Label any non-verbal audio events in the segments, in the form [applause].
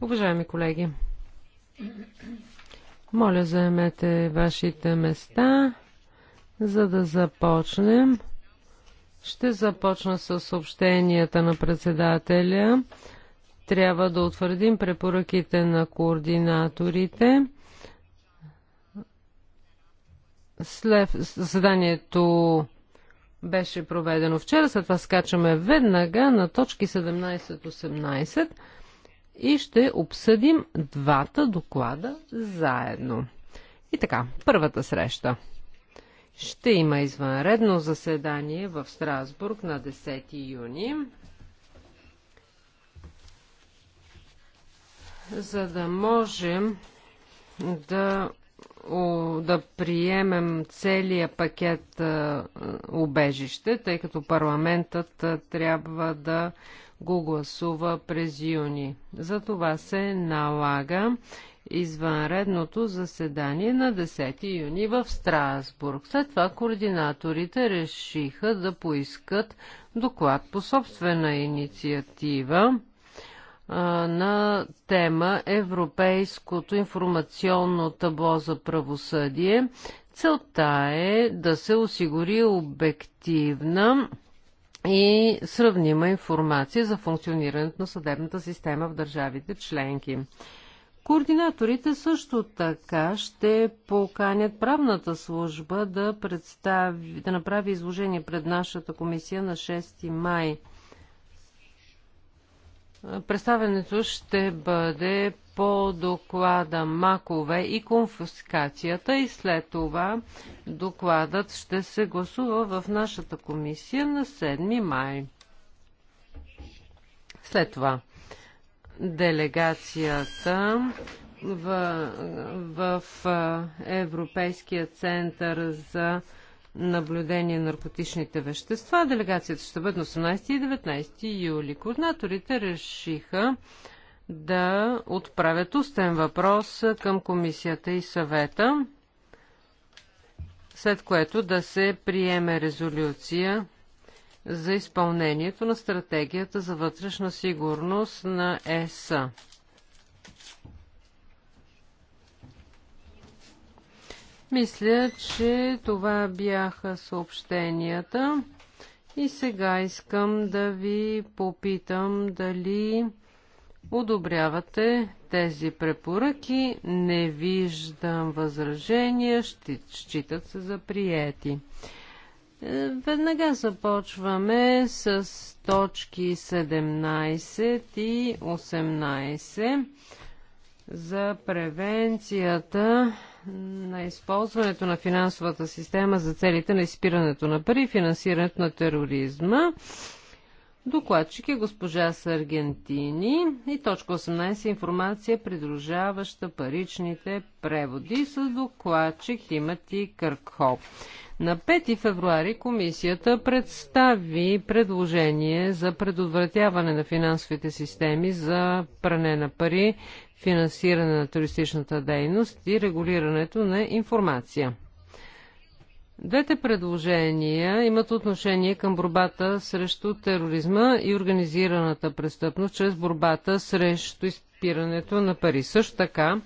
Уважаеми колеги, моля заемете вашите места, за да започнем. Ще започна с съобщенията на председателя. Трябва да утвърдим препоръките на координаторите. След заседанието беше проведено вчера. След това скачаме веднага на точки 17-18 и ще обсъдим двата доклада заедно. И така, първата среща. Ще има извънредно заседание в Страсбург на 10 юни. За да можем да да приемем целия пакет обежище, тъй като парламентът трябва да го гласува през юни. За това се налага извънредното заседание на 10 юни в Страсбург. След това координаторите решиха да поискат доклад по собствена инициатива на тема Европейското информационно табло за правосъдие. Целта е да се осигури обективна и сравнима информация за функционирането на съдебната система в държавите членки. Координаторите също така ще поканят правната служба да, представи, да направи изложение пред нашата комисия на 6 май Представенето ще бъде по доклада Макове и конфискацията и след това докладът ще се гласува в нашата комисия на 7 май. След това делегацията в, в Европейския център за наблюдение на наркотичните вещества. Делегацията ще бъде на 18 и 19 юли. Координаторите решиха да отправят устен въпрос към комисията и съвета, след което да се приеме резолюция за изпълнението на стратегията за вътрешна сигурност на ЕСА. Мисля, че това бяха съобщенията. И сега искам да ви попитам дали одобрявате тези препоръки. Не виждам възражения, ще считат се за приети. Е, веднага започваме с точки 17 и 18 за превенцията на използването на финансовата система за целите на изпирането на пари и финансирането на тероризма. Докладчик е госпожа Саргентини и точка 18 е информация, придружаваща паричните преводи с докладчик Тимати Къркхоп. На 5 февруари комисията представи предложение за предотвратяване на финансовите системи за пране на пари, финансиране на туристичната дейност и регулирането на информация. Двете предложения имат отношение към борбата срещу тероризма и организираната престъпност чрез борбата срещу изпирането на пари. Също така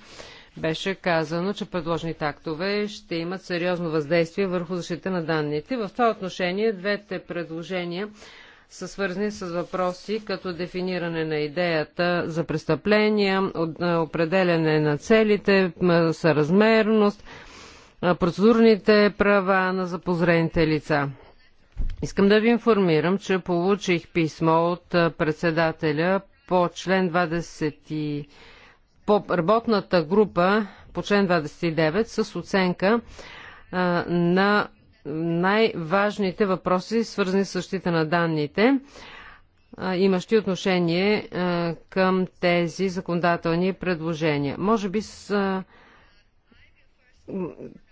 беше казано, че предложените актове ще имат сериозно въздействие върху защита на данните. В това отношение двете предложения са свързани с въпроси като дефиниране на идеята за престъпления, определяне на целите, съразмерност, процедурните права на запозрените лица. Искам да ви информирам, че получих писмо от председателя по член 20 по работната група по член 29 с оценка на най-важните въпроси, свързани с защита на данните, имащи отношение към тези законодателни предложения. Може би с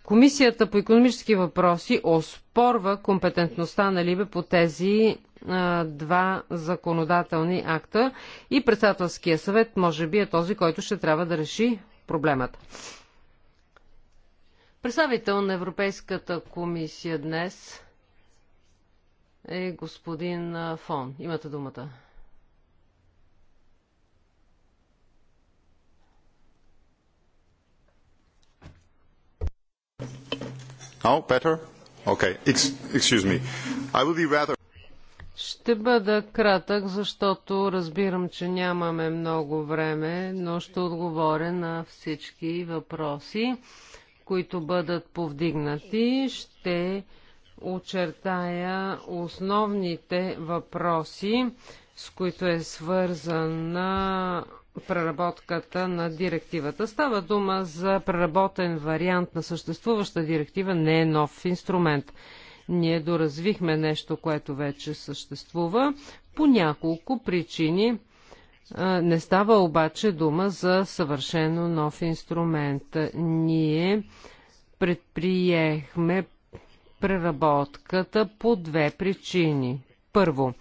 Комисията по економически въпроси оспорва компетентността на Либе по тези два законодателни акта и председателския съвет може би е този, който ще трябва да реши проблемата. Представител на Европейската комисия днес е господин Фон. Имате думата. Now better? Okay. excuse me. I will be rather... Ще бъда кратък, защото разбирам, че нямаме много време, но ще отговоря на всички въпроси които бъдат повдигнати. Ще очертая основните въпроси, с които е свързана преработката на директивата. Става дума за преработен вариант на съществуваща директива, не е нов инструмент. Ние доразвихме нещо, което вече съществува по няколко причини. Не става обаче дума за съвършено нов инструмент. Ние предприехме преработката по две причини. Първо,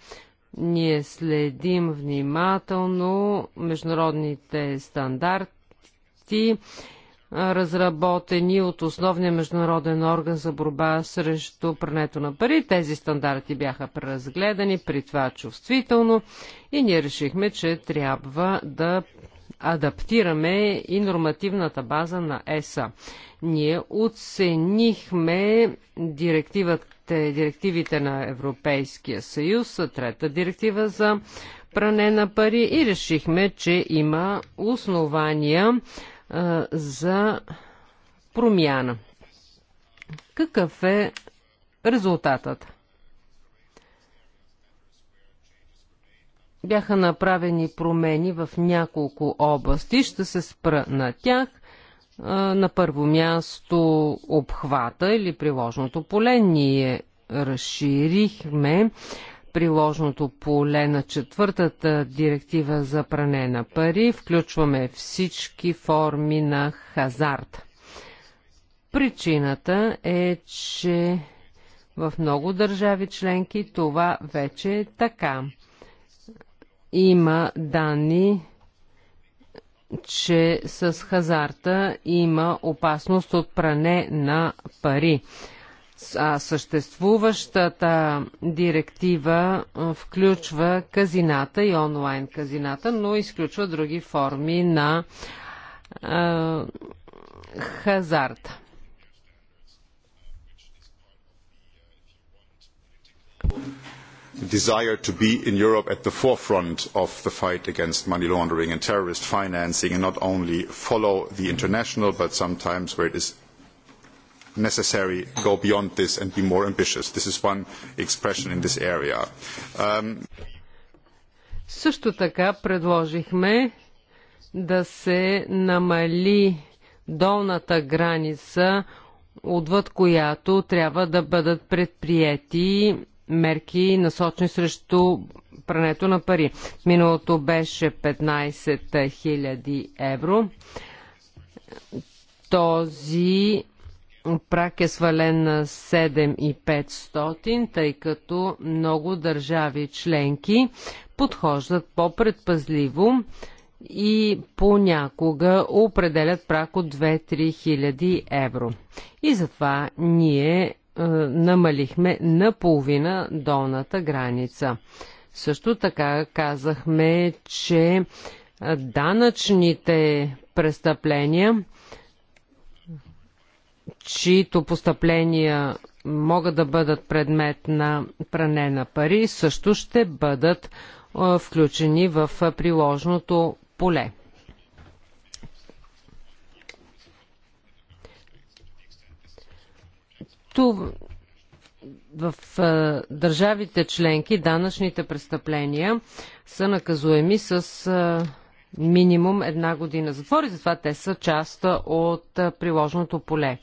ние следим внимателно международните стандарти разработени от основния международен орган за борба срещу прането на пари. Тези стандарти бяха преразгледани, при това чувствително и ние решихме, че трябва да адаптираме и нормативната база на ЕСА. Ние оценихме директивите на Европейския съюз, трета директива за пране на пари и решихме, че има основания за промяна. Какъв е резултатът? Бяха направени промени в няколко области. Ще се спра на тях. на първо място обхвата или приложното поле. Ние разширихме приложното поле на четвъртата директива за пране на пари включваме всички форми на хазарт. Причината е, че в много държави членки това вече е така. Има данни, че с хазарта има опасност от пране на пари. А съществуващата директива включва казината и онлайн казината, но изключва други форми на а, хазарта. desire to be in Europe at the forefront of the fight against money laundering and terrorist financing and not only follow the international but sometimes where it is necessary go beyond this and be more ambitious. This is one expression in this area. Um... Също така предложихме да се намали долната граница, отвъд която трябва да бъдат предприяти мерки насочени срещу прането на пари. Миналото беше 15 000 евро. Този прак е свален на 7500, тъй като много държави членки подхождат по-предпазливо и понякога определят прак от 2-3 хиляди евро. И затова ние е, намалихме наполовина долната граница. Също така казахме, че е, данъчните престъпления – чието постъпления могат да бъдат предмет на пране на пари, също ще бъдат включени в приложното поле. в държавите членки данъчните престъпления са наказуеми с минимум една година затвори, затова те са част от приложното поле.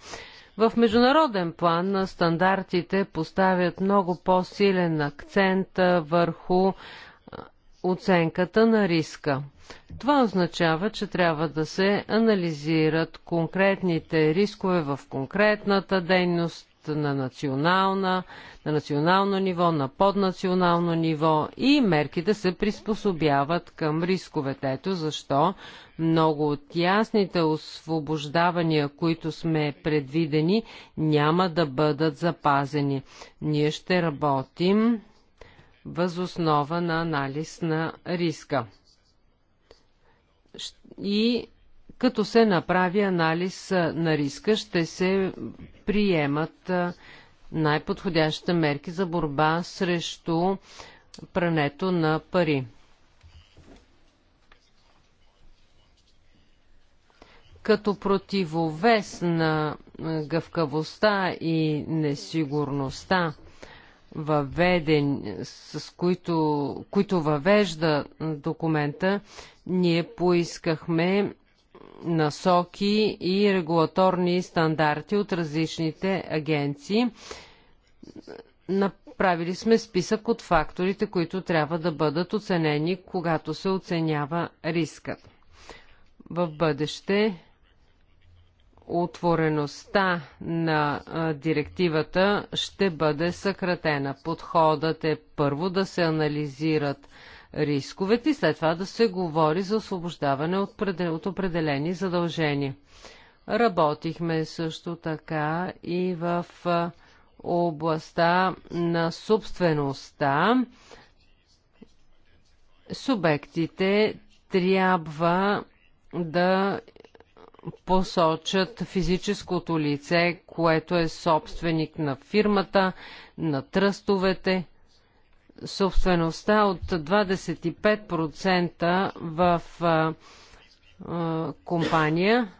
В международен план стандартите поставят много по-силен акцент върху оценката на риска. Това означава, че трябва да се анализират конкретните рискове в конкретната дейност, на, национална, на национално ниво, на поднационално ниво и мерките се приспособяват към рисковете. Ето защо много от ясните освобождавания, които сме предвидени, няма да бъдат запазени. Ние ще работим възоснова на анализ на риска. И като се направи анализ на риска, ще се приемат най-подходящите мерки за борба срещу прането на пари. Като противовес на гъвкавостта и несигурността, въведен, с които, които въвежда документа, ние поискахме насоки и регулаторни стандарти от различните агенции. Направили сме списък от факторите, които трябва да бъдат оценени, когато се оценява рискът. В бъдеще отвореността на директивата ще бъде съкратена. Подходът е първо да се анализират рисковете и след това да се говори за освобождаване от определени задължения. Работихме също така и в областта на собствеността. Субектите трябва да посочат физическото лице, което е собственик на фирмата, на тръстовете, собствеността от 25% в компания.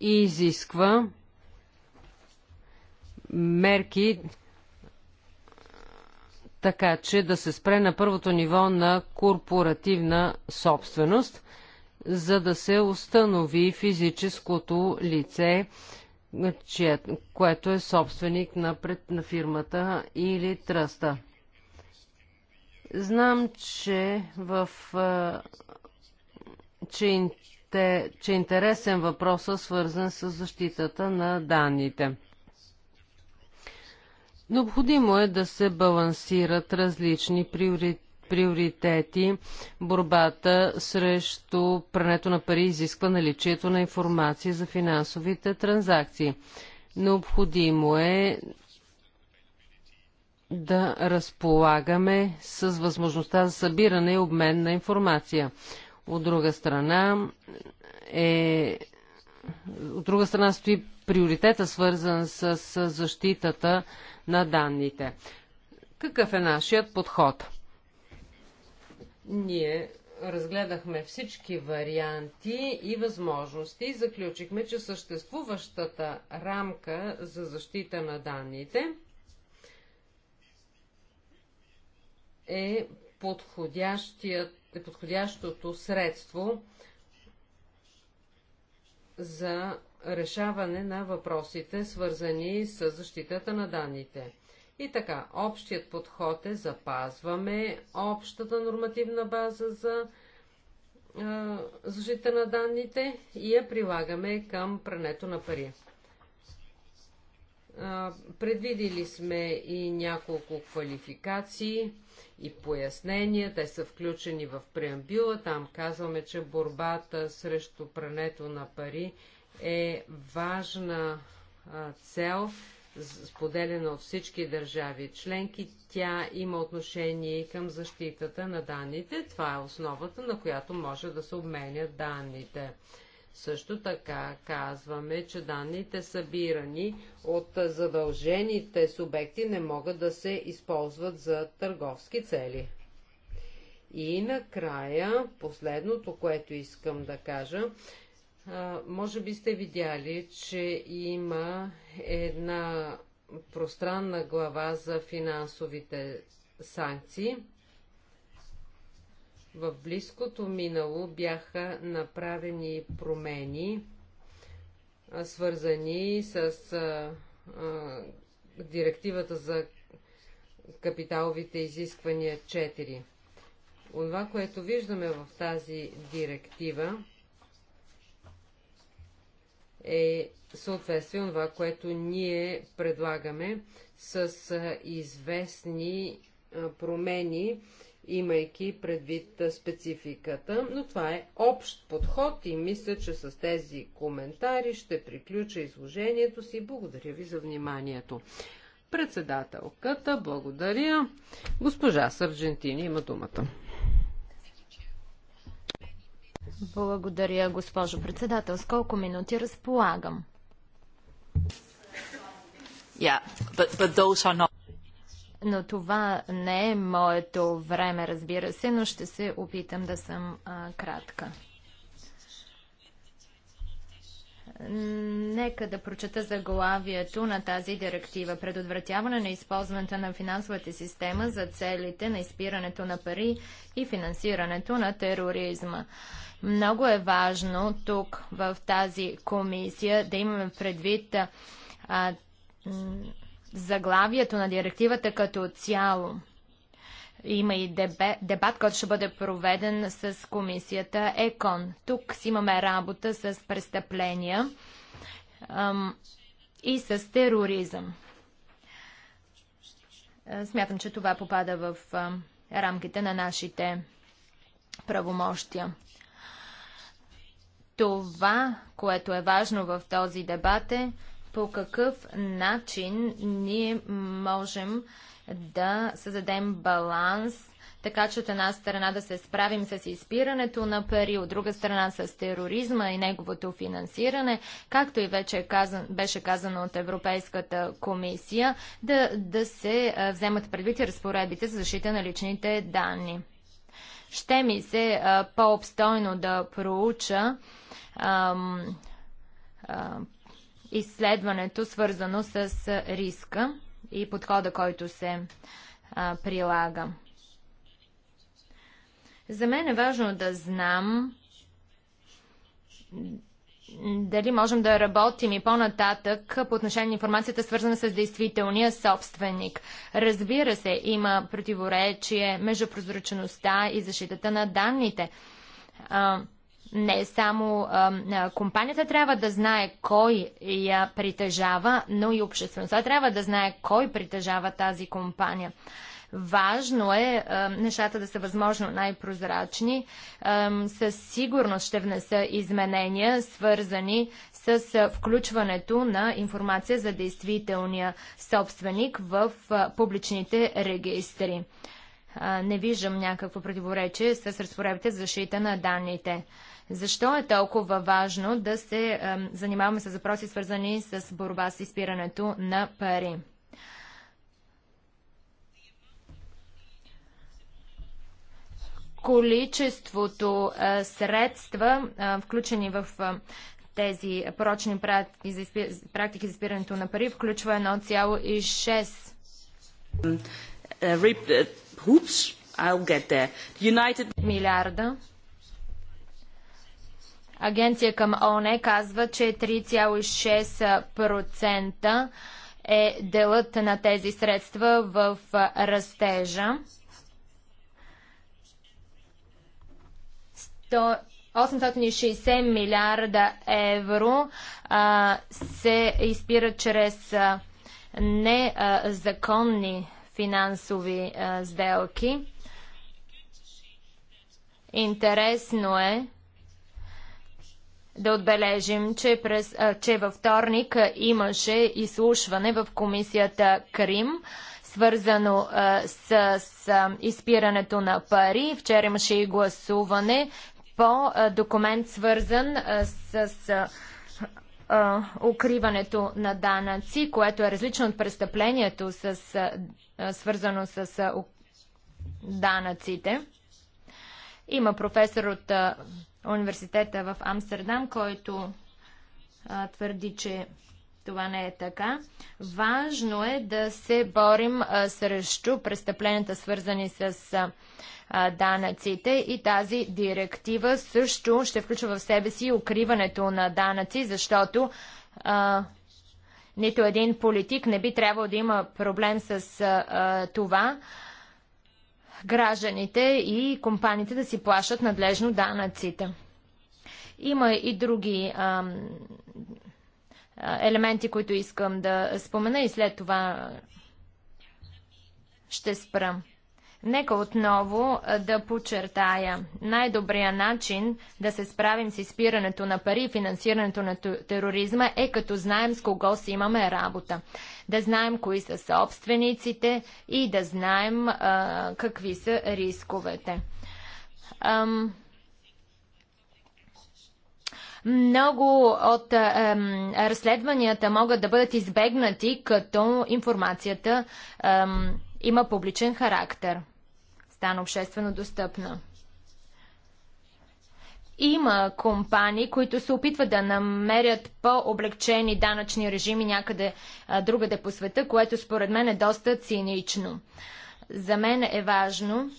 И изисква мерки, така че да се спре на първото ниво на корпоративна собственост, за да се установи физическото лице, което е собственик на, пред, на фирмата или тръста. Знам, че в че, че е интересен въпросът свързан с защитата на данните. Необходимо е да се балансират различни приоритети приоритети борбата срещу прането на пари изисква наличието на информация за финансовите транзакции. Необходимо е да разполагаме с възможността за събиране и обмен на информация. От друга страна е от друга страна стои приоритета, свързан с, с защитата на данните. Какъв е нашият подход? Ние разгледахме всички варианти и възможности и заключихме, че съществуващата рамка за защита на данните е, е, подходящото средство за решаване на въпросите, свързани с защитата на данните. И така, общият подход е запазваме общата нормативна база за зажита защита на данните и я прилагаме към прането на пари. предвидили сме и няколко квалификации и пояснения. Те са включени в преамбюла. Там казваме, че борбата срещу прането на пари е важна цел споделена от всички държави членки, тя има отношение и към защитата на данните. Това е основата, на която може да се обменят данните. Също така казваме, че данните събирани от задължените субекти не могат да се използват за търговски цели. И накрая, последното, което искам да кажа, може би сте видяли, че има една пространна глава за финансовите санкции. В близкото минало бяха направени промени, свързани с директивата за капиталовите изисквания 4. Това, което виждаме в тази директива, е съответствие на това, което ние предлагаме с известни промени, имайки предвид спецификата. Но това е общ подход и мисля, че с тези коментари ще приключа изложението си. Благодаря ви за вниманието. Председателката, благодаря. Госпожа Сърджентини има думата. Благодаря, госпожо председател. С колко минути разполагам? Yeah, but, but those are not... Но това не е моето време, разбира се, но ще се опитам да съм а, кратка. Нека да прочета заглавието на тази директива. Предотвратяване на използването на финансовата система за целите на изпирането на пари и финансирането на тероризма. Много е важно тук в тази комисия да имаме предвид а, заглавието на директивата като цяло. Има и дебат, който ще бъде проведен с комисията ЕКОН. Тук си имаме работа с престъпления ам, и с тероризъм. Смятам, че това попада в рамките на нашите правомощия. Това, което е важно в този дебат е по какъв начин ние можем да създадем баланс, така че от една страна да се справим с изпирането на пари, от друга страна с тероризма и неговото финансиране, както и вече е казан, беше казано от Европейската комисия, да, да се вземат предвид разпоредбите за защита на личните данни. Ще ми се по-обстойно да проуча а, а, изследването, свързано с риска и подхода, който се а, прилага. За мен е важно да знам дали можем да работим и по-нататък по отношение на информацията, свързана с действителния собственик. Разбира се, има противоречие между прозрачността и защитата на данните. А, не само а, компанията трябва да знае кой я притежава, но и обществеността трябва да знае кой притежава тази компания. Важно е нещата да са възможно най-прозрачни. Със сигурност ще внеса изменения, свързани с включването на информация за действителния собственик в публичните регистри не виждам някакво противоречие с разпоредбите за защита на данните. Защо е толкова важно да се е, занимаваме с въпроси, свързани с борба с изпирането на пари? количеството средства, включени в тези порочни практики за, спирането на пари, включва 1,6 е, е, United... милиарда. Агенция към ОНЕ казва, че 3,6% е делът на тези средства в растежа. 860 милиарда евро а, се изпират чрез а, незаконни финансови а, сделки. Интересно е да отбележим, че, през, че във вторник имаше изслушване в комисията Крим, свързано с, с изпирането на пари. Вчера имаше и гласуване по документ свързан с укриването на данъци, което е различно от престъплението, с, свързано с данъците. Има професор от университета в Амстердам, който твърди, че това не е така. Важно е да се борим а, срещу престъпленията, свързани с а, данъците и тази директива също ще включва в себе си укриването на данъци, защото а, нито един политик не би трябвало да има проблем с а, това гражданите и компаниите да си плащат надлежно данъците. Има и други а, елементи, които искам да спомена и след това ще спра. Нека отново да подчертая. Най-добрият начин да се справим с изпирането на пари и финансирането на тероризма е като знаем с кого си имаме работа. Да знаем кои са собствениците и да знаем а, какви са рисковете. Ам, много от ем, разследванията могат да бъдат избегнати, като информацията ем, има публичен характер. Стана обществено достъпна. Има компании, които се опитват да намерят по-облегчени данъчни режими някъде а, другаде по света, което според мен е доста цинично. За мен е важно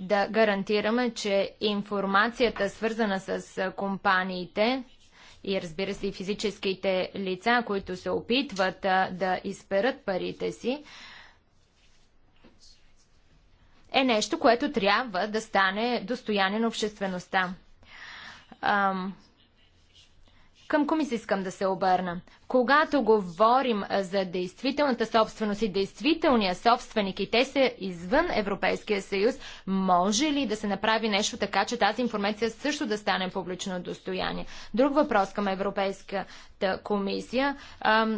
да гарантираме, че информацията, свързана с компаниите и разбира се и физическите лица, които се опитват да изперат парите си, е нещо, което трябва да стане достояние на обществеността. Към си искам да се обърна. Когато говорим за действителната собственост и действителния собственик и те са извън Европейския съюз, може ли да се направи нещо така, че тази информация също да стане публично достояние? Друг въпрос към Европейската комисия,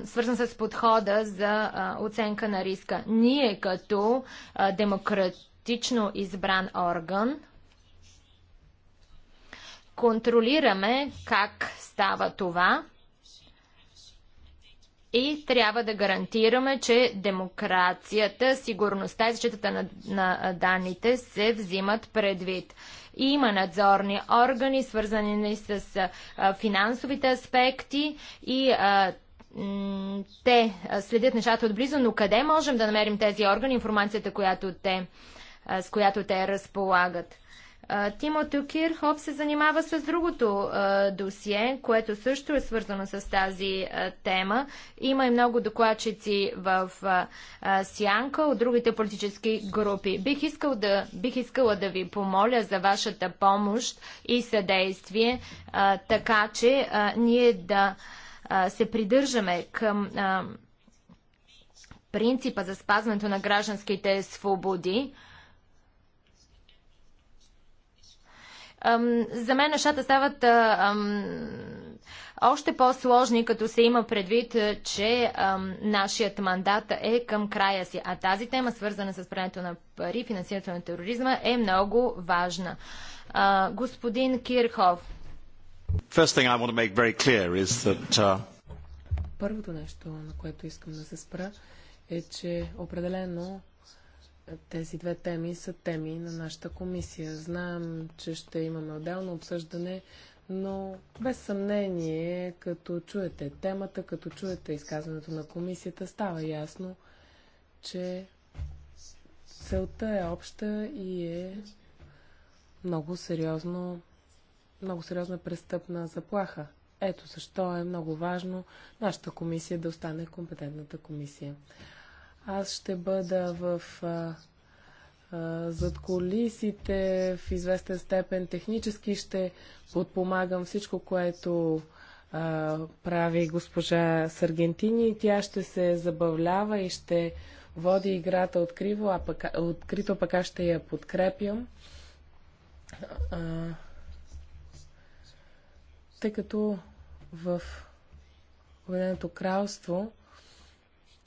свързан с подхода за оценка на риска. Ние като демократично избран орган, контролираме как става това и трябва да гарантираме, че демокрацията, сигурността и защитата на, на данните се взимат предвид. И има надзорни органи, свързани с а, финансовите аспекти и а, те следят нещата отблизо, но къде можем да намерим тези органи, информацията, която те, а, с която те разполагат? Тимото Кирхоп се занимава с другото а, досие, което също е свързано с тази а, тема. Има и много докладчици в а, Сянка от другите политически групи. Бих, искал да, бих искала да ви помоля за вашата помощ и съдействие, така че ние да се придържаме към принципа за спазването на гражданските свободи. За мен нещата стават още по-сложни, като се има предвид, че ам, нашият мандат е към края си. А тази тема, свързана с прането на пари, финансирането на тероризма, е много важна. А, господин Кирхов. That, uh... Първото нещо, на което искам да се спра, е, че определено тези две теми са теми на нашата комисия. Знаем, че ще имаме отделно обсъждане, но без съмнение, като чуете темата, като чуете изказването на комисията, става ясно, че целта е обща и е много сериозно, много сериозна престъпна заплаха. Ето защо е много важно нашата комисия да остане компетентната комисия. Аз ще бъда в а, а, зад колисите, в известен степен технически ще подпомагам всичко, което а, прави госпожа Саргентини. Тя ще се забавлява и ще води играта откриво, а пък, открито пък аз ще я подкрепям. А, тъй като в Обединеното кралство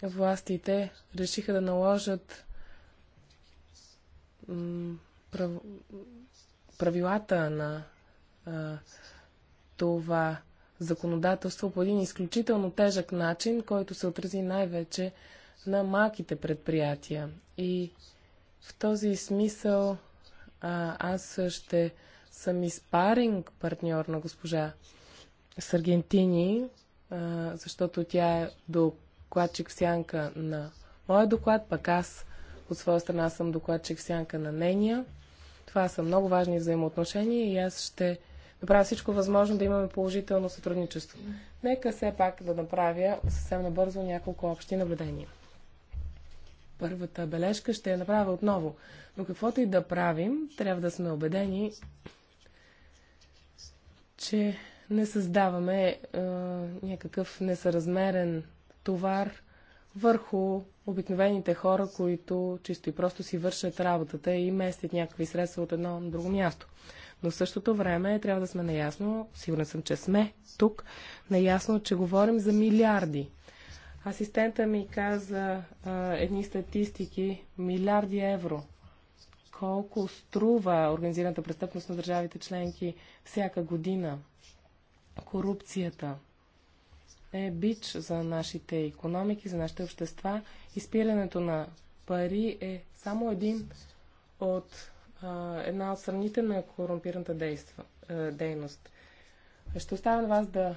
властите решиха да наложат правилата на това законодателство по един изключително тежък начин, който се отрази най-вече на малките предприятия. И в този смисъл а, аз ще съм и спаринг партньор на госпожа Саргентини, а, защото тя е до докладчик сянка на моя доклад, пък аз от своя страна съм докладчик сянка на нейния. Това са много важни взаимоотношения и аз ще направя всичко възможно да имаме положително сътрудничество. Нека все пак да направя съвсем набързо няколко общи наблюдения. Първата бележка ще я направя отново. Но каквото и да правим, трябва да сме убедени, че не създаваме е, някакъв несъразмерен товар върху обикновените хора, които чисто и просто си вършат работата и местят някакви средства от едно на друго място. Но в същото време трябва да сме наясно, сигурен съм, че сме тук, наясно, че говорим за милиарди. Асистента ми каза а, едни статистики милиарди евро. Колко струва организираната престъпност на държавите членки всяка година? Корупцията – е бич за нашите економики, за нашите общества. Изпирането на пари е само един от а, една от страните на корумпираната действа, дейност. Ще оставя на вас да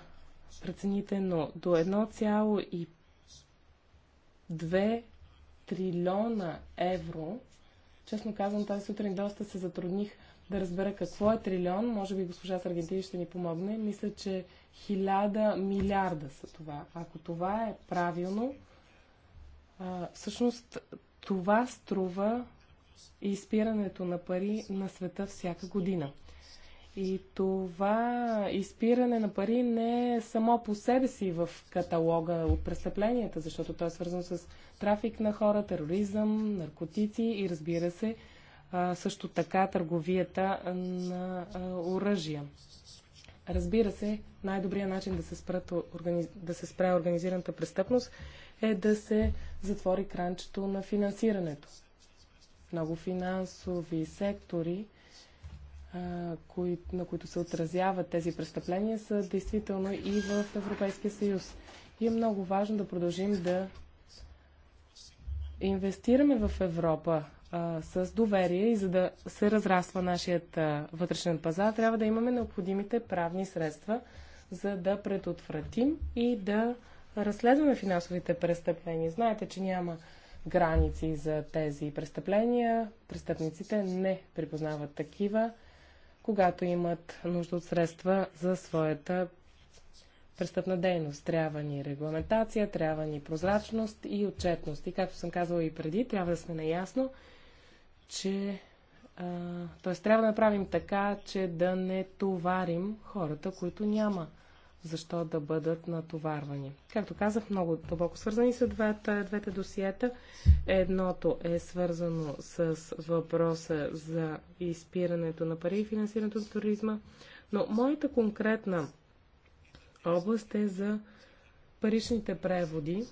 прецените, но до 1,2 трилиона евро, честно казвам, тази сутрин доста се затрудних да разбера какво е трилион. Може би госпожа Саргентини ще ни помогне. Мисля, че хиляда милиарда са това. Ако това е правилно, а, всъщност това струва изпирането на пари на света всяка година. И това изпиране на пари не е само по себе си в каталога от престъпленията, защото то е свързано с трафик на хора, тероризъм, наркотици и разбира се, също така търговията на оръжия. Разбира се, най-добрият начин да се, спрат, да се спре организираната престъпност е да се затвори кранчето на финансирането. Много финансови сектори, на които се отразяват тези престъпления, са действително и в Европейския съюз. И е много важно да продължим да инвестираме в Европа а, с доверие и за да се разраства нашият а, вътрешен пазар, трябва да имаме необходимите правни средства, за да предотвратим и да разследваме финансовите престъпления. Знаете, че няма граници за тези престъпления. Престъпниците не припознават такива, когато имат нужда от средства за своята престъпна дейност. Трябва ни регламентация, трябва ни прозрачност и отчетност. И както съм казала и преди, трябва да сме наясно, че т.е. трябва да направим така, че да не товарим хората, които няма защо да бъдат натоварвани. Както казах, много дълбоко свързани са двата, двете досиета. Едното е свързано с въпроса за изпирането на пари и финансирането на туризма, но моята конкретна област е за паричните преводи.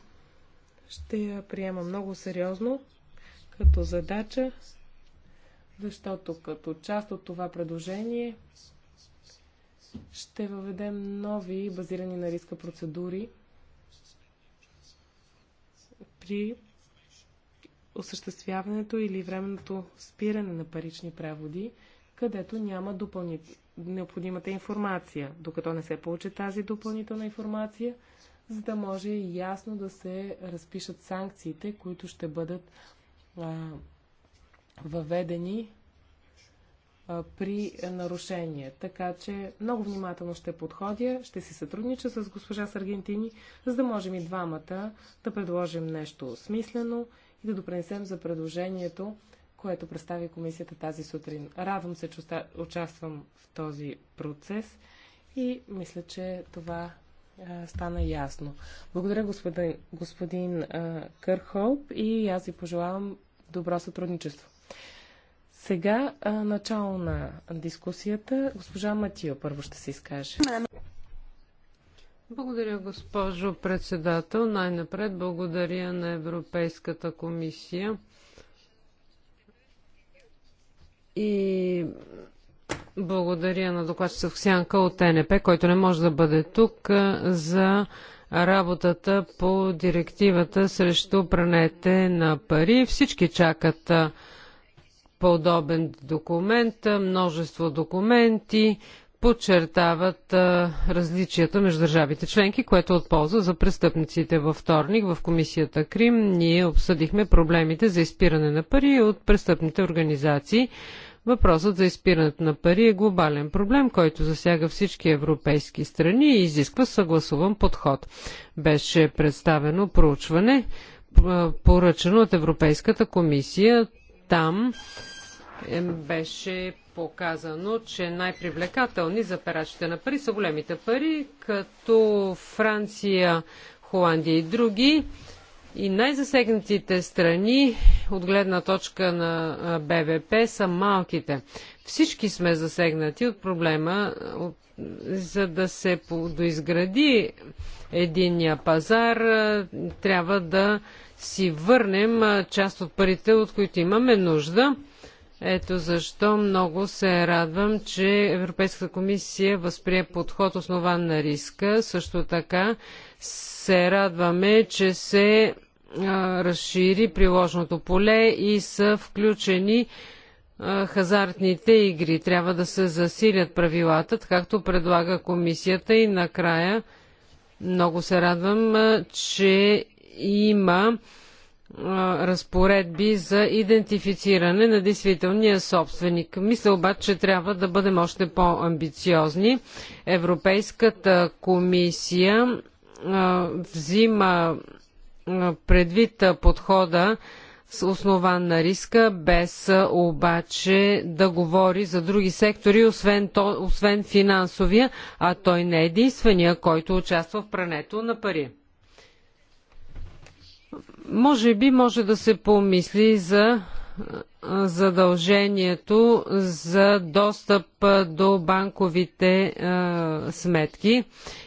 Ще я приема много сериозно като задача защото като част от това предложение ще въведем нови базирани на риска процедури при осъществяването или временното спиране на парични преводи, където няма допълни... необходимата информация, докато не се получи тази допълнителна информация, за да може ясно да се разпишат санкциите, които ще бъдат а, въведени при нарушение. Така че много внимателно ще подходя, ще си сътруднича с госпожа Саргентини, за да можем и двамата да предложим нещо смислено и да допренесем за предложението, което представи комисията тази сутрин. Радвам се, че участвам в този процес и мисля, че това стана ясно. Благодаря господин, господин Кърхолп и аз ви пожелавам добро сътрудничество. Сега а, начало на дискусията. Госпожа Матио, първо ще се изкаже. Благодаря, госпожо председател. Най-напред благодаря на Европейската комисия. И благодаря на докладчица Сянка от ТНП, който не може да бъде тук за работата по директивата срещу прането на пари. Всички чакат подобен документ. Множество документи подчертават различията между държавите членки, което е от полза за престъпниците. Във вторник в комисията Крим ние обсъдихме проблемите за изпиране на пари от престъпните организации. Въпросът за изпирането на пари е глобален проблем, който засяга всички европейски страни и изисква съгласуван подход. Беше представено проучване, поръчено от Европейската комисия там беше показано, че най-привлекателни за перачите на пари са големите пари, като Франция, Холандия и други. И най-засегнатите страни от гледна точка на БВП са малките. Всички сме засегнати от проблема, от, за да се доизгради единния пазар, трябва да си върнем част от парите, от които имаме нужда. Ето защо много се радвам, че Европейската комисия възприе подход основан на риска. Също така се радваме, че се разшири приложното поле и са включени хазартните игри. Трябва да се засилят правилата, както предлага комисията и накрая много се радвам, че има разпоредби за идентифициране на действителния собственик. Мисля обаче, че трябва да бъдем още по-амбициозни. Европейската комисия взима предвид подхода с основан на риска, без обаче да говори за други сектори, освен, то, освен финансовия, а той не е единствения, който участва в прането на пари. Може би може да се помисли за задължението за достъп до банковите сметки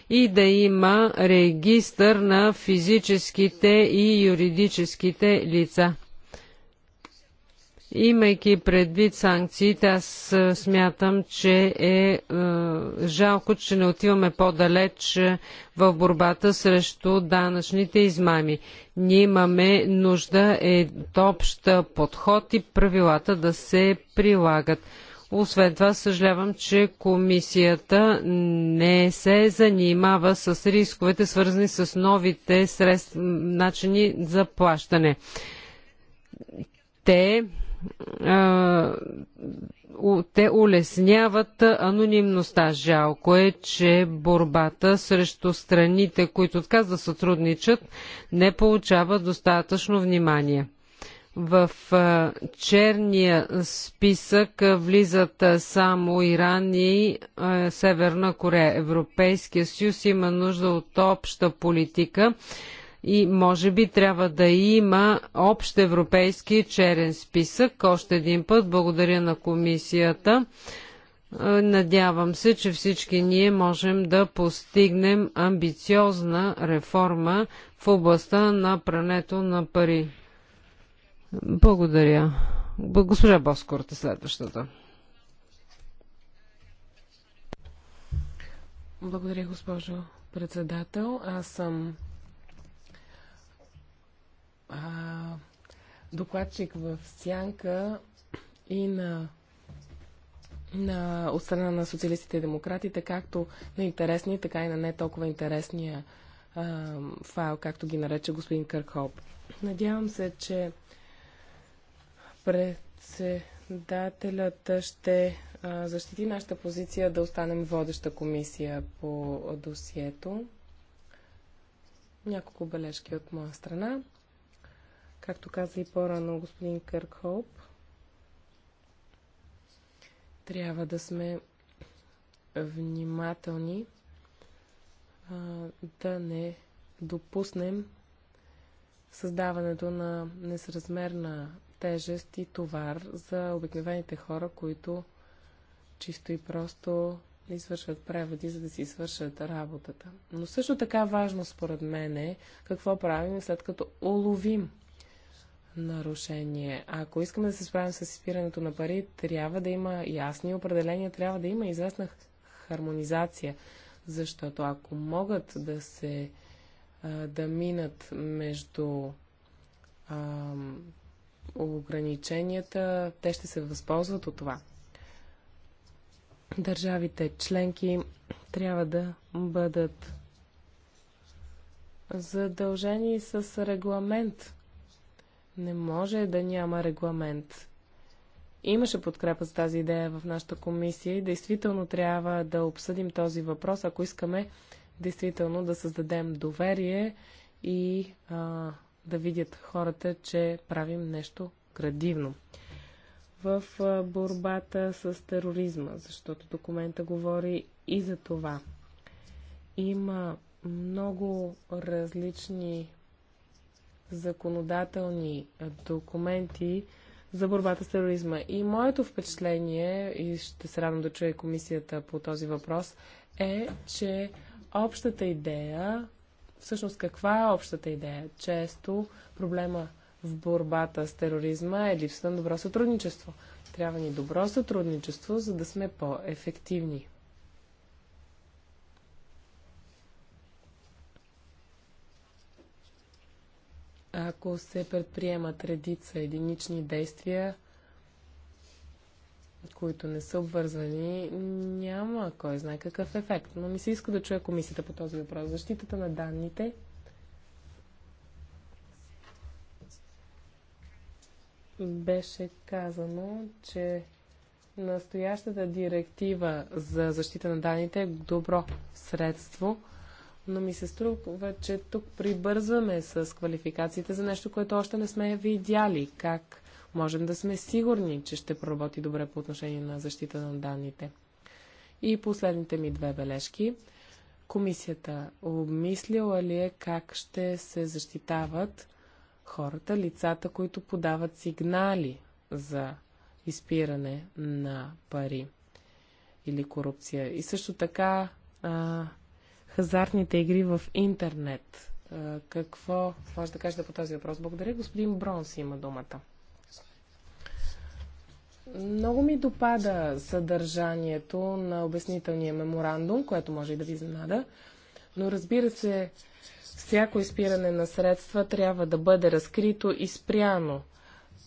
и да има регистър на физическите и юридическите лица. Имайки предвид санкциите, аз смятам, че е, жалко, че не отиваме по-далеч в борбата срещу данъчните измами. Ние имаме нужда е общ подход и правилата да се прилагат. Освен това, съжалявам, че комисията не се занимава с рисковете, свързани с новите средства, начини за плащане. Те те улесняват анонимността. Жалко е, че борбата срещу страните, които отказват да сътрудничат, не получава достатъчно внимание. В черния списък влизат само Иран и Северна Корея. Европейския съюз има нужда от обща политика и може би трябва да има общ европейски черен списък. Още един път благодаря на комисията. Е, надявам се, че всички ние можем да постигнем амбициозна реформа в областта на прането на пари. Благодаря. Госпожа Боскорта, е следващата. Благодаря, госпожо председател. Аз съм а, докладчик в Сянка и на, на от страна на социалистите и демократите, както на интересни, така и на не толкова интересния а, файл, както ги нарече господин Кърхоп. Надявам се, че председателят ще а, защити нашата позиция да останем водеща комисия по досието. Няколко бележки от моя страна. Както каза и по-рано господин Кърк трябва да сме внимателни а, да не допуснем създаването на несъразмерна тежест и товар за обикновените хора, които чисто и просто извършват преводи, за да си свършат работата. Но също така важно според мен е какво правим след като уловим нарушение. Ако искаме да се справим с изпирането на пари, трябва да има ясни определения, трябва да има известна хармонизация, защото ако могат да се да минат между а, ограниченията, те ще се възползват от това. Държавите членки трябва да бъдат задължени с регламент не може да няма регламент. Имаше подкрепа за тази идея в нашата комисия и действително трябва да обсъдим този въпрос, ако искаме действително да създадем доверие и а, да видят хората, че правим нещо градивно в борбата с тероризма, защото документа говори и за това. Има много различни законодателни документи за борбата с тероризма. И моето впечатление, и ще се радвам да чуя комисията по този въпрос, е, че общата идея, всъщност каква е общата идея? Често проблема в борбата с тероризма е липсата на добро сътрудничество. Трябва ни добро сътрудничество, за да сме по-ефективни. ако се предприемат редица единични действия, които не са обвързани, няма кой знае какъв ефект. Но ми се иска да чуя комисията по този въпрос. Защитата на данните беше казано, че настоящата директива за защита на данните е добро средство – но ми се струва, че тук прибързваме с квалификациите за нещо, което още не сме видяли. Как можем да сме сигурни, че ще проработи добре по отношение на защита на данните? И последните ми две бележки. Комисията обмислила ли е как ще се защитават хората, лицата, които подават сигнали за изпиране на пари или корупция? И също така а, хазартните игри в интернет. Какво може да кажете по този въпрос? Благодаря. Господин Бронс има думата. Много ми допада съдържанието на обяснителния меморандум, което може и да ви занада. Но разбира се, всяко изпиране на средства трябва да бъде разкрито и спряно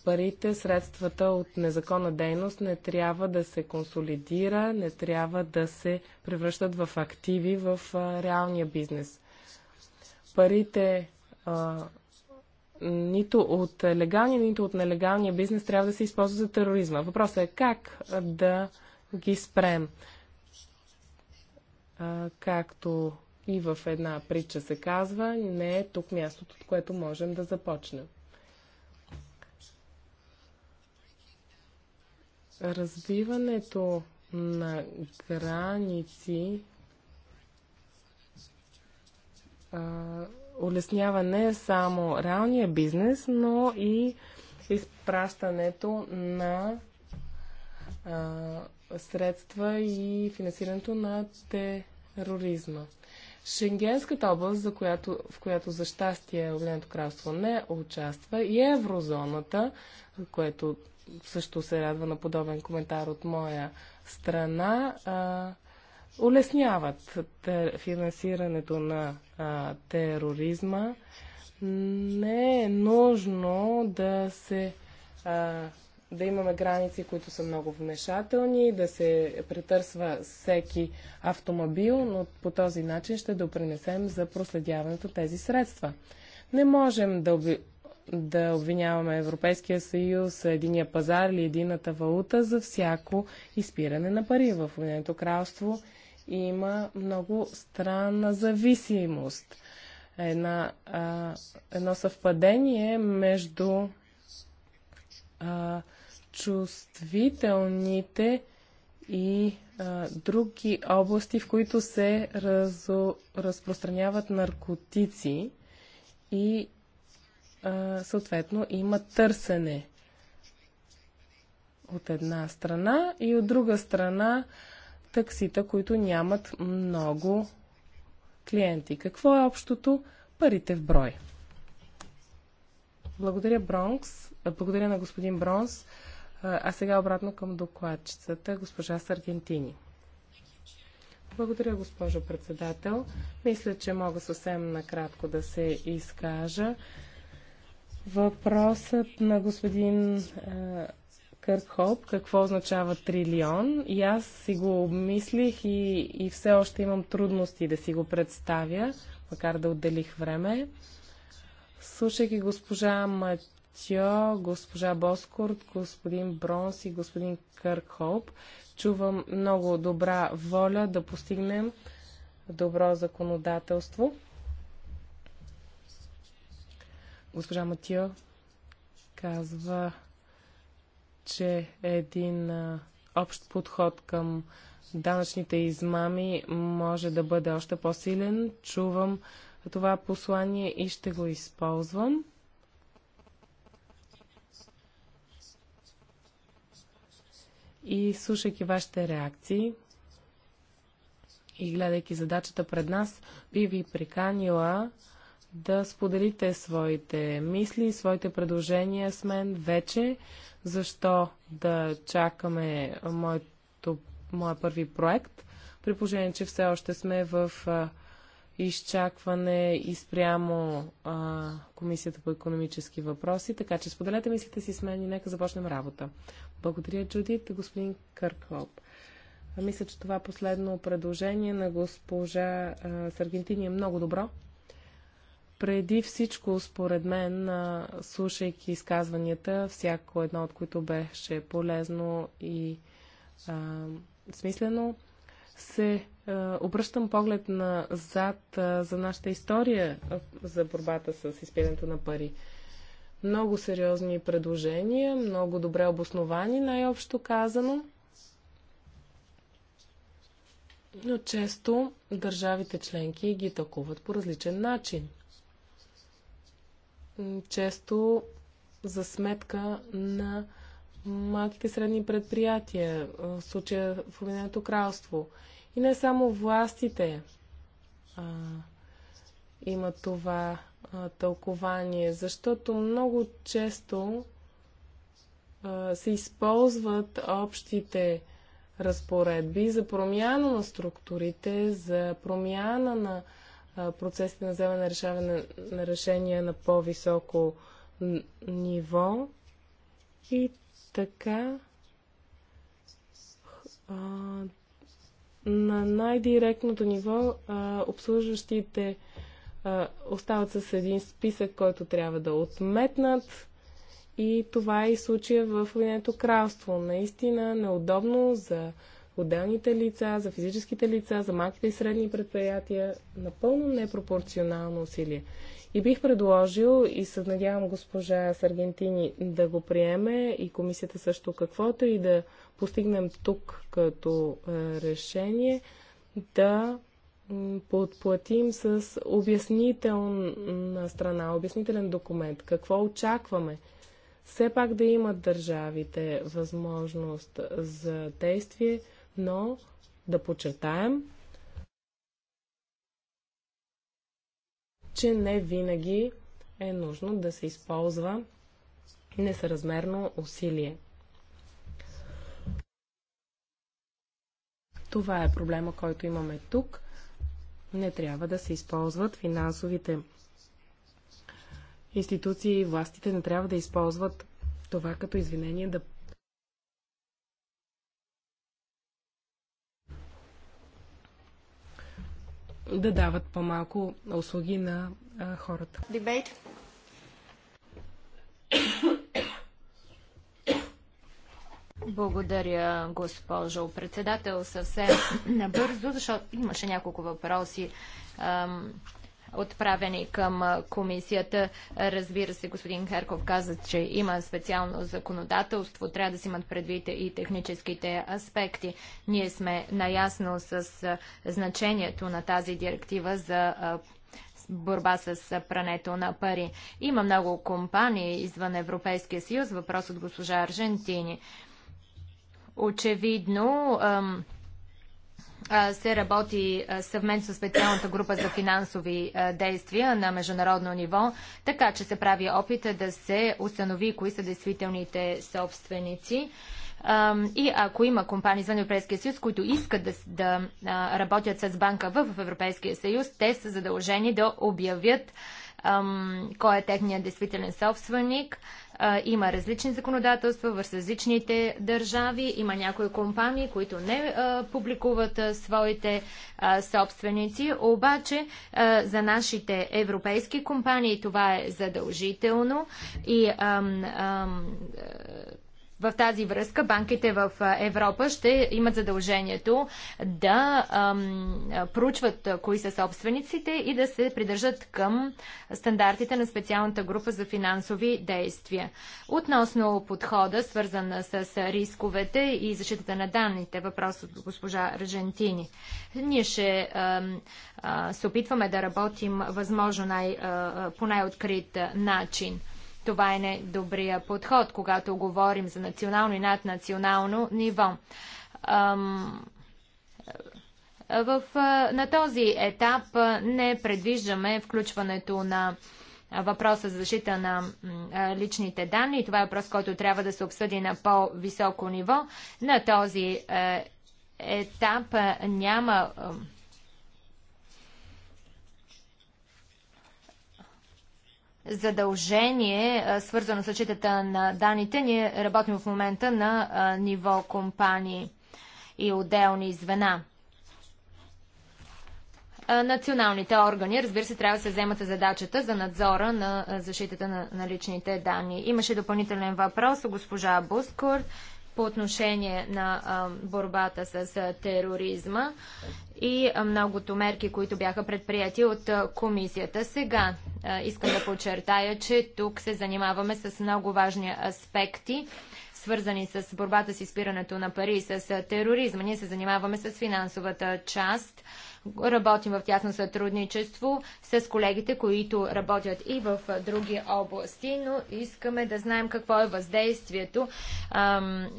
парите, средствата от незаконна дейност не трябва да се консолидира, не трябва да се превръщат в активи в реалния бизнес. Парите а, нито от легалния, нито от нелегалния бизнес трябва да се използват за тероризма. Въпросът е как да ги спрем. А, както и в една притча се казва, не е тук мястото, от което можем да започнем. Разбиването на граници а, улеснява не само реалния бизнес, но и изпращането на а, средства и финансирането на тероризма. Шенгенската област, за която, в която за щастие Обединеното кралство не участва, и еврозоната, което също се радва на подобен коментар от моя страна, а, улесняват тер, финансирането на а, тероризма. Не е нужно да се. А, да имаме граници, които са много вмешателни, да се претърсва всеки автомобил, но по този начин ще допринесем за проследяването тези средства. Не можем да да обвиняваме Европейския съюз, единия пазар или едината валута за всяко изпиране на пари. В Обединеното кралство има много странна зависимост. Една, а, едно съвпадение между а, чувствителните и а, други области, в които се разо, разпространяват наркотици и съответно има търсене от една страна и от друга страна таксита, които нямат много клиенти. Какво е общото? Парите в брой. Благодаря, Бронкс. Благодаря на господин Бронс. А сега обратно към докладчицата, госпожа Саргентини. Благодаря, госпожо председател. Мисля, че мога съвсем накратко да се изкажа. Въпросът на господин е, Кърк Хоп, какво означава трилион? И аз си го обмислих и, и все още имам трудности да си го представя, макар да отделих време. Слушайки госпожа Матьо, госпожа Боскорт, господин Бронс и господин Кърк Хоп, чувам много добра воля да постигнем добро законодателство госпожа Матио казва, че един а, общ подход към данъчните измами може да бъде още по-силен. Чувам това послание и ще го използвам. И слушайки вашите реакции и гледайки задачата пред нас, би ви приканила да споделите своите мисли, своите предложения с мен вече. Защо да чакаме моето, моя първи проект, при положение, че все още сме в а, изчакване и спрямо а, Комисията по економически въпроси, така че споделете мислите си с мен и нека започнем работа. Благодаря, Джудит, господин Къркоп. Мисля, че това последно предложение на госпожа а, Саргентини е много добро преди всичко, според мен, слушайки изказванията, всяко едно от които беше полезно и а, смислено, се а, обръщам поглед назад а, за нашата история а, за борбата с изпирането на пари. Много сериозни предложения, много добре обосновани, най-общо казано. Но често държавите членки ги тълкуват по различен начин – често за сметка на малките и средни предприятия, в случая в Обединеното кралство. И не само властите а, има това а, тълкование, защото много често а, се използват общите разпоредби за промяна на структурите, за промяна на процесите на вземане на, решаване, на решения на по-високо ниво и така а, на най-директното ниво а, обслужващите а, остават с един списък, който трябва да отметнат. И това е и случая в Обединеното кралство. Наистина неудобно за отделните лица, за физическите лица, за малките и средни предприятия. Напълно непропорционално усилие. И бих предложил, и се надявам госпожа Саргентини да го приеме, и комисията също каквото, и да постигнем тук като е, решение, да подплатим с обяснителна страна, обяснителен документ, какво очакваме. Все пак да имат държавите възможност за действие, но да подчертаем, че не винаги е нужно да се използва несъразмерно усилие. Това е проблема, който имаме тук. Не трябва да се използват финансовите институции и властите не трябва да използват това като извинение да да дават по-малко услуги на а, хората. Дебейт. Благодаря, госпожо председател. Съвсем набързо, защото имаше няколко въпроси. Ам отправени към комисията. Разбира се, господин Херков каза, че има специално законодателство. Трябва да си имат предвид и техническите аспекти. Ние сме наясно с значението на тази директива за борба с прането на пари. Има много компании извън Европейския съюз. Въпрос от госпожа Аржентини. Очевидно, се работи съвместно с специалната група за финансови действия на международно ниво, така че се прави опит да се установи кои са действителните собственици. И ако има компании извън Европейския съюз, които искат да, да работят с банка в Европейския съюз, те са задължени да обявят кой е техният действителен собственик. А, има различни законодателства в различните държави. Има някои компании, които не а, публикуват а, своите собственици. Обаче за нашите европейски компании това е задължително и ам, ам, в тази връзка банките в Европа ще имат задължението да ам, проучват кои са собствениците и да се придържат към стандартите на специалната група за финансови действия. Относно подхода, свързан с рисковете и защитата на данните, въпрос от госпожа Ръжентини. Ние ще ам, а, се опитваме да работим възможно най, а, по най-открит начин. Това е недобрия подход, когато говорим за национално и наднационално ниво. Ам... В, на този етап не предвиждаме включването на въпроса за защита на личните данни. Това е въпрос, който трябва да се обсъди на по-високо ниво. На този е, етап няма задължение, свързано с защитата на данните. Ние работим в момента на ниво компании и отделни звена. Националните органи, разбира се, трябва да се вземат задачата за надзора на защитата на, личните данни. Имаше допълнителен въпрос от госпожа Бускорт по отношение на борбата с тероризма и многото мерки, които бяха предприяти от комисията. Сега искам да подчертая, че тук се занимаваме с много важни аспекти, свързани с борбата с изпирането на пари и с тероризма. Ние се занимаваме с финансовата част Работим в тясно сътрудничество с колегите, които работят и в други области, но искаме да знаем какво е въздействието,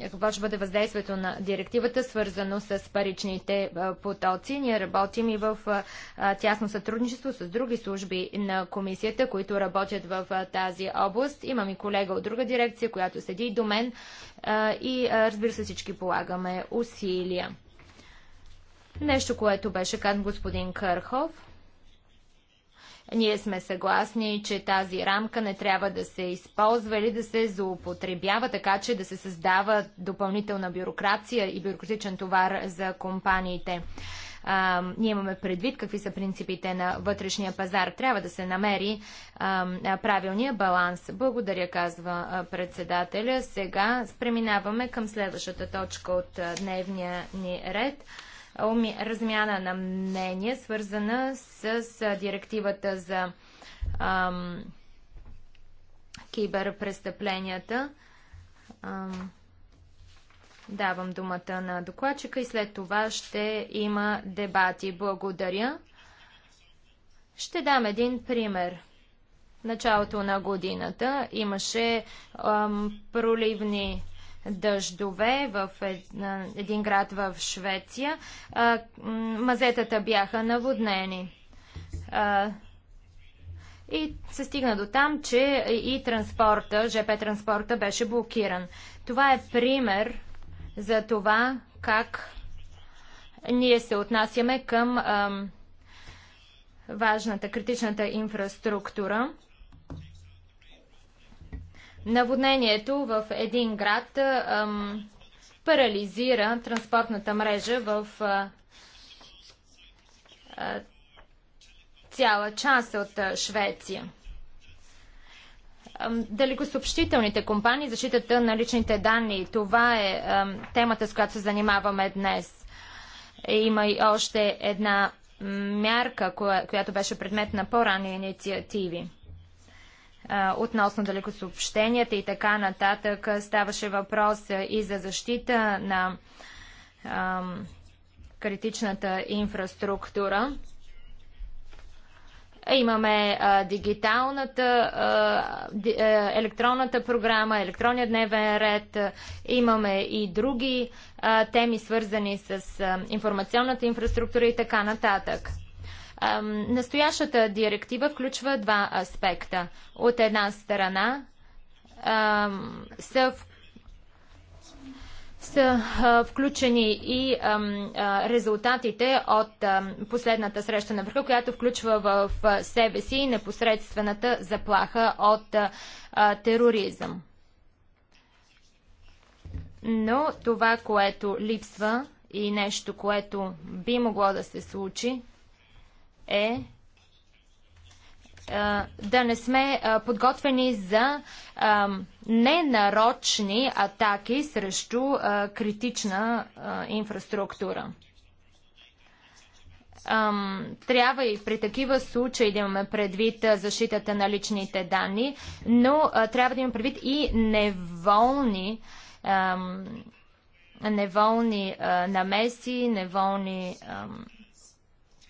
какво ще бъде въздействието на директивата, свързано с паричните потоци. Ние работим и в тясно сътрудничество с други служби на комисията, които работят в тази област. Имам и колега от друга дирекция, която седи до мен и разбира се всички полагаме усилия. Нещо, което беше казан господин Кърхов. Ние сме съгласни, че тази рамка не трябва да се използва или да се злоупотребява, така че да се създава допълнителна бюрокрация и бюрократичен товар за компаниите. А, ние имаме предвид какви са принципите на вътрешния пазар. Трябва да се намери а, правилния баланс. Благодаря, казва председателя. Сега преминаваме към следващата точка от дневния ни ред размяна на мнение, свързана с директивата за ам, киберпрестъпленията. Ам, давам думата на докладчика и след това ще има дебати. Благодаря. Ще дам един пример. В началото на годината имаше ам, проливни дъждове в един град в Швеция. Мазетата бяха наводнени. И се стигна до там, че и транспорта, ЖП транспорта беше блокиран. Това е пример за това как ние се отнасяме към важната, критичната инфраструктура. Наводнението в един град ам, парализира транспортната мрежа в а, а, цяла част от а, Швеция. Далекосъобщителните компании, защитата на личните данни, това е темата, с която се занимаваме днес. Е, има и още една мярка, коя, която беше предмет на по-ранни инициативи относно далекосъобщенията и така нататък. Ставаше въпрос и за защита на критичната инфраструктура. Имаме а, дигиталната, а, електронната програма, електронния дневен ред. Имаме и други а, теми, свързани с а, информационната инфраструктура и така нататък. Настоящата директива включва два аспекта. От една страна са са включени и а, резултатите от последната среща на върха, която включва в себе си непосредствената заплаха от тероризъм. Но това, което липсва и нещо, което би могло да се случи, е, е да не сме е, подготвени за е, ненарочни атаки срещу критична инфраструктура. Трябва и при такива случаи да имаме предвид защитата на личните данни, но трябва да имаме предвид и неволни неволни намеси, неволни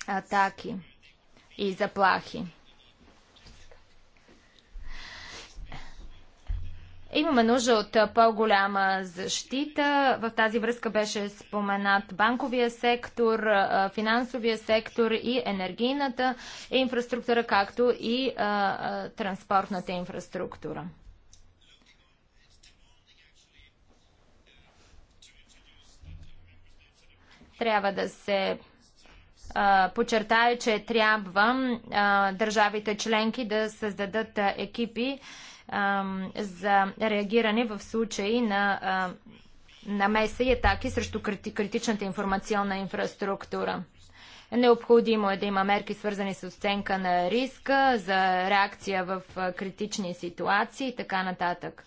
атаки и заплахи. Имаме нужда от по-голяма защита. В тази връзка беше споменат банковия сектор, финансовия сектор и енергийната инфраструктура, както и транспортната инфраструктура. Трябва да се подчертая, че трябва държавите членки да създадат екипи за реагиране в случаи на намеса и атаки срещу критичната информационна инфраструктура. Необходимо е да има мерки свързани с оценка на риска, за реакция в критични ситуации и така нататък.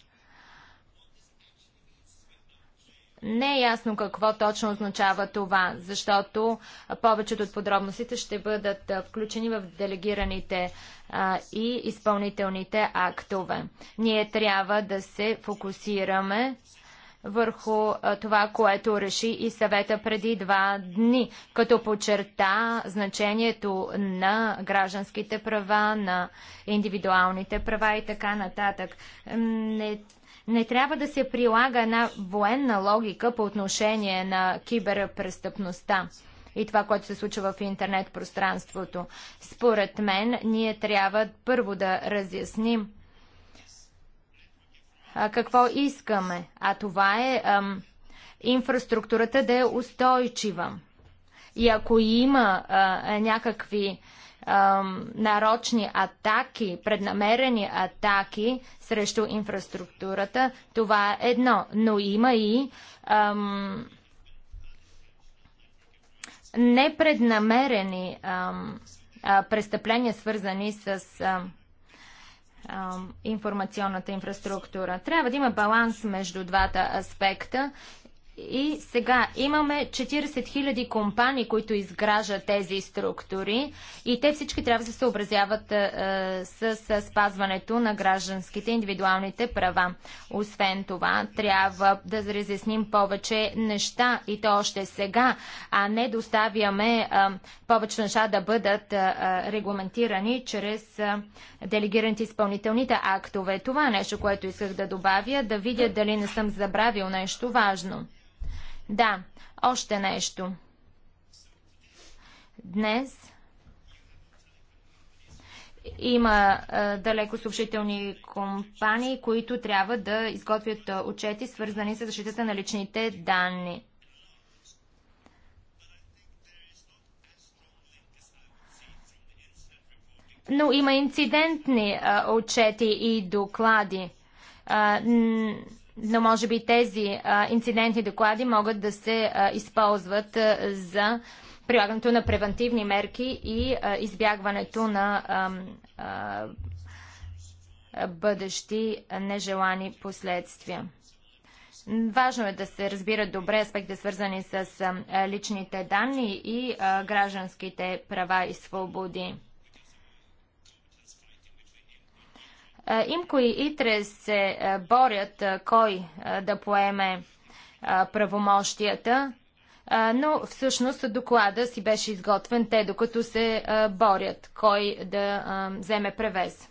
Не е ясно какво точно означава това, защото повечето от подробностите ще бъдат включени в делегираните а, и изпълнителните актове. Ние трябва да се фокусираме върху това, което реши и съвета преди два дни, като подчерта значението на гражданските права, на индивидуалните права и така нататък. Не не трябва да се прилага една военна логика по отношение на киберпрестъпността и това, което се случва в интернет пространството. Според мен, ние трябва първо да разясним а, какво искаме, а това е ам, инфраструктурата да е устойчива. И ако има а, някакви нарочни атаки, преднамерени атаки срещу инфраструктурата, това е едно. Но има и ам, непреднамерени ам, а, престъпления, свързани с ам, информационната инфраструктура. Трябва да има баланс между двата аспекта и сега имаме 40 000 компании, които изграждат тези структури и те всички трябва да се съобразяват с, спазването на гражданските индивидуалните права. Освен това, трябва да разясним повече неща и то още сега, а не доставяме е, повече неща да бъдат регламентирани чрез делегираните изпълнителните актове. Това е нещо, което исках да добавя, да видя дали не съм забравил нещо важно. Да, още нещо. Днес има а, далеко съобщителни компании, които трябва да изготвят отчети, свързани с защитата на личните данни. Но има инцидентни а, отчети и доклади. А, но може би тези а, инцидентни доклади могат да се а, използват а, за прилагането на превентивни мерки и а, избягването на а, а, бъдещи нежелани последствия. Важно е да се разбират добре аспекти, свързани с личните данни и гражданските права и свободи. Е, Имко и Итре се е, борят е, кой да поеме правомощията, но всъщност доклада си беше изготвен те, докато се борят кой да вземе превес.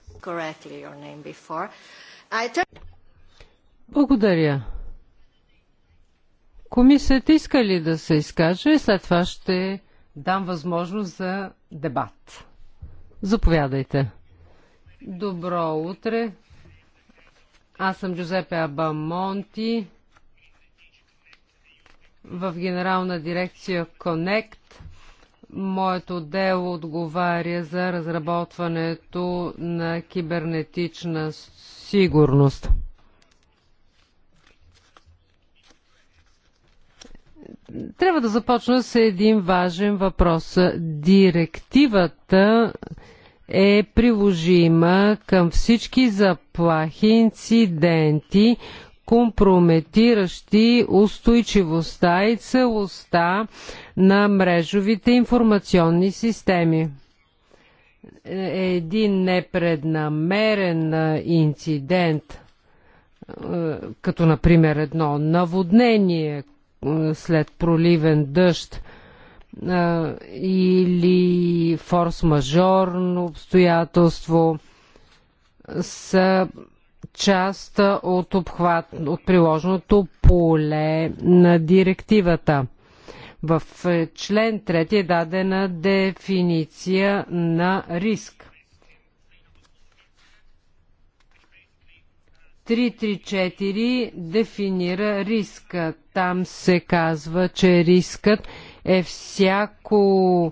Благодаря. Комисията иска ли да се изкаже? След това ще дам възможност за дебат. Заповядайте. Добро утре. Аз съм Джузепе Абамонти в генерална дирекция Connect. Моето дело отговаря за разработването на кибернетична сигурност. Трябва да започна с един важен въпрос. Директивата е приложима към всички заплахи, инциденти, компрометиращи устойчивостта и целостта на мрежовите информационни системи. Е, един непреднамерен инцидент, като например едно наводнение след проливен дъжд – или форс-мажорно обстоятелство са част от обхват, от приложеното поле на директивата. В е, член 3 е дадена дефиниция на риск. 334 дефинира риска. Там се казва, че рискът е всяко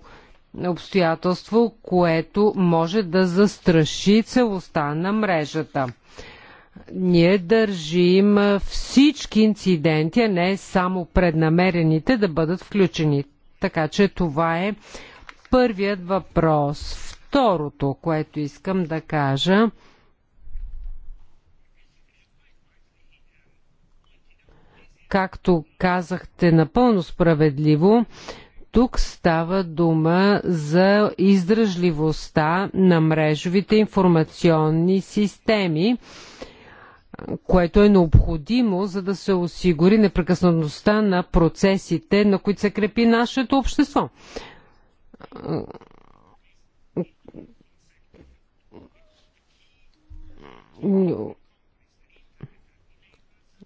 обстоятелство, което може да застраши целостта на мрежата. Ние държим всички инциденти, а не само преднамерените да бъдат включени. Така че това е първият въпрос. Второто, което искам да кажа, както казахте напълно справедливо, тук става дума за издръжливостта на мрежовите информационни системи, което е необходимо, за да се осигури непрекъснатостта на процесите, на които се крепи нашето общество.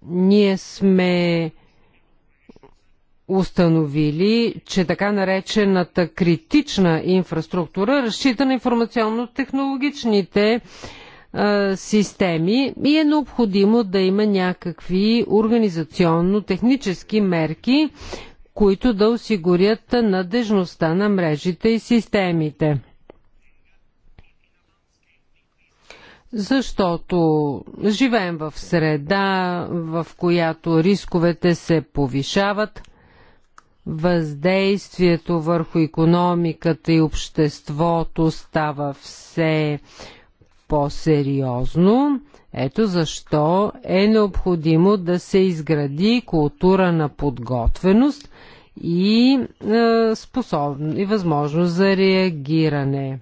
Ние сме установили, че така наречената критична инфраструктура разчита на информационно-технологичните системи и е необходимо да има някакви организационно-технически мерки, които да осигурят надежността на мрежите и системите. защото живеем в среда, в която рисковете се повишават, въздействието върху економиката и обществото става все по-сериозно. Ето защо е необходимо да се изгради култура на подготвеност и, е, и възможност за реагиране.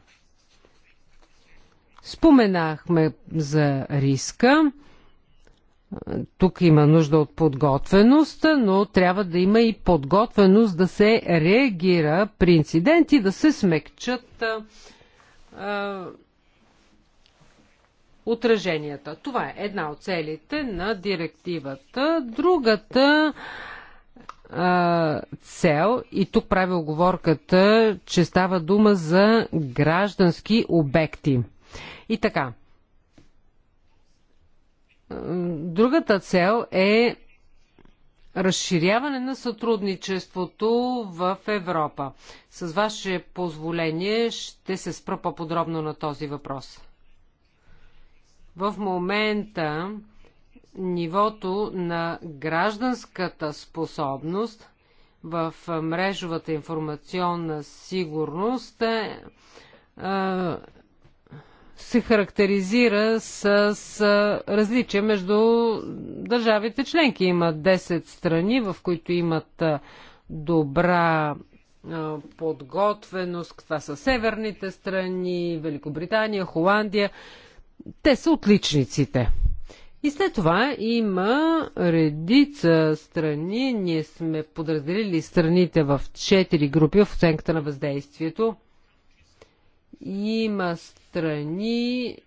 Споменахме за риска. Тук има нужда от подготвеност, но трябва да има и подготвеност да се реагира при инциденти, да се смекчат а, отраженията. Това е една от целите на директивата. Другата а, цел, и тук прави оговорката, че става дума за граждански обекти – и така. Другата цел е разширяване на сътрудничеството в Европа. С ваше позволение ще се спра по-подробно на този въпрос. В момента нивото на гражданската способност в мрежовата информационна сигурност е, е се характеризира с, с различия между държавите членки. Има 10 страни, в които имат добра подготвеност. Това са северните страни, Великобритания, Холандия. Те са отличниците. И след това има редица страни. Ние сме подразделили страните в 4 групи в оценката на въздействието – има страни,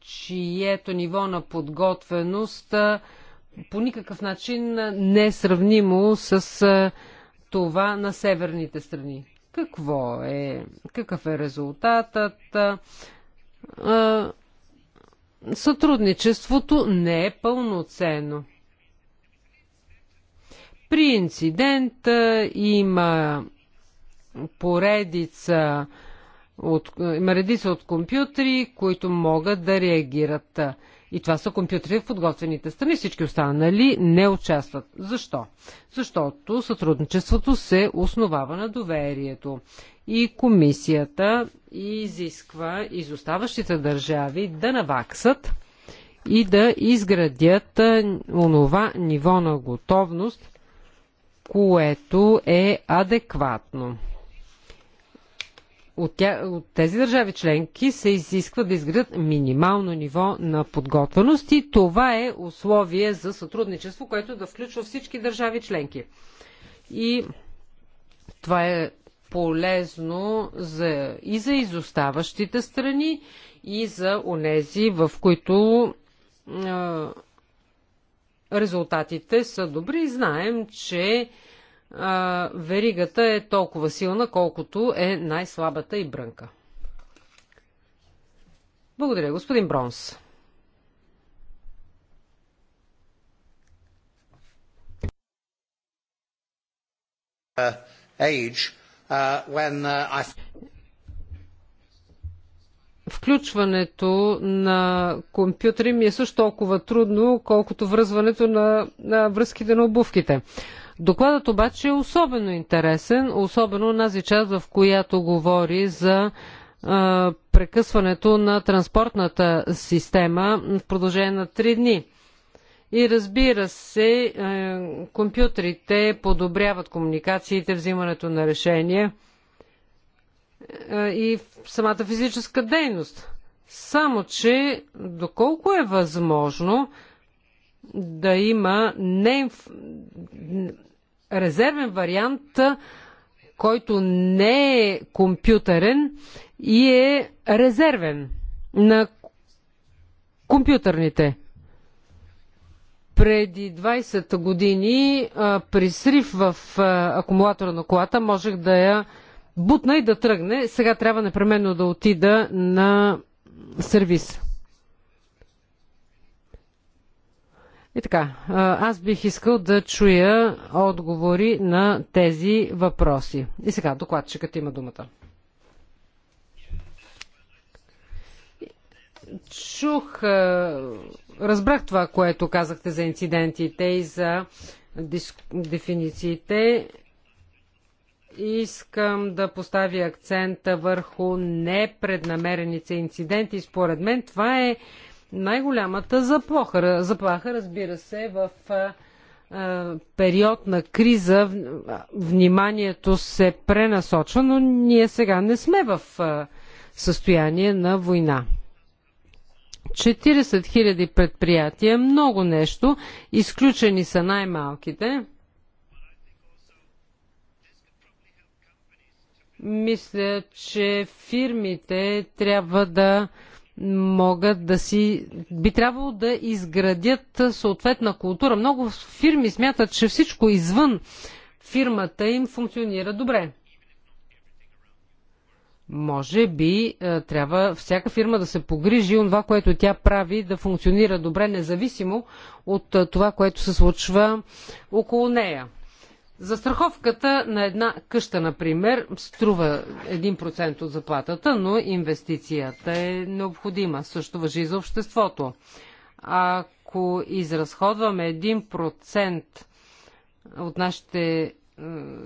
чието ниво на подготвеност по никакъв начин не е сравнимо с това на северните страни. Какво е, какъв е резултатът? Сътрудничеството не е пълноценно. При инцидент има поредица от, има редица от компютри, които могат да реагират. И това са компютри в подготвените страни. Всички останали не участват. Защо? Защото сътрудничеството се основава на доверието. И комисията изисква изоставащите държави да наваксат и да изградят онова ниво на готовност, което е адекватно от, тя, от тези държави членки се изисква да изградят минимално ниво на подготвеност и това е условие за сътрудничество, което да включва всички държави членки. И това е полезно за, и за изоставащите страни, и за онези, в които е, резултатите са добри. Знаем, че а, веригата е толкова силна, колкото е най-слабата и брънка. Благодаря, господин Бронс. Uh, age, uh, when, uh, I... Включването на компютри ми е също толкова трудно, колкото връзването на, на връзките на обувките. Uh, Докладът обаче е особено интересен, особено нази част, в която говори за а, прекъсването на транспортната система в продължение на 3 дни. И разбира се, а, е, компютрите подобряват комуникациите, взимането на решения е, и самата физическа дейност. Само, че доколко е възможно да има не, резервен вариант, който не е компютърен и е резервен на компютърните. Преди 20 години при срив в акумулатора на колата можех да я бутна и да тръгне. Сега трябва непременно да отида на сервиса. И така, аз бих искал да чуя отговори на тези въпроси. И сега докладчикът има думата. Чух, разбрах това, което казахте за инцидентите и за дефинициите. Искам да поставя акцента върху непреднамерените инциденти. Според мен това е най-голямата заплаха. Заплаха, разбира се, в период на криза вниманието се пренасочва, но ние сега не сме в състояние на война. 40 000 предприятия, много нещо, изключени са най-малките. Мисля, че фирмите трябва да могат да си, би трябвало да изградят съответна култура. Много фирми смятат, че всичко извън фирмата им функционира добре. Може би е, трябва всяка фирма да се погрижи от това, което тя прави, да функционира добре, независимо от е, това, което се случва около нея. Застраховката на една къща, например, струва 1% от заплатата, но инвестицията е необходима. Също въжи и за обществото. Ако изразходваме 1% от нашите е,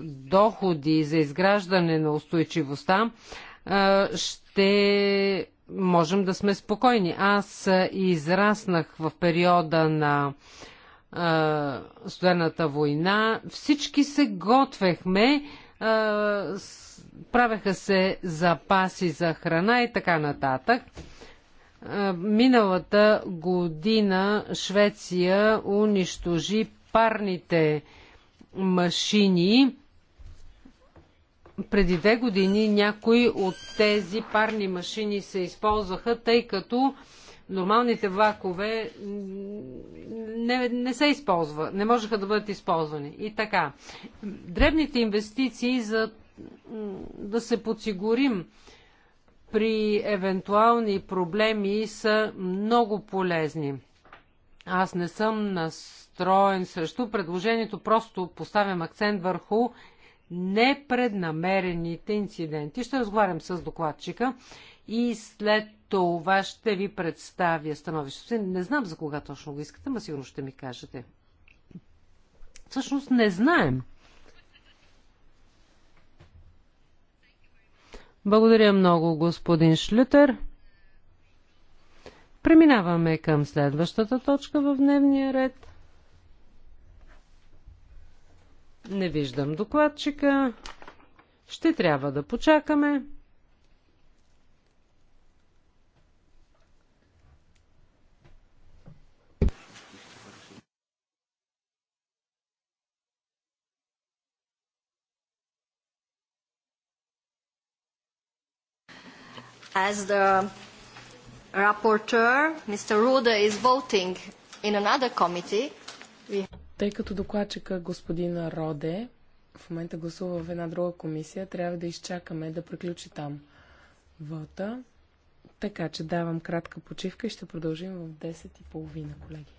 доходи за изграждане на устойчивостта, е, ще можем да сме спокойни. Аз израснах в периода на студената война. Всички се готвехме, правеха се запаси за храна и така нататък. Миналата година Швеция унищожи парните машини. Преди две години някои от тези парни машини се използваха, тъй като нормалните влакове не, не се използва, не можеха да бъдат използвани. И така, дребните инвестиции за да се подсигурим при евентуални проблеми са много полезни. Аз не съм настроен срещу предложението, просто поставям акцент върху непреднамерените инциденти. Ще разговарям с докладчика и след това ще ви представя становището Не знам за кога точно го искате, но сигурно ще ми кажете. Всъщност не знаем. Благодаря много, господин Шлютер. Преминаваме към следващата точка в дневния ред. Не виждам докладчика. Ще трябва да почакаме. as the rapporteur, Mr. Ruda is voting in another committee. We... Тъй като докладчика господин Роде в момента гласува в една друга комисия, трябва да изчакаме да приключи там вота. Така че давам кратка почивка и ще продължим в 10.30, колеги.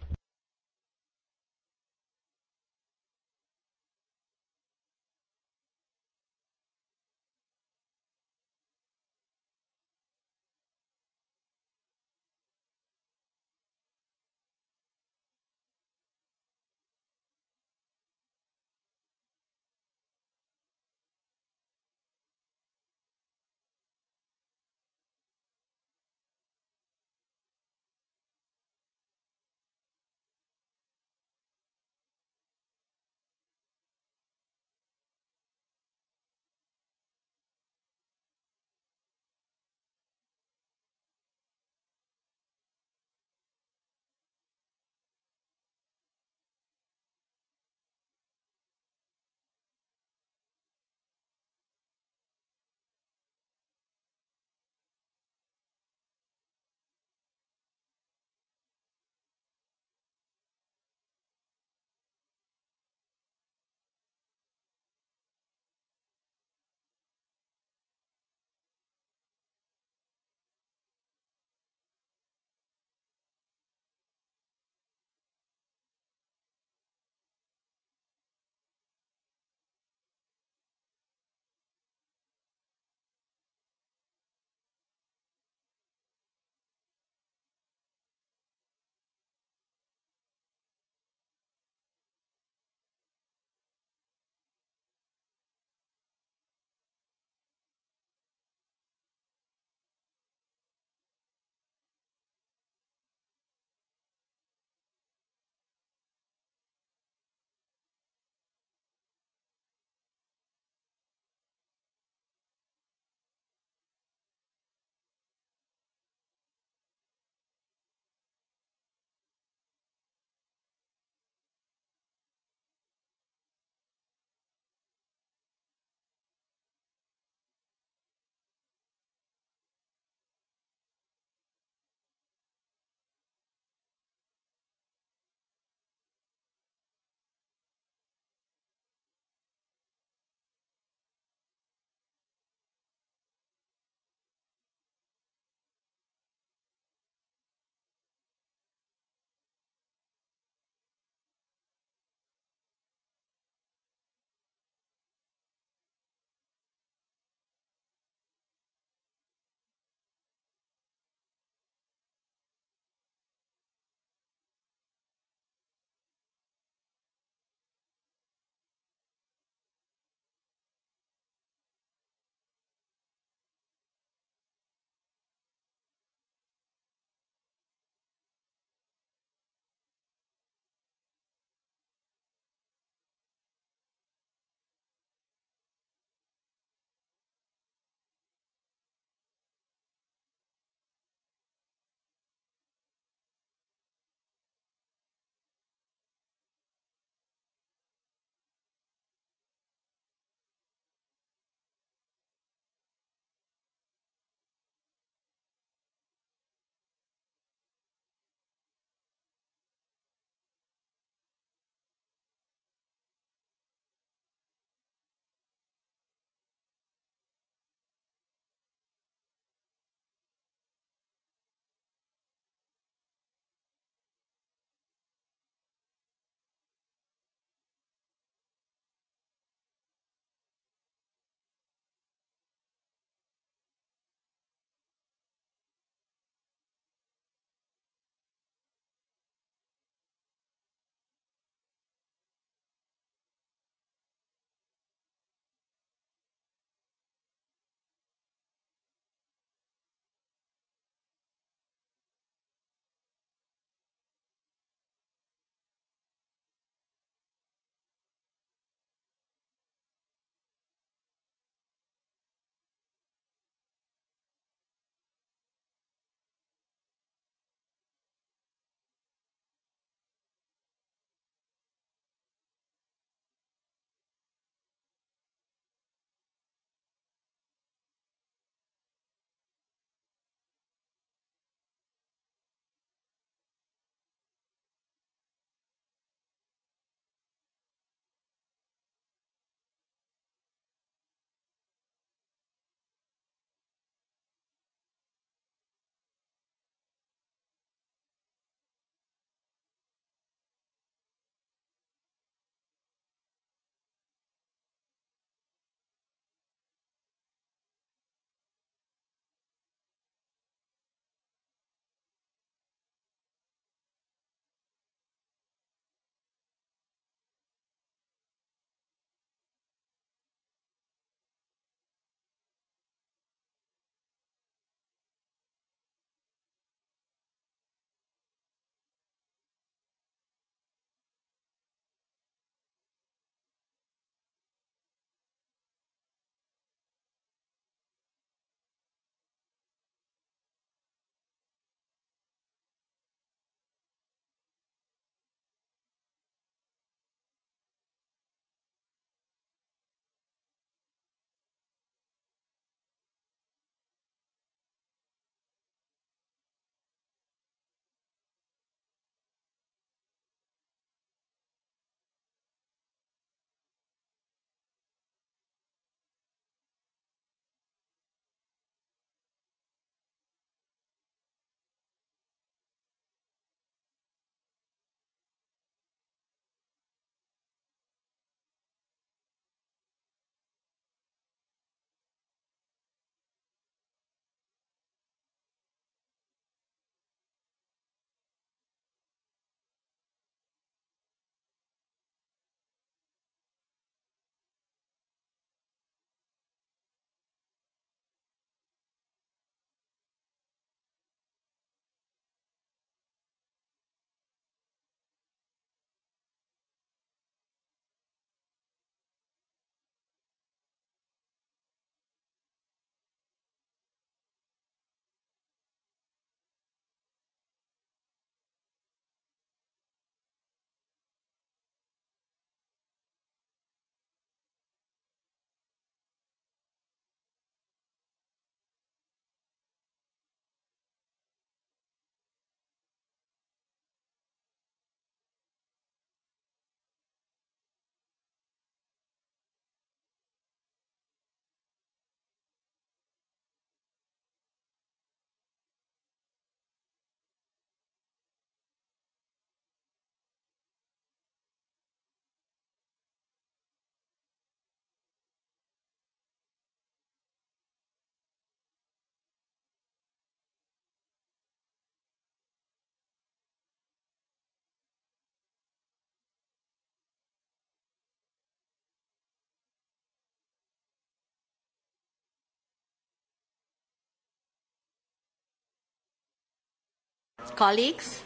Colleagues,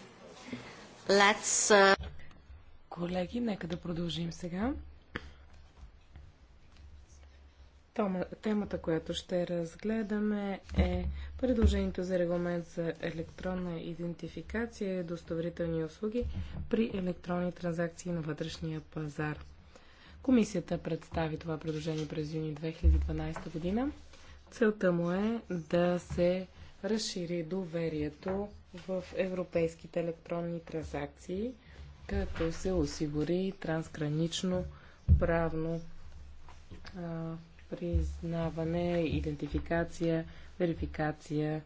let's... Uh, Колеги, нека да продължим сега. Темата, която ще разгледаме е предложението за регламент за електронна идентификация и достоверителни услуги при електронни транзакции на вътрешния пазар. Комисията представи това предложение през юни 2012 година. Целта му е да се разшири доверието в европейските електронни транзакции, като се осигури трансгранично правно а, признаване, идентификация, верификация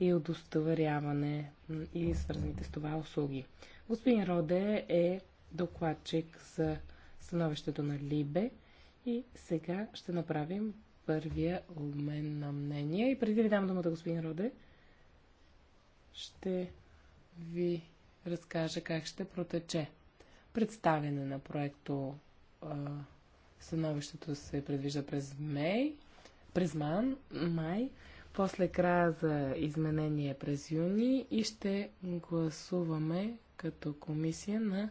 и удостоверяване и свързаните с това услуги. Господин Роде е докладчик за становището на Либе и сега ще направим първия обмен на мнения. И преди ви дам думата, господин Роде, ще ви разкажа как ще протече. Представяне на проекто а, становището се предвижда през май, през ман, май, после края за изменение през юни и ще гласуваме като комисия на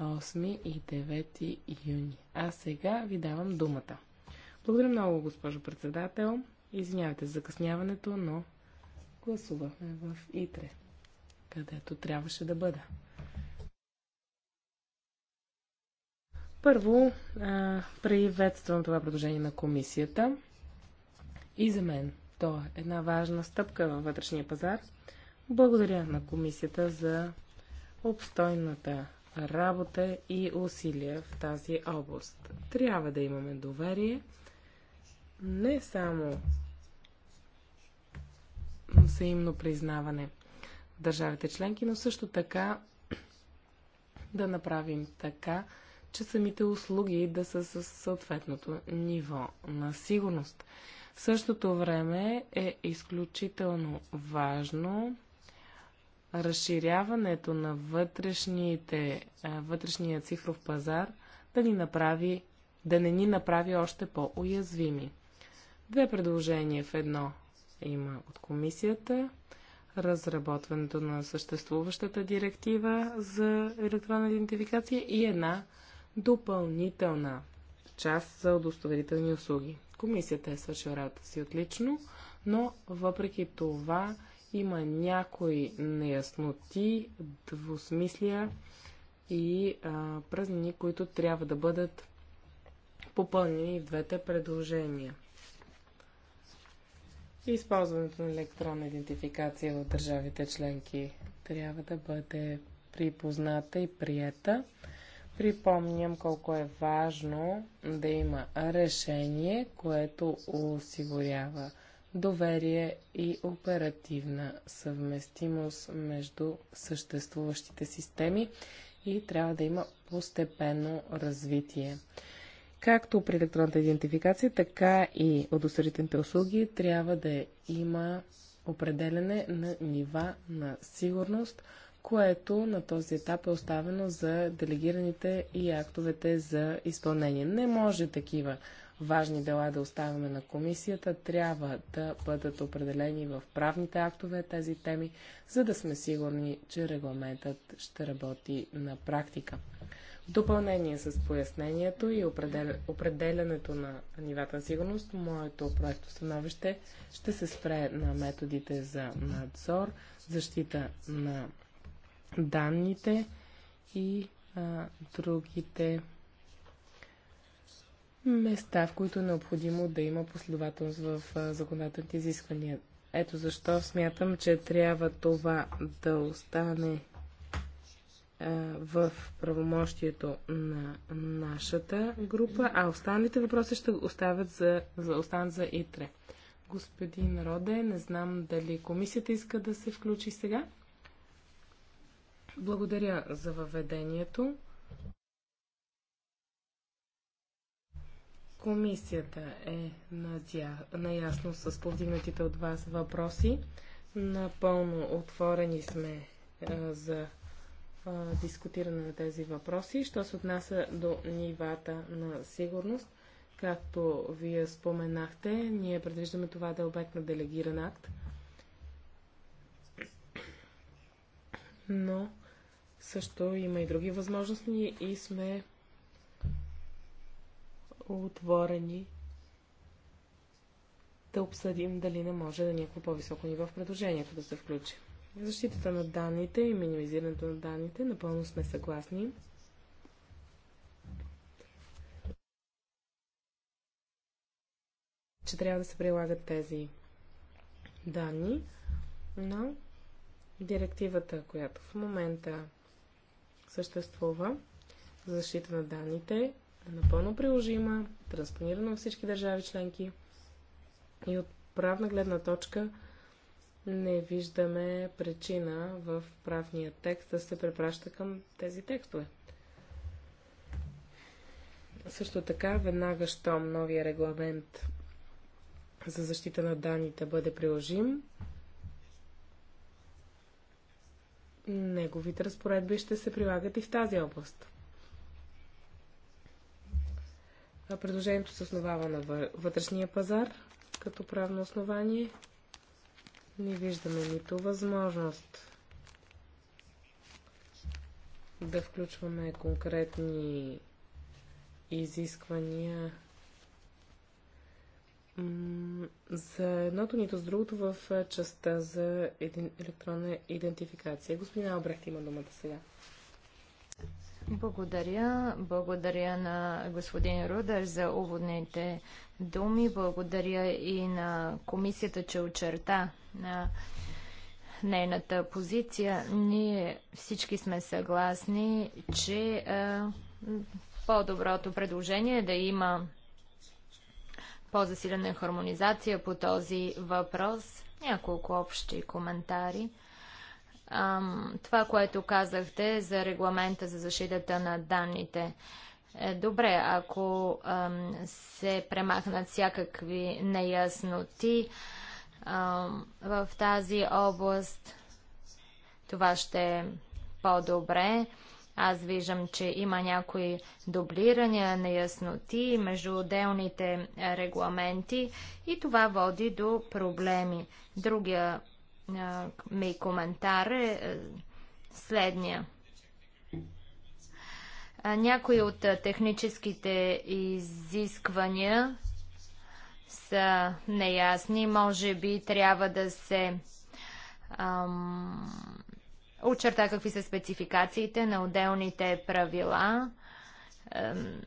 8 и 9 юни. А сега ви давам думата. Благодаря много, госпожо председател. Извинявайте за закъсняването, но гласувахме в Итре, където трябваше да бъда. Първо, приветствам това предложение на комисията и за мен. То е една важна стъпка във вътрешния пазар. Благодаря на комисията за обстойната работа и усилия в тази област. Трябва да имаме доверие не само взаимно признаване в държавите членки, но също така да направим така, че самите услуги да са със съответното ниво на сигурност. В същото време е изключително важно разширяването на вътрешните, вътрешния цифров пазар да ни направи, да не ни направи още по-уязвими. Две предложения в едно има от комисията, разработването на съществуващата директива за електронна идентификация и една допълнителна част за удостоверителни услуги. Комисията е свършила работа си отлично, но въпреки това има някои неясноти, двусмислия и празни, празнини, които трябва да бъдат попълнени в двете предложения и използването на електронна идентификация в държавите членки трябва да бъде припозната и приета. Припомням колко е важно да има решение, което осигурява доверие и оперативна съвместимост между съществуващите системи и трябва да има постепенно развитие. Както при електронната идентификация, така и удостоверителните услуги трябва да има определене на нива на сигурност, което на този етап е оставено за делегираните и актовете за изпълнение. Не може такива важни дела да оставяме на комисията. Трябва да бъдат определени в правните актове тези теми, за да сме сигурни, че регламентът ще работи на практика. В допълнение с пояснението и определянето на нивата на сигурност, моето проекто становище ще се спре на методите за надзор, защита на данните и а, другите места, в които е необходимо да има последователност в законодателните изисквания. Ето защо смятам, че трябва това да остане в правомощието на нашата група, а останалите въпроси ще оставят за, за, останат за ИТРЕ. Господин Роде, не знам дали комисията иска да се включи сега. Благодаря за въведението. Комисията е надя... наясно с повдигнатите от вас въпроси. Напълно отворени сме за дискутиране на тези въпроси. Що се отнася до нивата на сигурност, както вие споменахте, ние предвиждаме това да е обект на делегиран акт. Но също има и други възможности и сме отворени да обсъдим дали не може на някакво по-високо ниво в предложението да се включи. Защитата на данните и минимизирането на данните напълно сме съгласни. че трябва да се прилагат тези данни, но директивата, която в момента съществува за защита на данните, е напълно приложима, транспонирана във всички държави членки и от правна гледна точка – не виждаме причина в правния текст да се препраща към тези текстове. Също така, веднага щом новия регламент за защита на данните бъде приложим, неговите разпоредби ще се прилагат и в тази област. Предложението се основава на вътрешния пазар като правно основание – не виждаме нито възможност да включваме конкретни изисквания за едното, нито с другото в частта за електронна идентификация. Господин Албрехт има думата сега. Благодаря. Благодаря на господин Рудър за уводните думи. Благодаря и на комисията, че очерта на нейната позиция. Ние всички сме съгласни, че по-доброто предложение е да има по-засилена хармонизация по този въпрос. Няколко общи коментари. това, което казахте за регламента за защитата на данните. Е, добре, ако се премахнат всякакви неясноти, в тази област. Това ще е по-добре. Аз виждам, че има някои дублирания, неясноти между отделните регламенти и това води до проблеми. Другия ми коментар е, е следния. Някои от техническите изисквания са неясни. Може би трябва да се ам, очерта какви са спецификациите на отделните правила. Ам,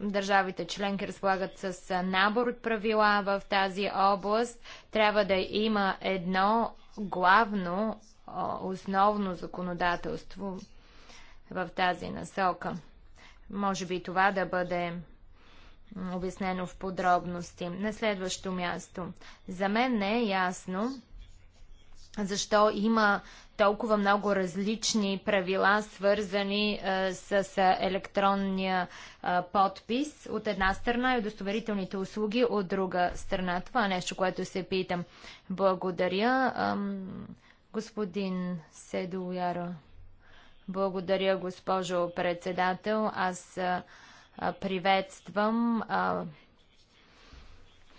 държавите членки разполагат с набор от правила в тази област. Трябва да има едно главно, основно законодателство в тази насока. Може би това да бъде обяснено в подробности. На следващо място. За мен не е ясно защо има толкова много различни правила, свързани е, с електронния е, подпис от една страна и удостоверителните услуги от друга страна. Това е нещо, което се питам. Благодаря, ам, господин Седояра. Благодаря, госпожо председател. Аз а, е, приветствам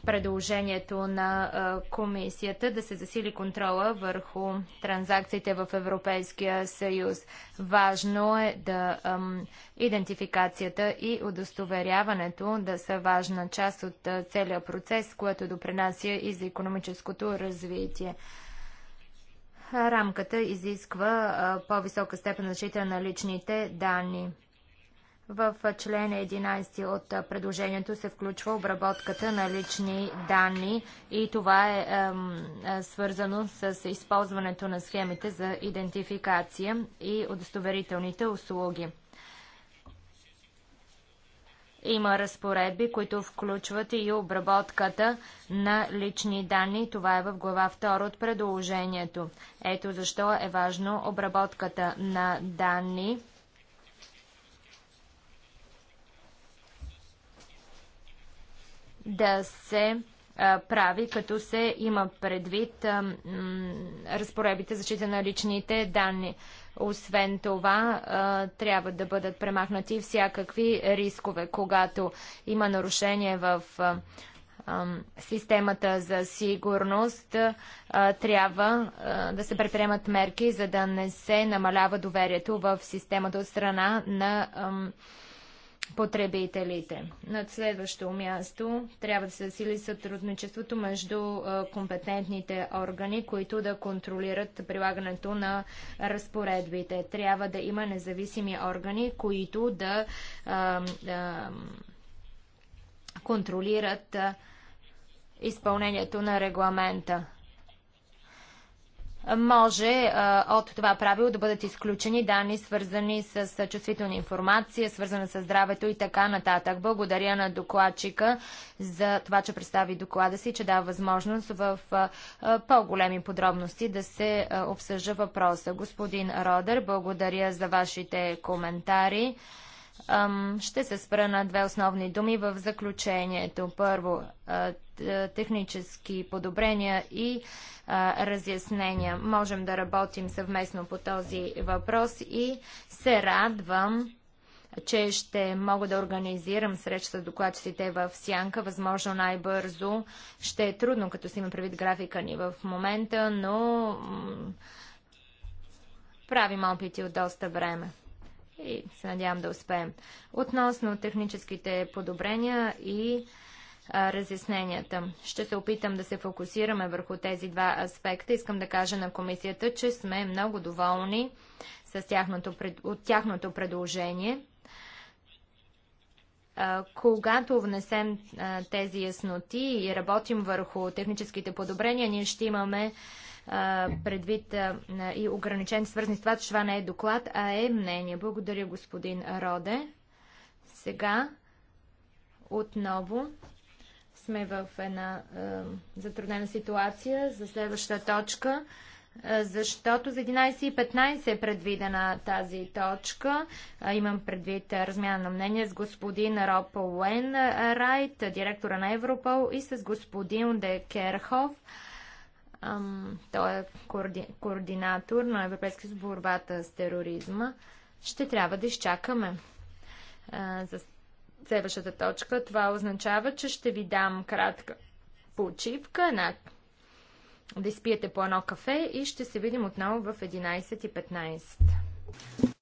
предложението на комисията да се засили контрола върху транзакциите в Европейския съюз. Важно е да идентификацията и удостоверяването да са важна част от целия процес, което допринася и за економическото развитие. Рамката изисква по-висока степен защита на личните данни. В член 11 от предложението се включва обработката на лични данни и това е, е свързано с използването на схемите за идентификация и удостоверителните услуги. Има разпоредби, които включват и обработката на лични данни. Това е в глава 2 от предложението. Ето защо е важно обработката на данни да се прави, като се има предвид а, за разпоредбите защита на личните данни. Освен това, трябва да бъдат премахнати всякакви рискове, когато има нарушение в системата за сигурност трябва да се предприемат мерки, за да не се намалява доверието в системата от страна на потребителите. На следващо място трябва да се засили сътрудничеството между компетентните органи, които да контролират прилагането на разпоредбите. Трябва да има независими органи, които да, а, да контролират изпълнението на регламента може а, от това правило да бъдат изключени данни, свързани с чувствителна информация, свързана с здравето и така нататък. Благодаря на докладчика за това, че представи доклада си, че дава възможност в по-големи подробности да се а, обсъжда въпроса. Господин Родер, благодаря за вашите коментари. Ще се спра на две основни думи в заключението. Първо, технически подобрения и разяснения. Можем да работим съвместно по този въпрос и се радвам, че ще мога да организирам среща с докладчиците в Сянка, възможно най-бързо. Ще е трудно, като си има предвид графика ни в момента, но правим опити от доста време и се надявам да успеем. Относно техническите подобрения и а, разясненията. Ще се опитам да се фокусираме върху тези два аспекта. Искам да кажа на комисията, че сме много доволни с тяхното, от тяхното предложение. А, когато внесем а, тези ясноти и работим върху техническите подобрения, ние ще имаме предвид и ограничен, свързани с това, че това не е доклад, а е мнение. Благодаря, господин Роде. Сега отново сме в една е, затруднена ситуация за следващата точка, е, защото за 11.15 е предвидена тази точка. Е, имам предвид е, размяна на мнение с господин Роб Уен Райт, директора на Европол и с господин Де Керхов. Е, Ам, той е коорди... координатор на Европейския съюз борбата с тероризма. Ще трябва да изчакаме а, за следващата точка. Това означава, че ще ви дам кратка почивка, на да изпиете по едно кафе и ще се видим отново в 11.15.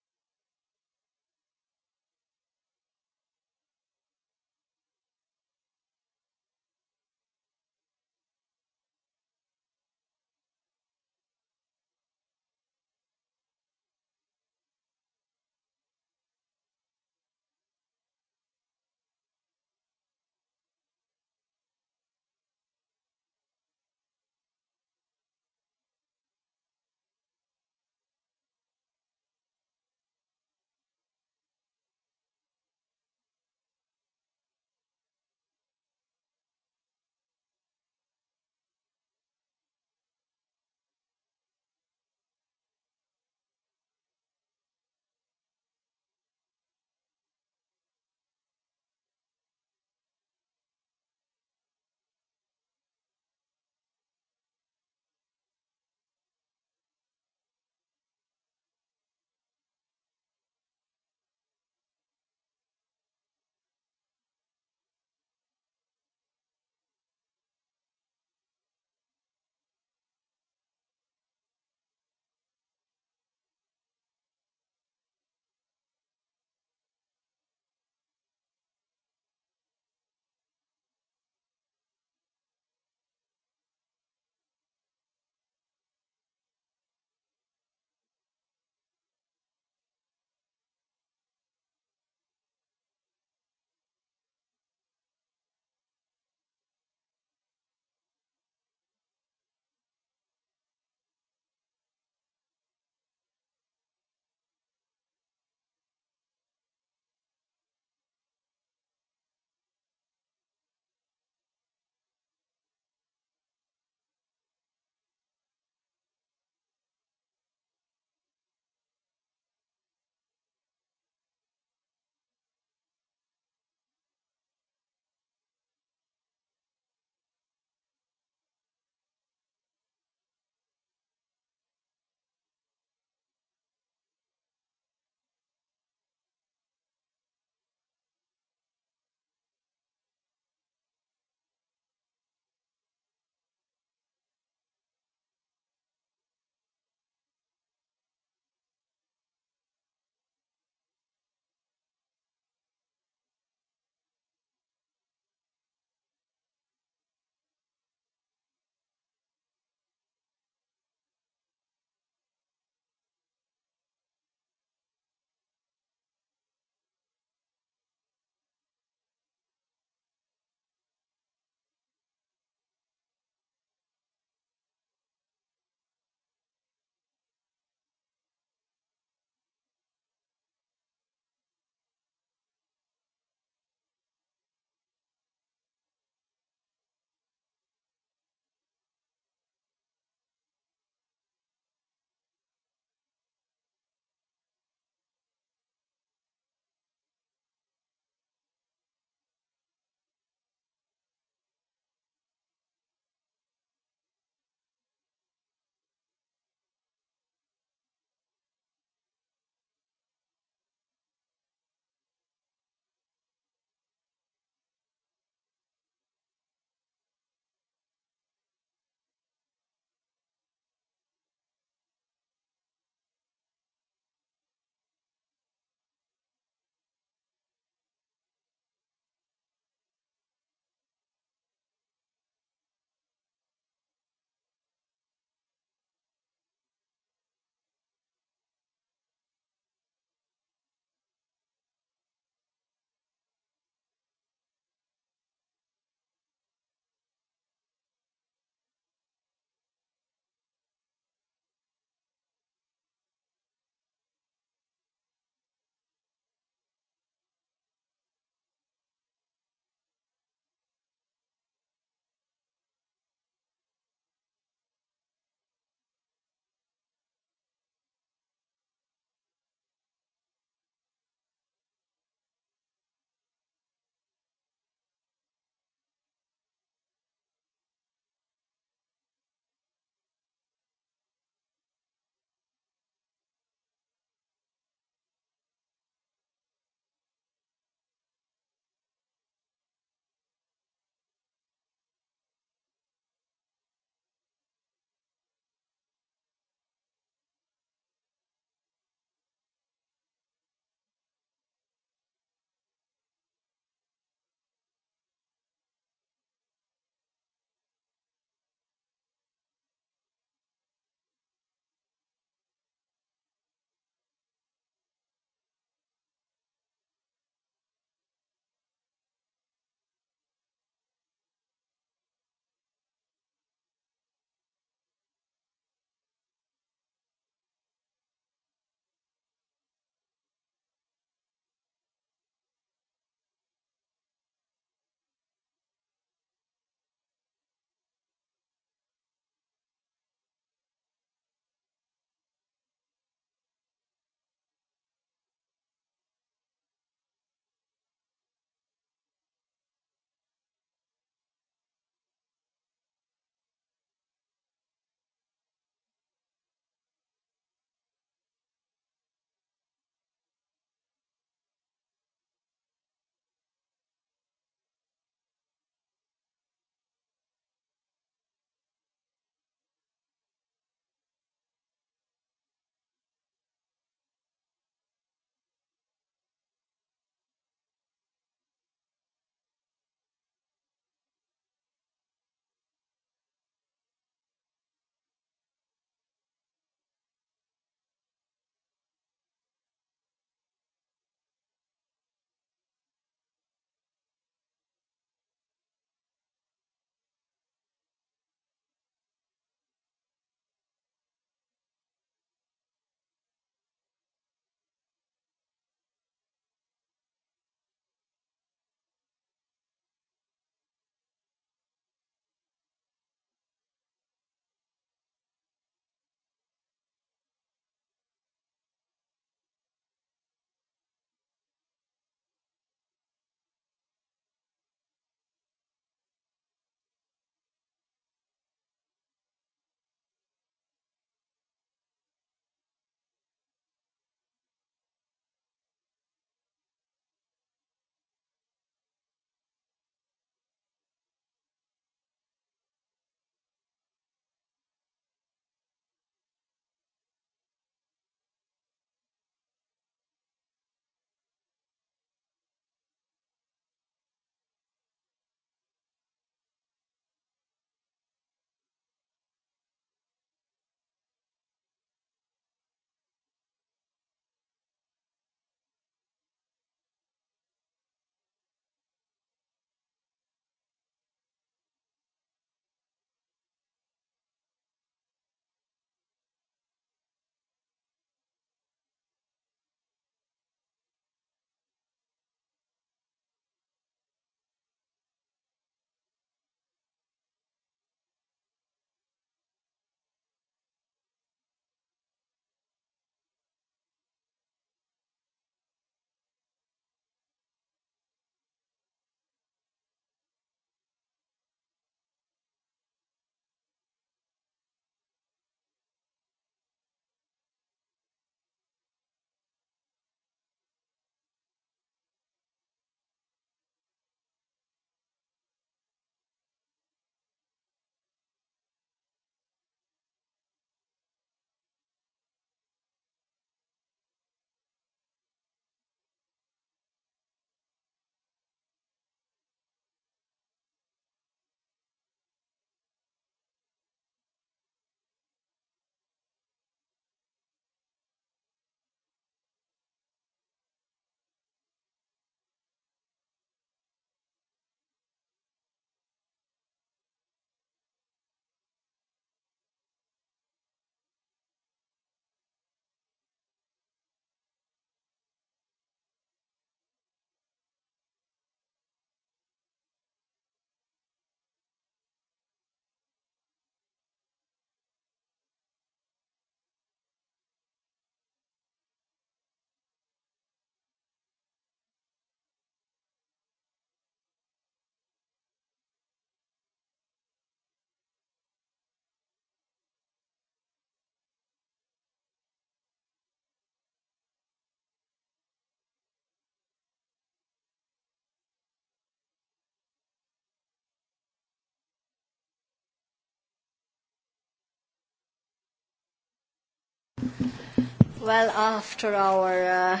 Well, after our uh,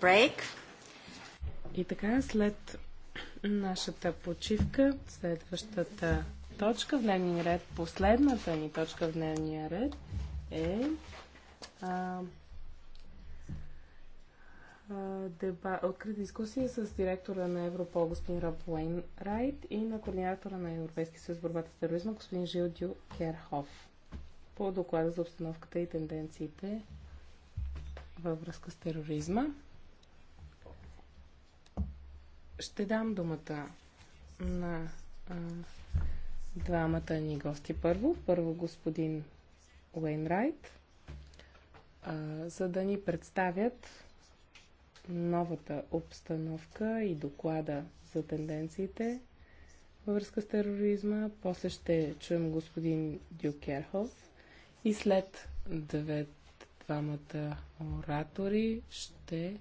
break. И така, след нашата почивка, следващата точка в дневния ред, последната ни точка в дневния ред е а, а, деба, открита дискусия с директора на Европол господин Роб Уейн Райт и на координатора на Европейския съюз борбата с тероризма господин Жил Дю Керхов. по доклада за обстановката и тенденциите във връзка с тероризма. Ще дам думата на а, двамата ни гости първо. Първо господин Уейнрайт, а, за да ни представят новата обстановка и доклада за тенденциите във връзка с тероризма. После ще чуем господин Дюкерхов и след двете двамата оратори, ще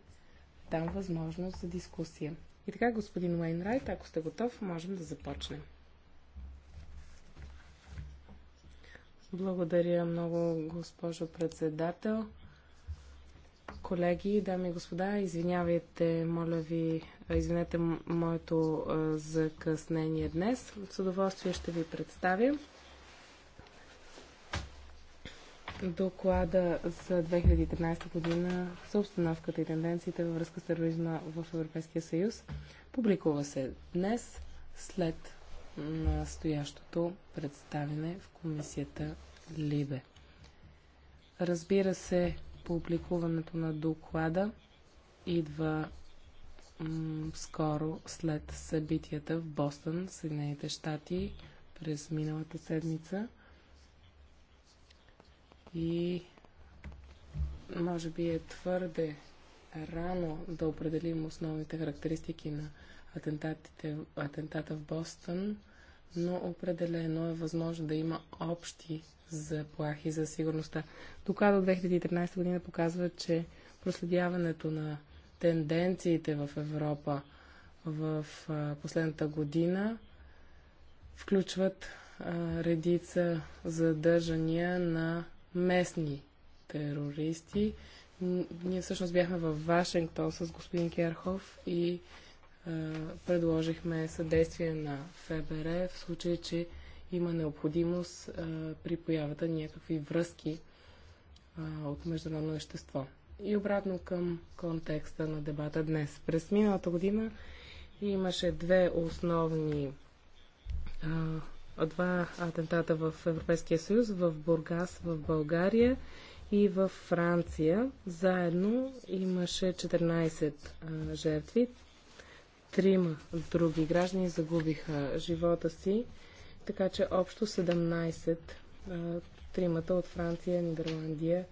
дам възможност за дискусия. И така, господин Уейнрайт, ако сте готов, можем да започнем. Благодаря много, госпожо председател. Колеги, дами и господа, извинявайте, моля ви, извинете моето закъснение днес. С удоволствие ще ви представя доклада за 2013 година за обстановката и тенденциите във връзка с тероризма в Европейския съюз. Публикува се днес след настоящото представене в комисията Либе. Разбира се, публикуването на доклада идва скоро след събитията в Бостон, Съединените щати, през миналата седмица – и може би е твърде рано да определим основните характеристики на атентатите, атентата в Бостън, но определено е възможно да има общи заплахи за сигурността. Доклад от 2013 година показва, че проследяването на тенденциите в Европа в последната година включват а, редица задържания на местни терористи. Ние всъщност бяхме в Вашингтон с господин Керхов и а, предложихме съдействие на ФБР в случай, че има необходимост а, при появата някакви връзки а, от международно вещество. И обратно към контекста на дебата днес. През миналата година имаше две основни два атентата в Европейския съюз, в Бургас, в България и в Франция. Заедно имаше 14 а, жертви. Трима други граждани загубиха живота си, така че общо 17. А, тримата от Франция, Нидерландия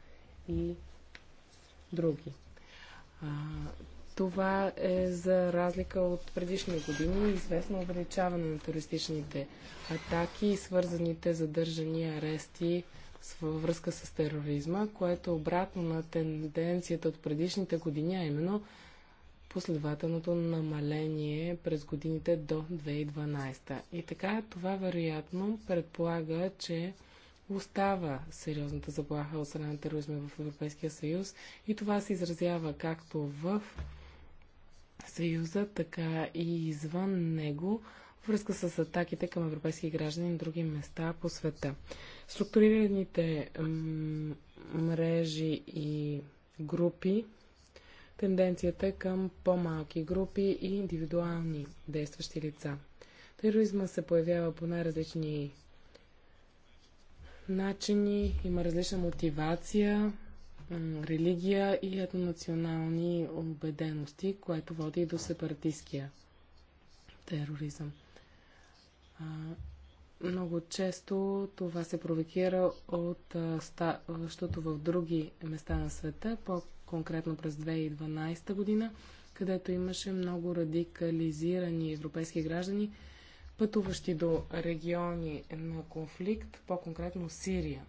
и други. А, това е за разлика от предишни години известно увеличаване на туристичните атаки и свързаните задържани арести във връзка с тероризма, което е обратно на тенденцията от предишните години, а именно последователното намаление през годините до 2012. И така това вероятно предполага, че остава сериозната заплаха от страна на тероризма в Европейския съюз и това се изразява както в Съюза, така и извън него, връзка с атаките към европейски граждани на други места по света. Структурираните мрежи и групи, тенденцията е към по-малки групи и индивидуални действащи лица. Тероризма се появява по най-различни начини, има различна мотивация, религия и етнонационални убедености, което води и до сепаратистския тероризъм. А, много често това се провокира от ставащото в други места на света, по-конкретно през 2012 година, където имаше много радикализирани европейски граждани, пътуващи до региони на конфликт, по-конкретно Сирия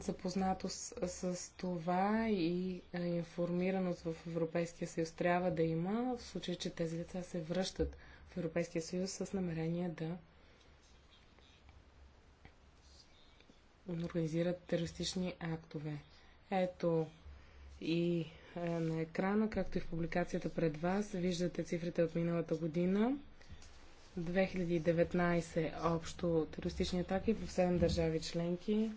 запознатост с, с това и информираност в Европейския съюз трябва да има, в случай, че тези деца се връщат в Европейския съюз с намерение да организират терористични актове. Ето и на екрана, както и в публикацията пред вас, виждате цифрите от миналата година. 2019 общо терористични атаки в 7 държави членки,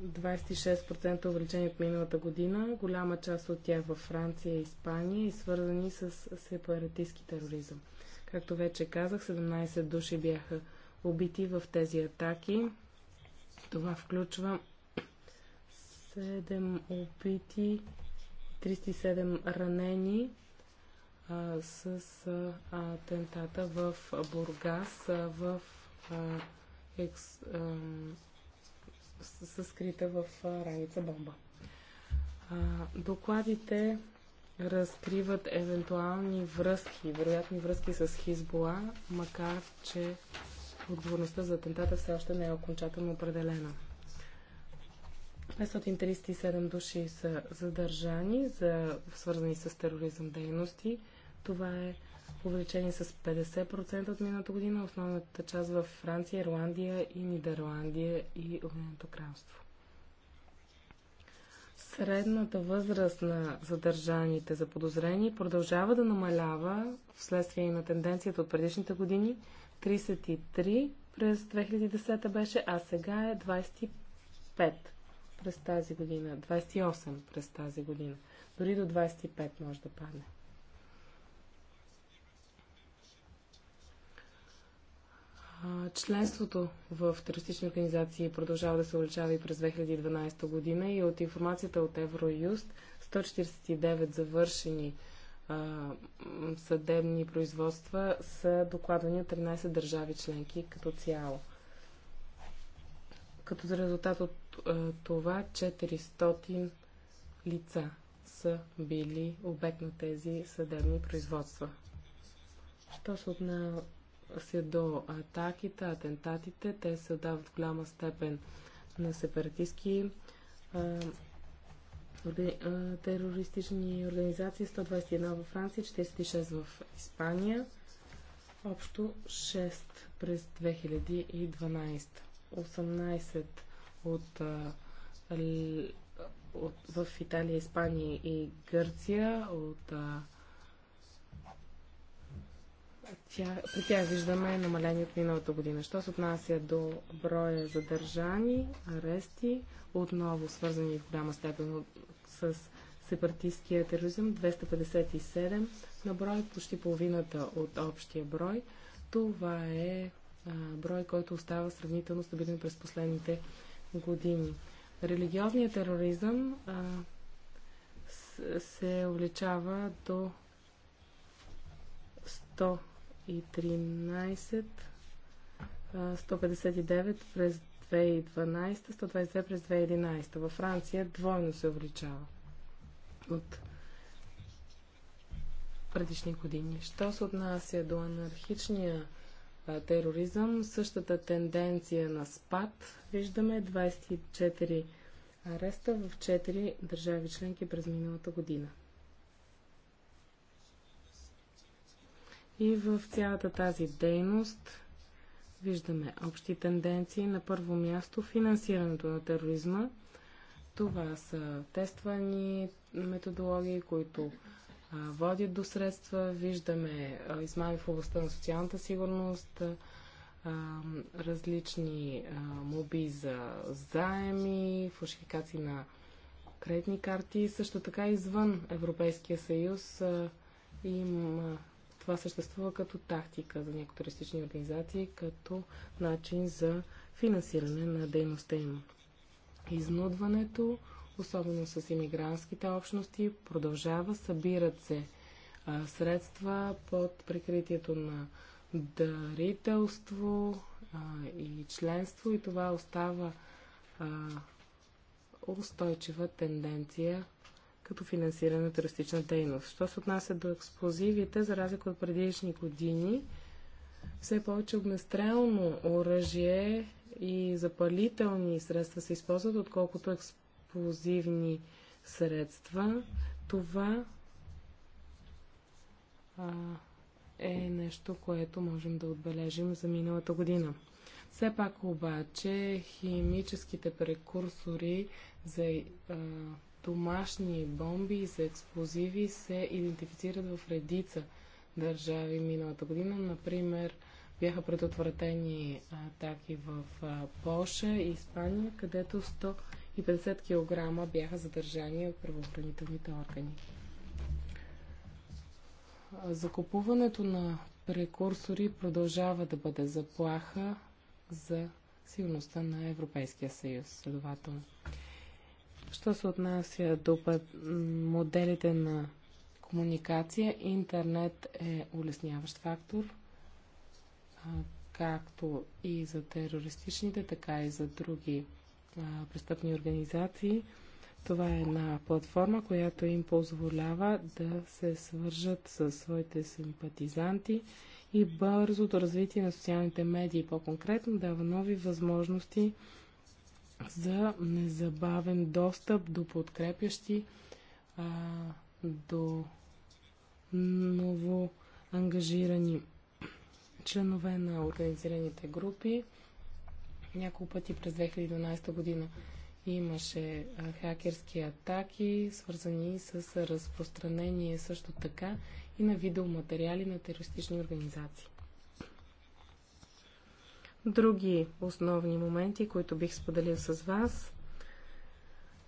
26% увеличение от миналата година, голяма част от тях във Франция и Испания и свързани с сепаратистски тероризъм. Както вече казах, 17 души бяха убити в тези атаки. Това включва 7 убити, 37 ранени а, с атентата в Бургас, в а, екс, а, са скрита в раница бомба. Докладите разкриват евентуални връзки, вероятни връзки с Хизбола, макар че отговорността за атентата все още не е окончателно определена. 537 души са задържани за свързани с тероризъм дейности. Това е увеличени с 50% от миналата година, основната част в Франция, Ирландия и Нидерландия и Обединеното кралство. Средната възраст на задържаните за подозрение продължава да намалява вследствие на тенденцията от предишните години. 33 през 2010 беше, а сега е 25 през тази година, 28 през тази година. Дори до 25 може да падне. Членството в терористични организации продължава да се увеличава и през 2012 година и от информацията от Евроюст 149 завършени а, съдебни производства са докладвани от 13 държави членки като цяло. Като за резултат от а, това 400 лица са били обект на тези съдебни производства. Що се отнася се до атаките, атентатите, те се отдават в голяма степен на сепаратистски терористични организации, 121 във Франция, 46 в Испания, общо 6 през 2012. 18 от, от в Италия, Испания и Гърция, от тя, при тях виждаме намаление от миналата година. Що се отнася до броя задържани, арести, отново свързани в голяма степен с сепаратистския тероризъм, 257 на брой, почти половината от общия брой. Това е брой, който остава сравнително стабилен през последните години. Религиозният тероризъм а, се увеличава до 100 113, 159 през 2012, 122 през 2011. Във Франция двойно се увеличава от предишни години. Що се отнася до анархичния тероризъм, същата тенденция на спад виждаме 24 ареста в 4 държави членки през миналата година. И в цялата тази дейност виждаме общи тенденции. На първо място финансирането на тероризма. Това са тествани методологии, които а, водят до средства. Виждаме а, измами в областта на социалната сигурност, а, различни моби за заеми, фалшификации на кредитни карти. Също така извън Европейския съюз има това съществува като тактика за някои туристични организации, като начин за финансиране на дейността им. Изнудването, особено с иммигрантските общности, продължава, събират се а, средства под прикритието на дарителство а, и членство и това остава а, устойчива тенденция като финансиране на туристична дейност. Що се отнася до експлозивите, за разлика от предишни години, все повече огнестрелно оръжие и запалителни средства се използват, отколкото експлозивни средства. Това а, е нещо, което можем да отбележим за миналата година. Все пак обаче химическите прекурсори за а, домашни бомби и за експлозиви се идентифицират в редица държави миналата година. Например, бяха предотвратени атаки в Польша и Испания, където 150 кг бяха задържани от правоохранителните органи. Закупуването на прекурсори продължава да бъде заплаха за сигурността на Европейския съюз, следователно. Що се отнася до моделите на комуникация, интернет е улесняващ фактор, както и за терористичните, така и за други престъпни организации. Това е една платформа, която им позволява да се свържат със своите симпатизанти и бързото развитие на социалните медии по-конкретно дава нови възможности за незабавен достъп до подкрепящи, а, до ново ангажирани членове на организираните групи. Няколко пъти през 2012 година имаше хакерски атаки, свързани с разпространение също така и на видеоматериали на терористични организации. Други основни моменти, които бих споделил с вас.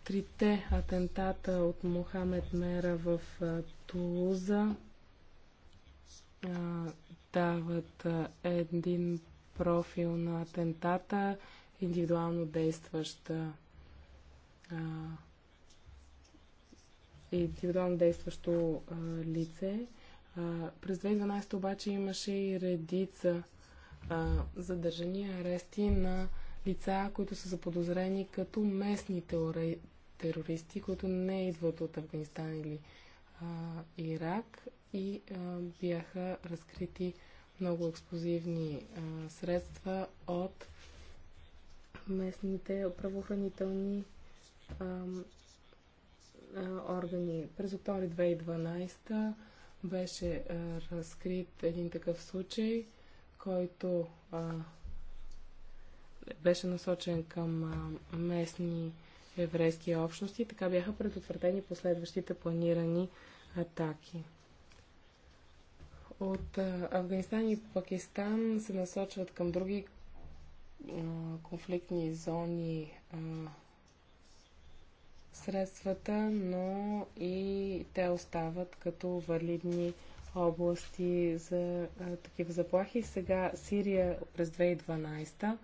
Трите атентата от Мохамед Мера в Тулуза дават един профил на атентата, индивидуално действаща индивидуално действащо лице. през 2012 обаче имаше и редица а, задържани арести на лица, които са заподозрени като местни теори... терористи, които не идват от Афганистан или а, Ирак и а, бяха разкрити много експозивни а, средства от местните правоохранителни а, а, органи. През октомври 2012 беше а, разкрит един такъв случай – който а, беше насочен към а, местни еврейски общности. Така бяха предотвратени последващите планирани атаки. От а, Афганистан и Пакистан се насочват към други а, конфликтни зони а, средствата, но и те остават като валидни области за а, такива заплахи. Сега Сирия през 2012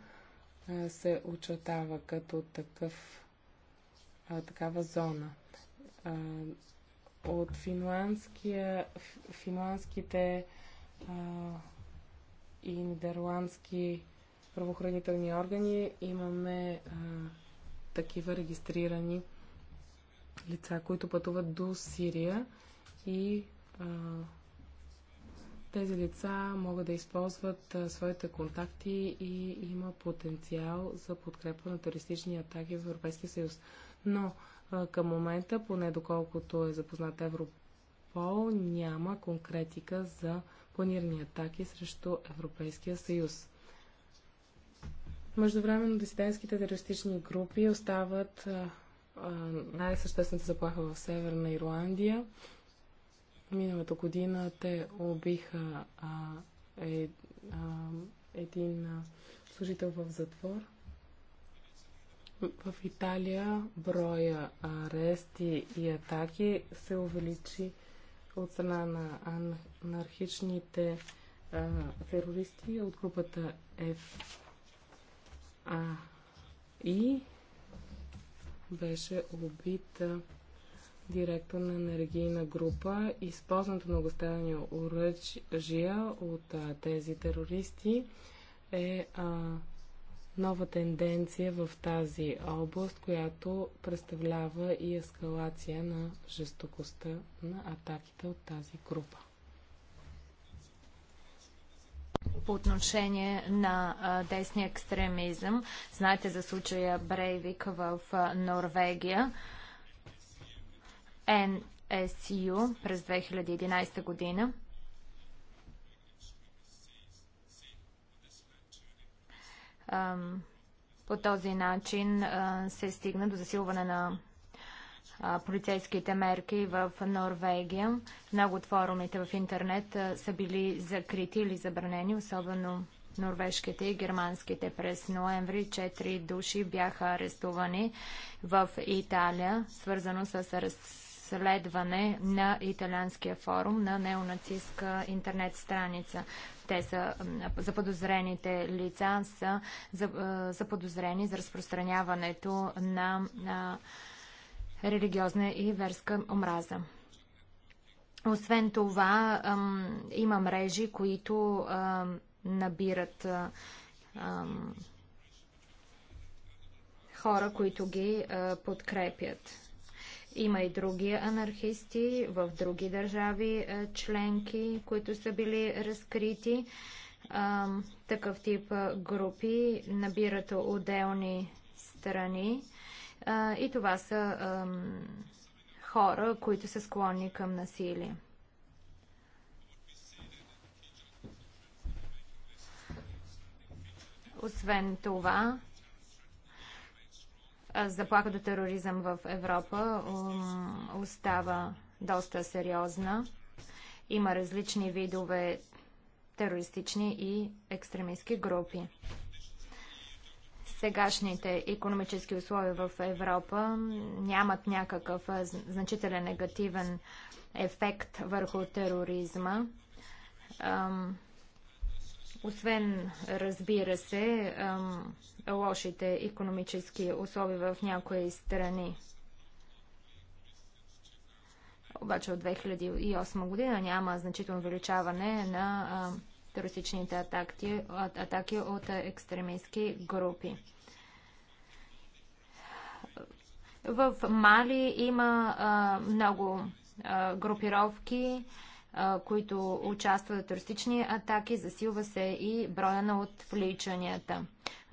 а, се очертава като такъв, а, такава зона. А, от финландския, финландските а, и нидерландски правоохранителни органи имаме а, такива регистрирани лица, които пътуват до Сирия и а, тези лица могат да използват своите контакти и има потенциал за подкрепа на терористични атаки в Европейския съюз. Но към момента, поне доколкото е запознат Европол, няма конкретика за планирани атаки срещу Европейския съюз. Междувременно дисидентските терористични групи остават най-съществената заплаха в Северна Ирландия Миналата година те убиха а, е, а, един а, служител в затвор. В Италия броя арести и атаки се увеличи от страна на анархичните а, терористи от групата И Беше убита директор на енергийна група. Използването на огоставени оръжия от а, тези терористи е а, нова тенденция в тази област, която представлява и ескалация на жестокостта на атаките от тази група. По отношение на а, десния екстремизъм, знаете за случая Брейвик в а, Норвегия. NSU през 2011 година. По този начин се стигна до засилване на полицейските мерки в Норвегия. Много от форумите в интернет са били закрити или забранени, особено норвежките и германските. През ноември 4 души бяха арестувани в Италия, свързано с разследване на италианския форум на неонацистска интернет страница. Те са заподозрените лица са заподозрени за разпространяването на, на религиозна и верска омраза. Освен това, има мрежи, които набират хора, които ги подкрепят. Има и други анархисти в други държави е, членки, които са били разкрити. Е, такъв тип е, групи набират отделни страни и това са хора, които са склонни към насилие. Освен това, Заплаха до тероризъм в Европа остава доста сериозна. Има различни видове терористични и екстремистски групи. Сегашните економически условия в Европа нямат някакъв значителен негативен ефект върху тероризма. Освен, разбира се, лошите економически условия в някои страни. Обаче от 2008 година няма значително увеличаване на терористичните атаки, атаки от екстремистски групи. В Мали има а, много а, групировки, които участват в терористични атаки, засилва се и броя на отвличанията.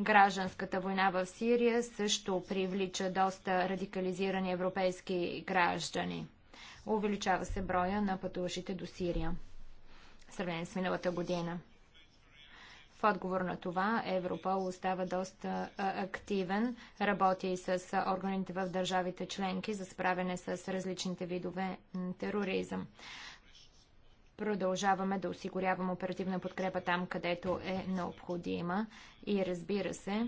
Гражданската война в Сирия също привлича доста радикализирани европейски граждани. Увеличава се броя на пътуващите до Сирия в сравнение с миналата година. В отговор на това Европол остава доста активен, работи и с органите в държавите членки за справяне с различните видове тероризъм. Продължаваме да осигуряваме оперативна подкрепа там, където е необходима и разбира се,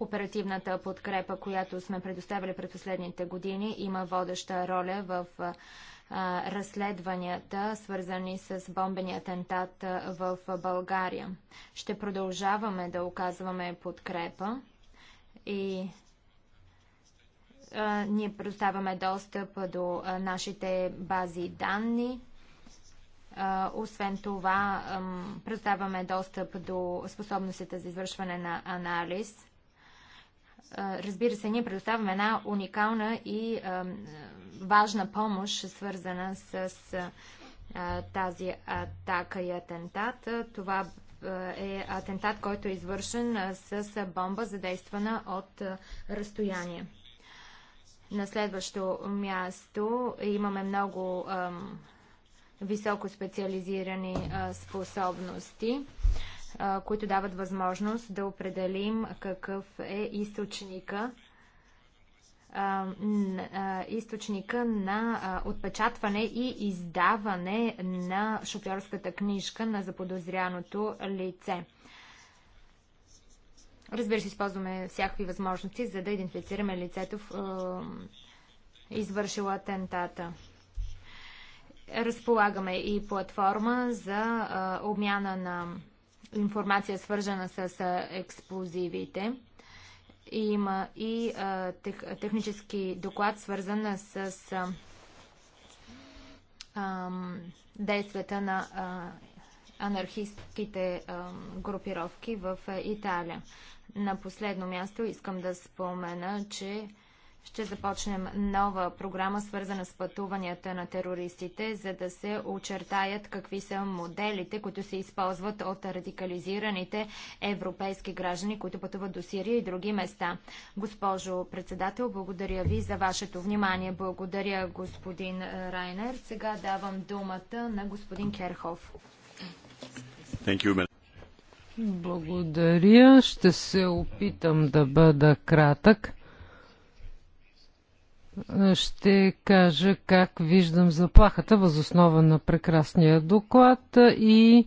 оперативната подкрепа, която сме предоставили пред последните години, има водеща роля в разследванията, свързани с бомбения атентат в България. Ще продължаваме да оказваме подкрепа и ние предоставяме достъп до нашите бази данни. Освен това, предоставяме достъп до способностите за извършване на анализ. Разбира се, ние предоставяме една уникална и важна помощ, свързана с тази атака и атентат. Това е атентат, който е извършен с бомба, задействана от разстояние. На следващо място имаме много ам, високо специализирани а, способности, а, които дават възможност да определим какъв е източника източника на отпечатване и издаване на шофьорската книжка на заподозряното лице. Разбира се, използваме всякакви възможности, за да идентифицираме лицето, в, е, извършило атентата. Разполагаме и платформа за е, обмяна на информация, свържена с е, експлозивите. Има и е, тех, технически доклад, свързан с е, е, действията на е, анархистските е, групировки в Италия. На последно място искам да спомена, че ще започнем нова програма, свързана с пътуванията на терористите, за да се очертаят какви са моделите, които се използват от радикализираните европейски граждани, които пътуват до Сирия и други места. Госпожо председател, благодаря ви за вашето внимание. Благодаря, господин Райнер. Сега давам думата на господин Керхов. Thank you, благодаря. Ще се опитам да бъда кратък. Ще кажа как виждам заплахата възоснова на прекрасния доклад и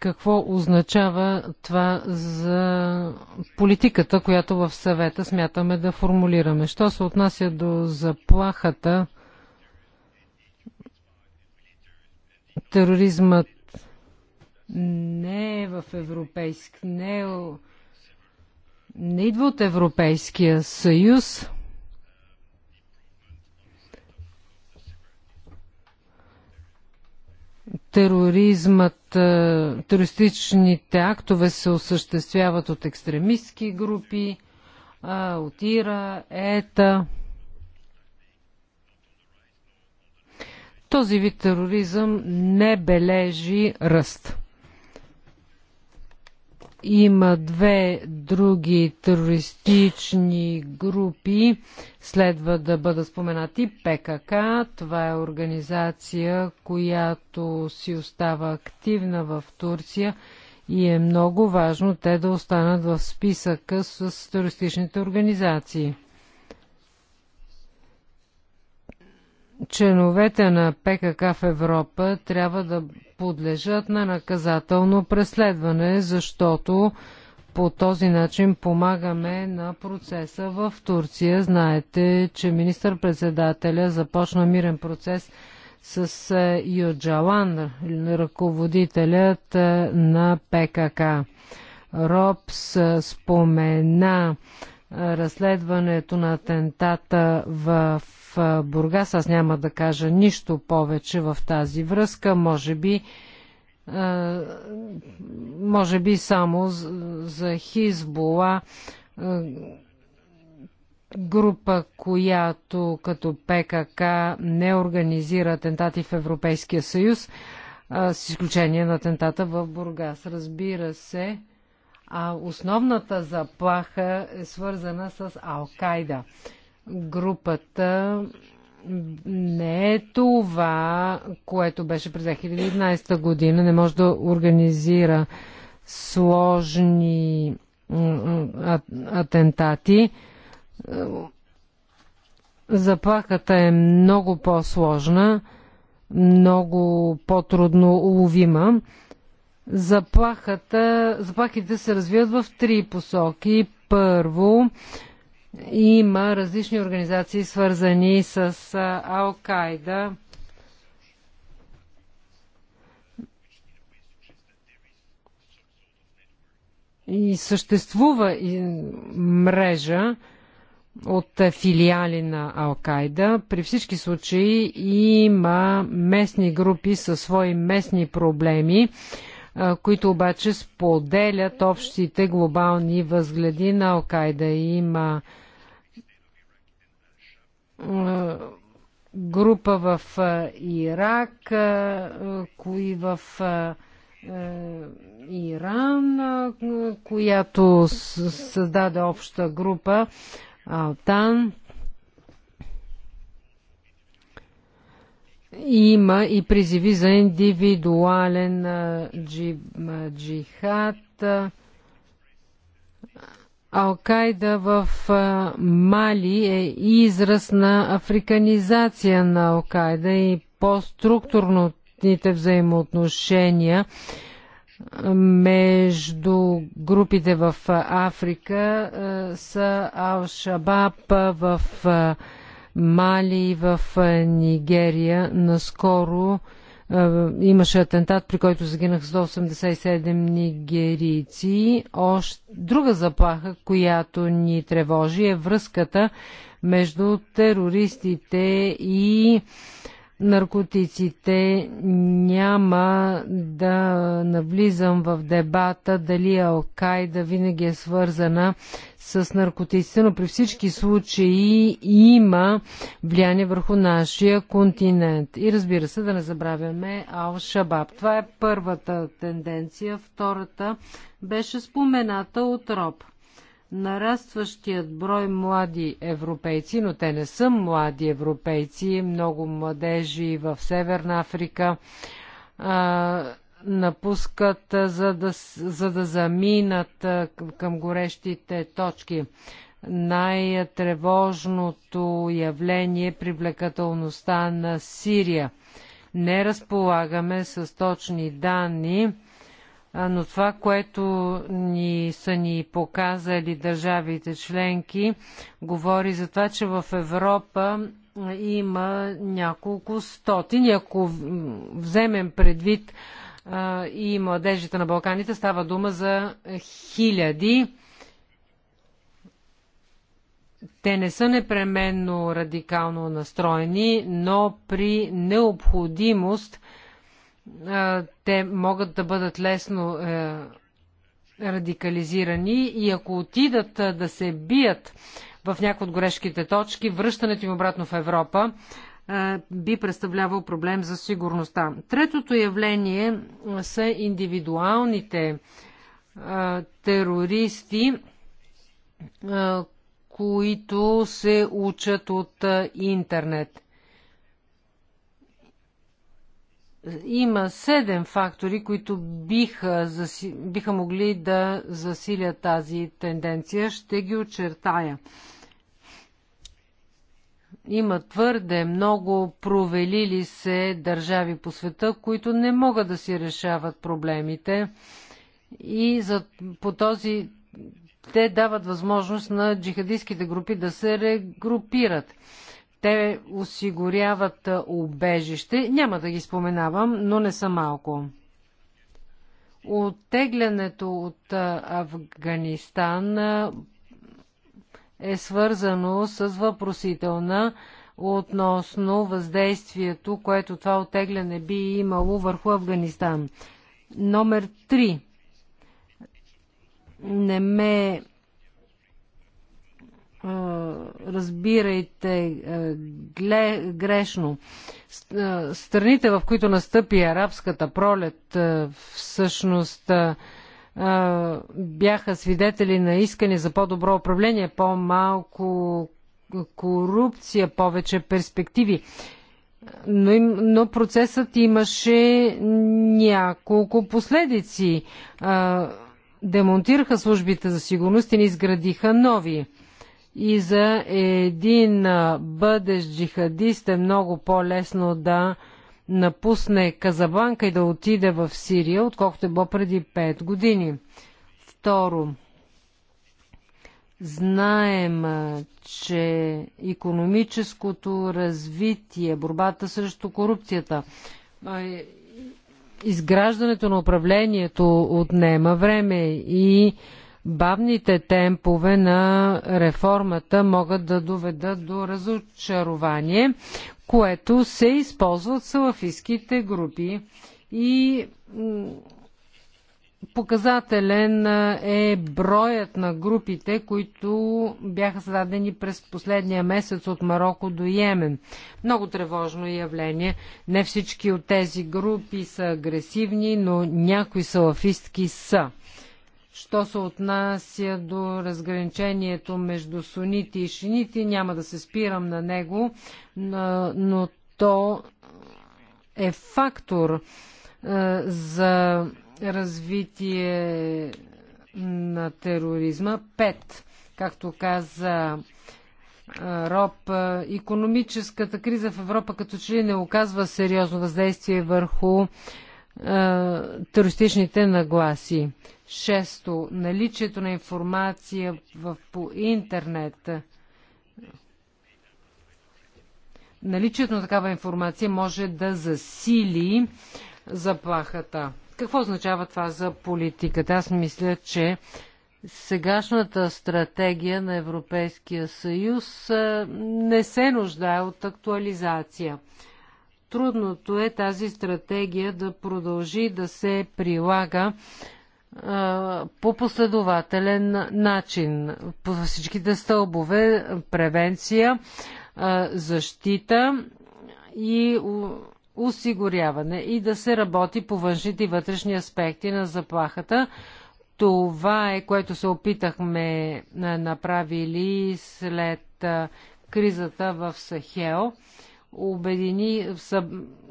какво означава това за политиката, която в съвета смятаме да формулираме. Що се отнася до заплахата, тероризмът не е в европейск, не, е, не идва от Европейския съюз. Тероризмът, е, терористичните актове се осъществяват от екстремистски групи, от ИРА, ЕТА. Този вид тероризъм не бележи ръст. Има две други терористични групи, следва да бъдат споменати. ПКК, това е организация, която си остава активна в Турция и е много важно те да останат в списъка с терористичните организации. членовете на ПКК в Европа трябва да подлежат на наказателно преследване, защото по този начин помагаме на процеса в Турция. Знаете, че министър-председателя започна мирен процес с е, Йоджалан, ръководителят е, на ПКК. Робс е, спомена разследването на атентата в Бургас. Аз няма да кажа нищо повече в тази връзка. Може би, може би само за Хизбола група, която като ПКК не организира атентати в Европейския съюз, с изключение на атентата в Бургас. Разбира се, а основната заплаха е свързана с Алкайда групата не е това, което беше през 2011 година. Не може да организира сложни атентати. Заплахата е много по-сложна, много по-трудно уловима. Заплахата, заплахите се развиват в три посоки. Първо, има различни организации, свързани с Ал-Кайда. И съществува и мрежа от филиали на Ал-Кайда. При всички случаи има местни групи със свои местни проблеми, които обаче споделят общите глобални възгледи на Ал-Кайда. Има група в Ирак, кои в Иран, която създаде обща група Алтан. Има и призиви за индивидуален джихад. Алкайда в Мали е израз на африканизация на Алкайда и по-структурните взаимоотношения между групите в Африка са Ал-Шабаб в Мали и в Нигерия. Наскоро е, имаше атентат, при който загинах 187 нигерийци. Още друга заплаха, която ни тревожи е връзката между терористите и наркотиците. Няма да навлизам в дебата дали Алкайда винаги е свързана с наркотиците, но при всички случаи има влияние върху нашия континент. И разбира се, да не забравяме Ал-Шабаб. Това е първата тенденция. Втората беше спомената от Роб нарастващият брой млади европейци, но те не са млади европейци, много младежи в Северна Африка а, напускат, за да, за да заминат към горещите точки. Най-тревожното явление е привлекателността на Сирия. Не разполагаме с точни данни но това, което ни са ни показали държавите членки, говори за това, че в Европа има няколко стотини. Ако вземем предвид а, и младежите на Балканите, става дума за хиляди. Те не са непременно радикално настроени, но при необходимост – те могат да бъдат лесно е, радикализирани и ако отидат да се бият в някои от горешките точки, връщането им обратно в Европа би представлявал проблем за сигурността. Третото явление са индивидуалните терористи, които се учат от интернет. Има седем фактори, които биха, заси... биха могли да засилят тази тенденция. Ще ги очертая. Има твърде много провелили се държави по света, които не могат да си решават проблемите и за, по този те дават възможност на джихадистските групи да се регрупират. Те осигуряват убежище. Няма да ги споменавам, но не са малко. Оттеглянето от Афганистан е свързано с въпросителна относно въздействието, което това отегляне би имало върху Афганистан. Номер 3. Не ме разбирайте гле, грешно. Страните, в които настъпи арабската пролет, всъщност бяха свидетели на искане за по-добро управление, по-малко корупция, повече перспективи. Но, им, но процесът имаше няколко последици. Демонтираха службите за сигурност и не изградиха нови и за един бъдещ джихадист е много по-лесно да напусне Казабланка и да отиде в Сирия, отколкото е било преди 5 години. Второ, знаем, че економическото развитие, борбата срещу корупцията, е, изграждането на управлението отнема време и Бавните темпове на реформата могат да доведат до разочарование, което се използва от салафистските групи. И показателен е броят на групите, които бяха създадени през последния месец от Марокко до Йемен. Много тревожно явление. Не всички от тези групи са агресивни, но някои салафистки са. Що се отнася до разграничението между сунити и шините, няма да се спирам на него, но то е фактор е, за развитие на тероризма. Пет, както каза е, Роб, економическата криза в Европа като че ли не оказва сериозно въздействие върху е, терористичните нагласи. Шесто, наличието на информация в, по интернет. Наличието на такава информация може да засили заплахата. Какво означава това за политиката? Аз мисля, че сегашната стратегия на Европейския съюз не се нуждае от актуализация. Трудното е тази стратегия да продължи да се прилага по последователен начин. По всичките стълбове превенция, защита и осигуряване и да се работи по външните и вътрешни аспекти на заплахата. Това е което се опитахме направили след кризата в Сахел обедини,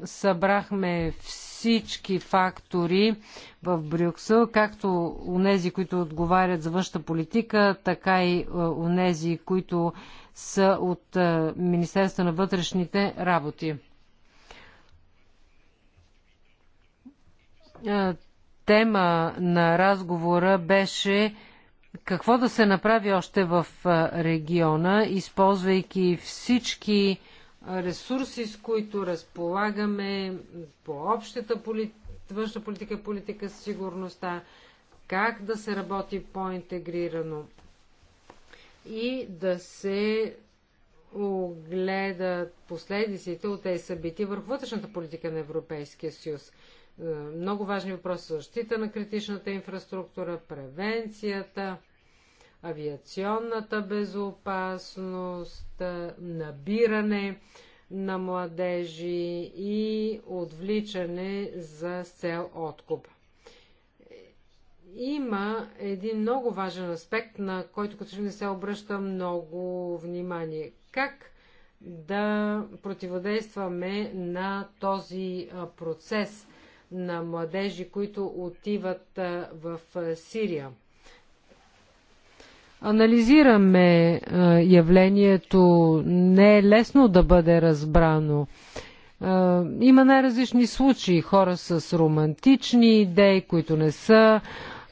събрахме всички фактори в Брюксел, както унези, които отговарят за външна политика, така и унези, е, които са от е, Министерство на вътрешните работи. Е, тема на разговора беше какво да се направи още в региона, използвайки всички ресурси, с които разполагаме по общата полит... външна политика, политика с сигурността, как да се работи по-интегрирано и да се огледат последиците от тези събития върху вътрешната политика на Европейския съюз. Е, много важни въпроси за защита на критичната инфраструктура, превенцията, авиационната безопасност, набиране на младежи и отвличане за цел откуп. Има един много важен аспект, на който като че не се обръща много внимание. Как да противодействаме на този процес на младежи, които отиват в Сирия? анализираме явлението. Не е лесно да бъде разбрано. Има най-различни случаи. Хора с романтични идеи, които не са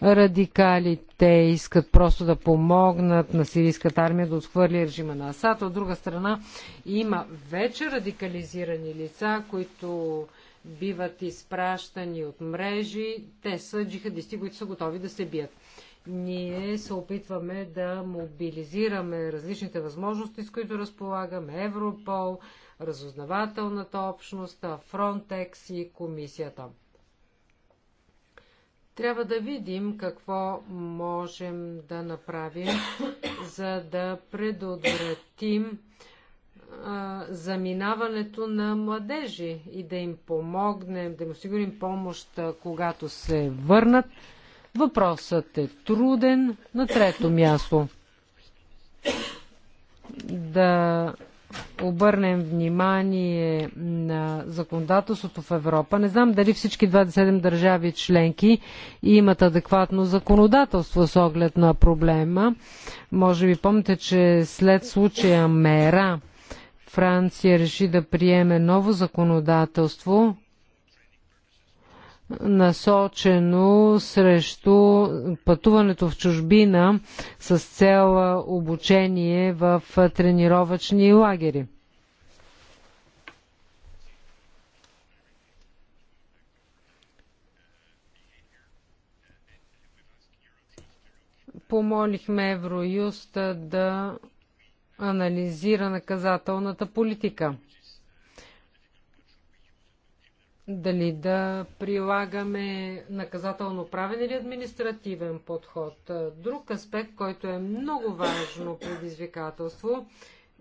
радикали. Те искат просто да помогнат на сирийската армия да отхвърли режима на Асад. От друга страна има вече радикализирани лица, които биват изпращани от мрежи. Те са джихадисти, които са готови да се бият ние се опитваме да мобилизираме различните възможности, с които разполагаме Европол, разузнавателната общност, Фронтекс и комисията. Трябва да видим какво можем да направим, за да предотвратим заминаването на младежи и да им помогнем, да им осигурим помощ, когато се върнат Въпросът е труден. На трето място да обърнем внимание на законодателството в Европа. Не знам дали всички 27 държави членки имат адекватно законодателство с оглед на проблема. Може би помните, че след случая Мера Франция реши да приеме ново законодателство, насочено срещу пътуването в чужбина с цел обучение в тренировъчни лагери. Помолихме Евроюста да анализира наказателната политика дали да прилагаме наказателно правен или административен подход. Друг аспект, който е много важно предизвикателство,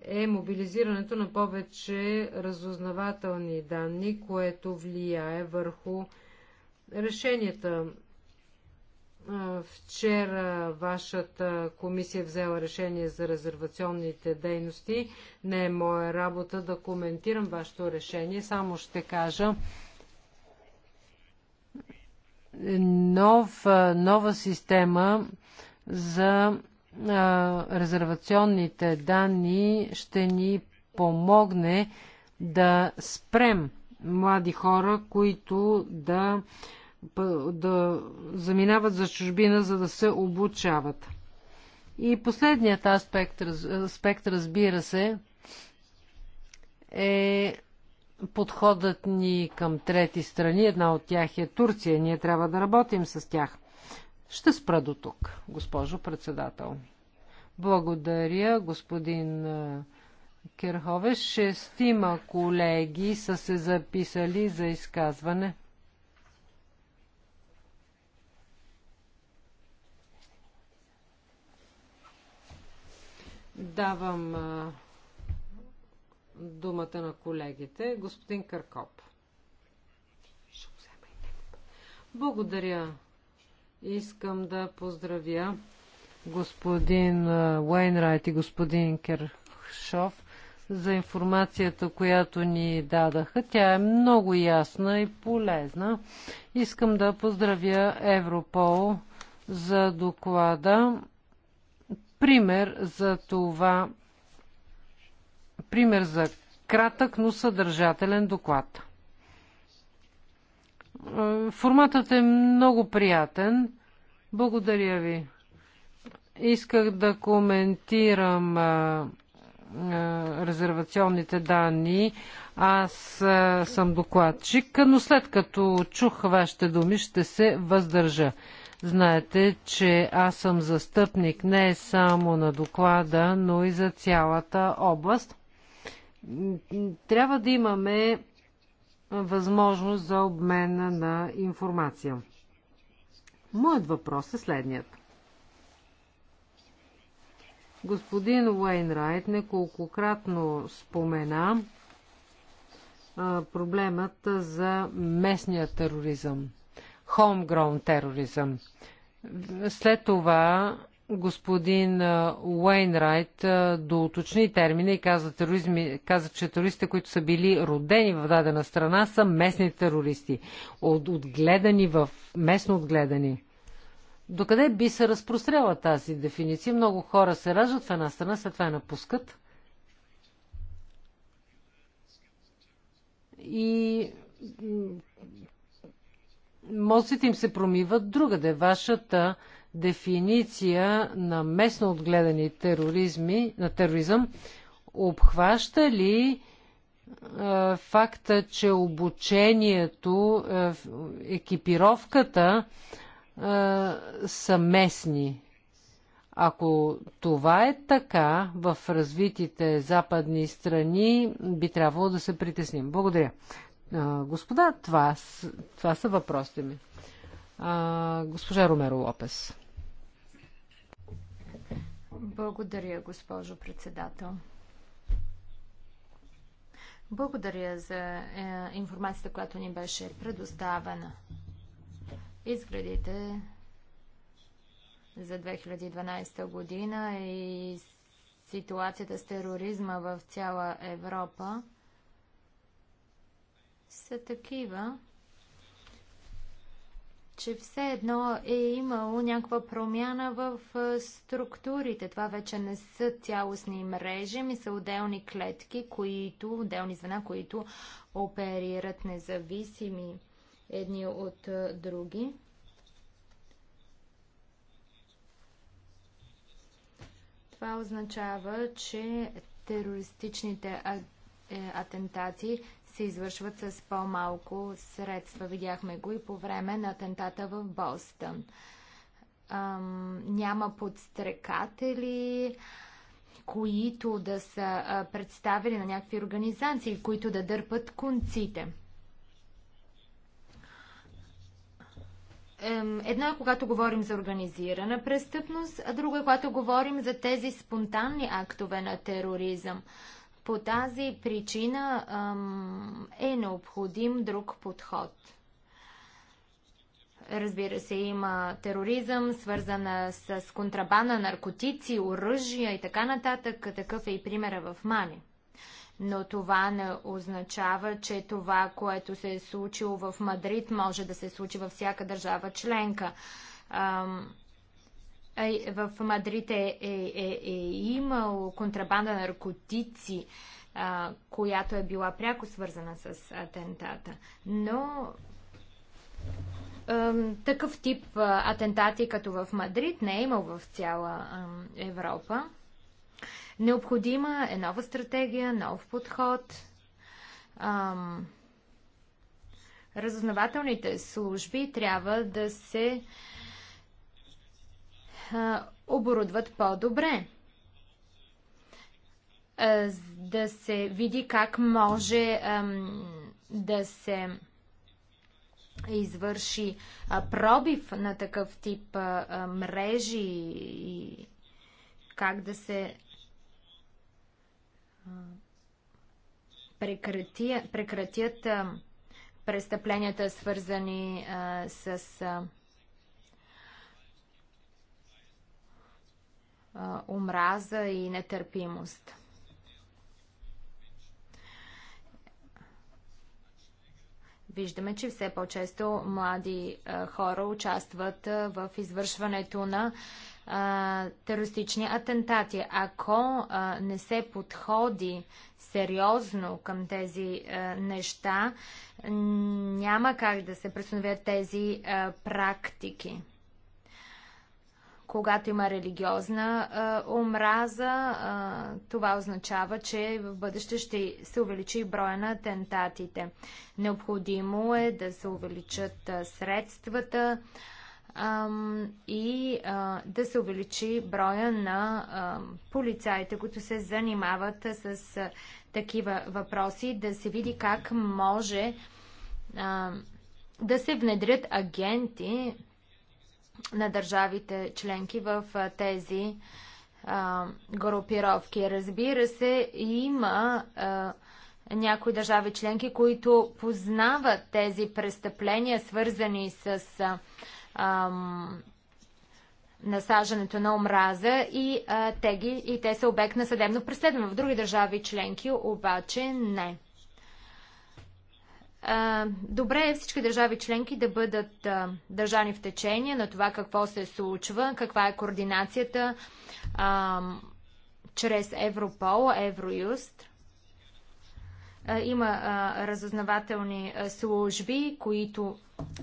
е мобилизирането на повече разузнавателни данни, което влияе върху решенията. Вчера вашата комисия взела решение за резервационните дейности. Не е моя работа да коментирам вашето решение, само ще кажа, е нов, е, нова система за е, резервационните данни ще ни помогне да спрем млади хора, които да, да заминават за чужбина, за да се обучават. И последният аспект, аспект разбира се, е подходът ни към трети страни. Една от тях е Турция. Ние трябва да работим с тях. Ще спра до тук, госпожо председател. Благодаря, господин Керхове. Шестима колеги са се записали за изказване. Давам думата на колегите. Господин Къркоп. Благодаря. Искам да поздравя господин Уейнрайт и господин Кершов за информацията, която ни дадаха. Тя е много ясна и полезна. Искам да поздравя Европол за доклада. Пример за това пример за кратък, но съдържателен доклад. Е, форматът е много приятен. Благодаря ви. Исках да коментирам а, е, а, е, резервационните данни. Аз а, съм докладчик, но след като чух вашите думи, ще се въздържа. Знаете, че аз съм застъпник не само на доклада, но и за цялата област трябва да имаме възможност за обмена на информация. Моят въпрос е следният. Господин Уейнрайт неколкократно спомена а, проблемът за местния тероризъм, homegrown тероризъм. След това господин Уейнрайт уточни термина и каза, тероризми, каза, че терористите, които са били родени в дадена страна, са местни терористи, от, отгледани в местно отгледани. Докъде би се разпростряла тази дефиниция? Много хора се раждат в една страна, след това я напускат. И мозъците им се промиват другаде. Вашата дефиниция на местно отгледани тероризми, на тероризъм обхваща ли е, факта, че обучението, е, екипировката е, са местни? Ако това е така в развитите западни страни, би трябвало да се притесним. Благодаря. Господа, това, това са въпросите ми. госпожа Ромеро Лопес. Благодаря, госпожо председател. Благодаря за е, информацията, която ни беше предоставена. Изградите за 2012 година и ситуацията с тероризма в цяла Европа са такива, че все едно е имало някаква промяна в структурите. Това вече не са цялостни мрежи, ми са отделни клетки, които, отделни звена, които оперират независими едни от други. Това означава, че терористичните е, атентати се извършват с по-малко средства. Видяхме го и по време на атентата в Бостън. Ам, няма подстрекатели, които да са а, представили на някакви организации, които да дърпат конците. Едно е когато говорим за организирана престъпност, а друго е когато говорим за тези спонтанни актове на тероризъм. По тази причина е необходим друг подход. Разбира се, има тероризъм, свързана с контрабанда, наркотици, оръжия и така нататък. Такъв е и примера в Мали. Но това не означава, че това, което се е случило в Мадрид, може да се случи във всяка държава членка. Ам, в Мадрид е, е, е, е имал контрабанда на наркотици, а, която е била пряко свързана с атентата. Но такъв тип атентати, като в Мадрид, не е имал в цяла Европа. Необходима е нова стратегия, нов подход. Разознавателните разузнавателните служби трябва да се оборудват по-добре. Да се види как може да се извърши пробив на такъв тип мрежи и как да се прекратят престъпленията, свързани с омраза и нетърпимост. Виждаме, че все по-често млади хора участват в извършването на терористични атентати. Ако не се подходи сериозно към тези неща, няма как да се пресновят тези практики. Когато има религиозна а, омраза, а, това означава, че в бъдеще ще се увеличи броя на атентатите. Необходимо е да се увеличат а, средствата а, и а, да се увеличи броя на а, полицаите, които се занимават с а, такива въпроси, да се види как може а, да се внедрят агенти, на държавите членки в тези а, групировки. Разбира се, има а, някои държави членки, които познават тези престъпления, свързани с а, насаждането на омраза и, а, теги, и те са обект на съдебно преследване. В други държави членки обаче не. Добре е всички държави членки да бъдат държани в течение на това какво се случва, каква е координацията а, чрез Европол, Евроюст. Има а, разузнавателни служби, които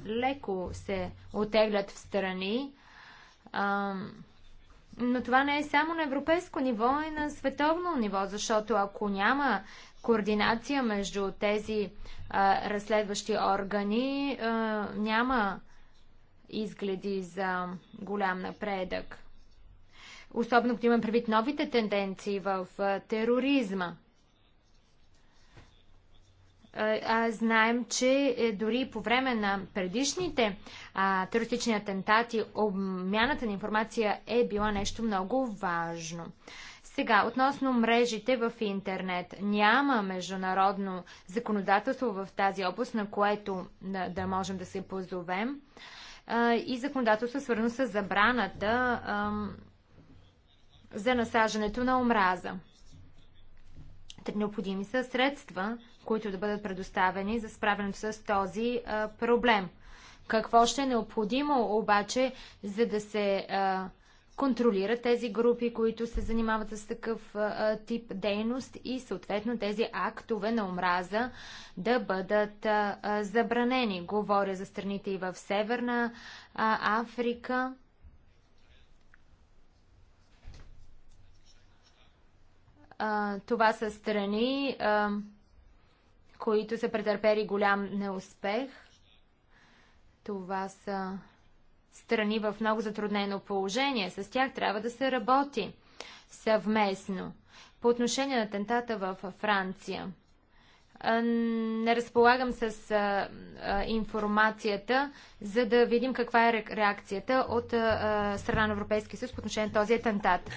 леко се отеглят в страни. А, но това не е само на европейско ниво, и на световно ниво, защото ако няма координация между тези а, разследващи органи а, няма изгледи за голям напредък. Особено като имам предвид новите тенденции в а, тероризма. А, знаем, че е, дори по време на предишните а, терористични атентати обмяната на информация е била нещо много важно. Сега, относно мрежите в интернет. Няма международно законодателство в тази област, на което да, да можем да се позовем. и законодателство свързано с забраната за насаждането на омраза. необходими са средства, които да бъдат предоставени за справянето с този проблем. Какво ще е необходимо обаче, за да се а, контролира тези групи, които се занимават с такъв а, тип дейност и съответно тези актове на омраза да бъдат а, забранени. Говоря за страните и в Северна а, Африка. това са страни, които са претърпели голям неуспех. Това са страни в много затруднено положение. С тях трябва да се работи съвместно. По отношение на тентата в Франция. Не разполагам с информацията, за да видим каква е реакцията от страна на Европейския съюз по отношение на този атентат.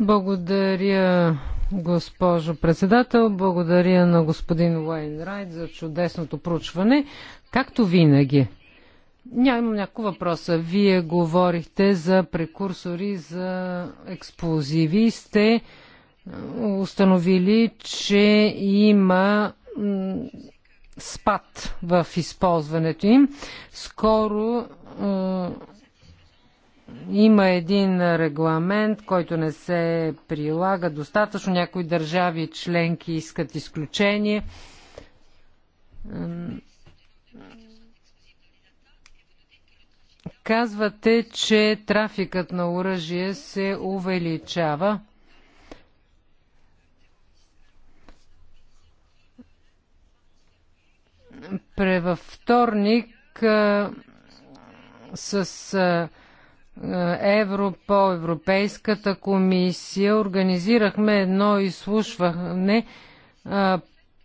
Благодаря, госпожо председател. Благодаря на господин Уайнрайт за чудесното проучване, както винаги. Нямам някакво въпроса. Вие говорихте за прекурсори, за експлозиви. Сте е, установили, че има спад в използването им. Скоро е, има един регламент, който не се прилага достатъчно. Някои държави членки искат изключение. Казвате, че трафикът на оръжие се увеличава. Във вторник с Европо, Европейската комисия организирахме едно изслушване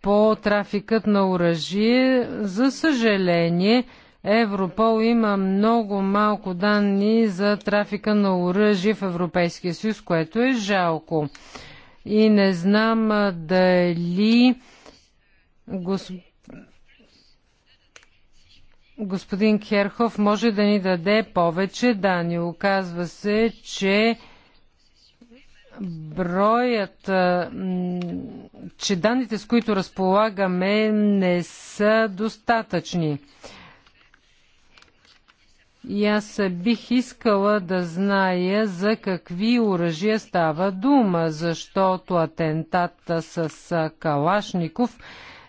по трафикът на оръжие. За съжаление, Европол има много малко данни за трафика на оръжие в Европейския съюз, което е жалко. И не знам дали господин Керхов може да ни даде повече данни. Оказва се, че броят, че данните, с които разполагаме, не са достатъчни. И аз бих искала да зная за какви оръжия става дума, защото атентата с Калашников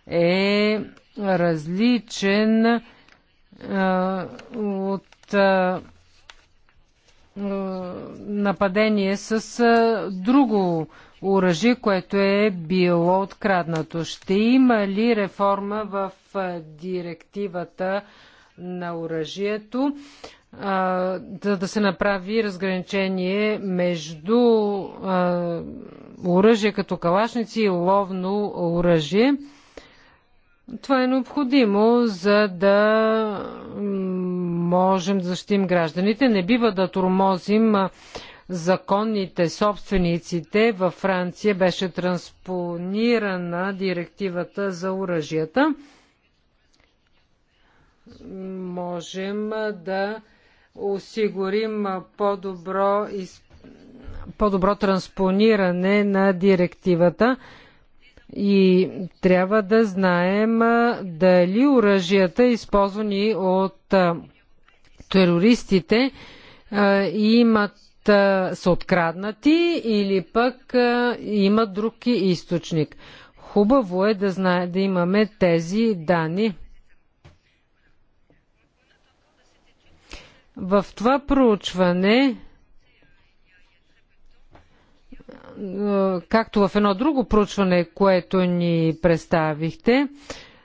е различен а, от а, нападение с а, друго оръжие, което е било откраднато. Ще има ли реформа в директивата на оръжието, да, да се направи разграничение между оръжие като калашници и ловно оръжие. Това е необходимо, за да можем да защитим гражданите. Не бива да тормозим законните собствениците. Във Франция беше транспонирана директивата за оръжията можем да осигурим по-добро, по-добро транспониране на директивата и трябва да знаем дали оръжията, използвани от терористите, имат са откраднати или пък имат друг източник. Хубаво е да, знае, да имаме тези данни. В това проучване, е, както в едно друго проучване, което ни представихте,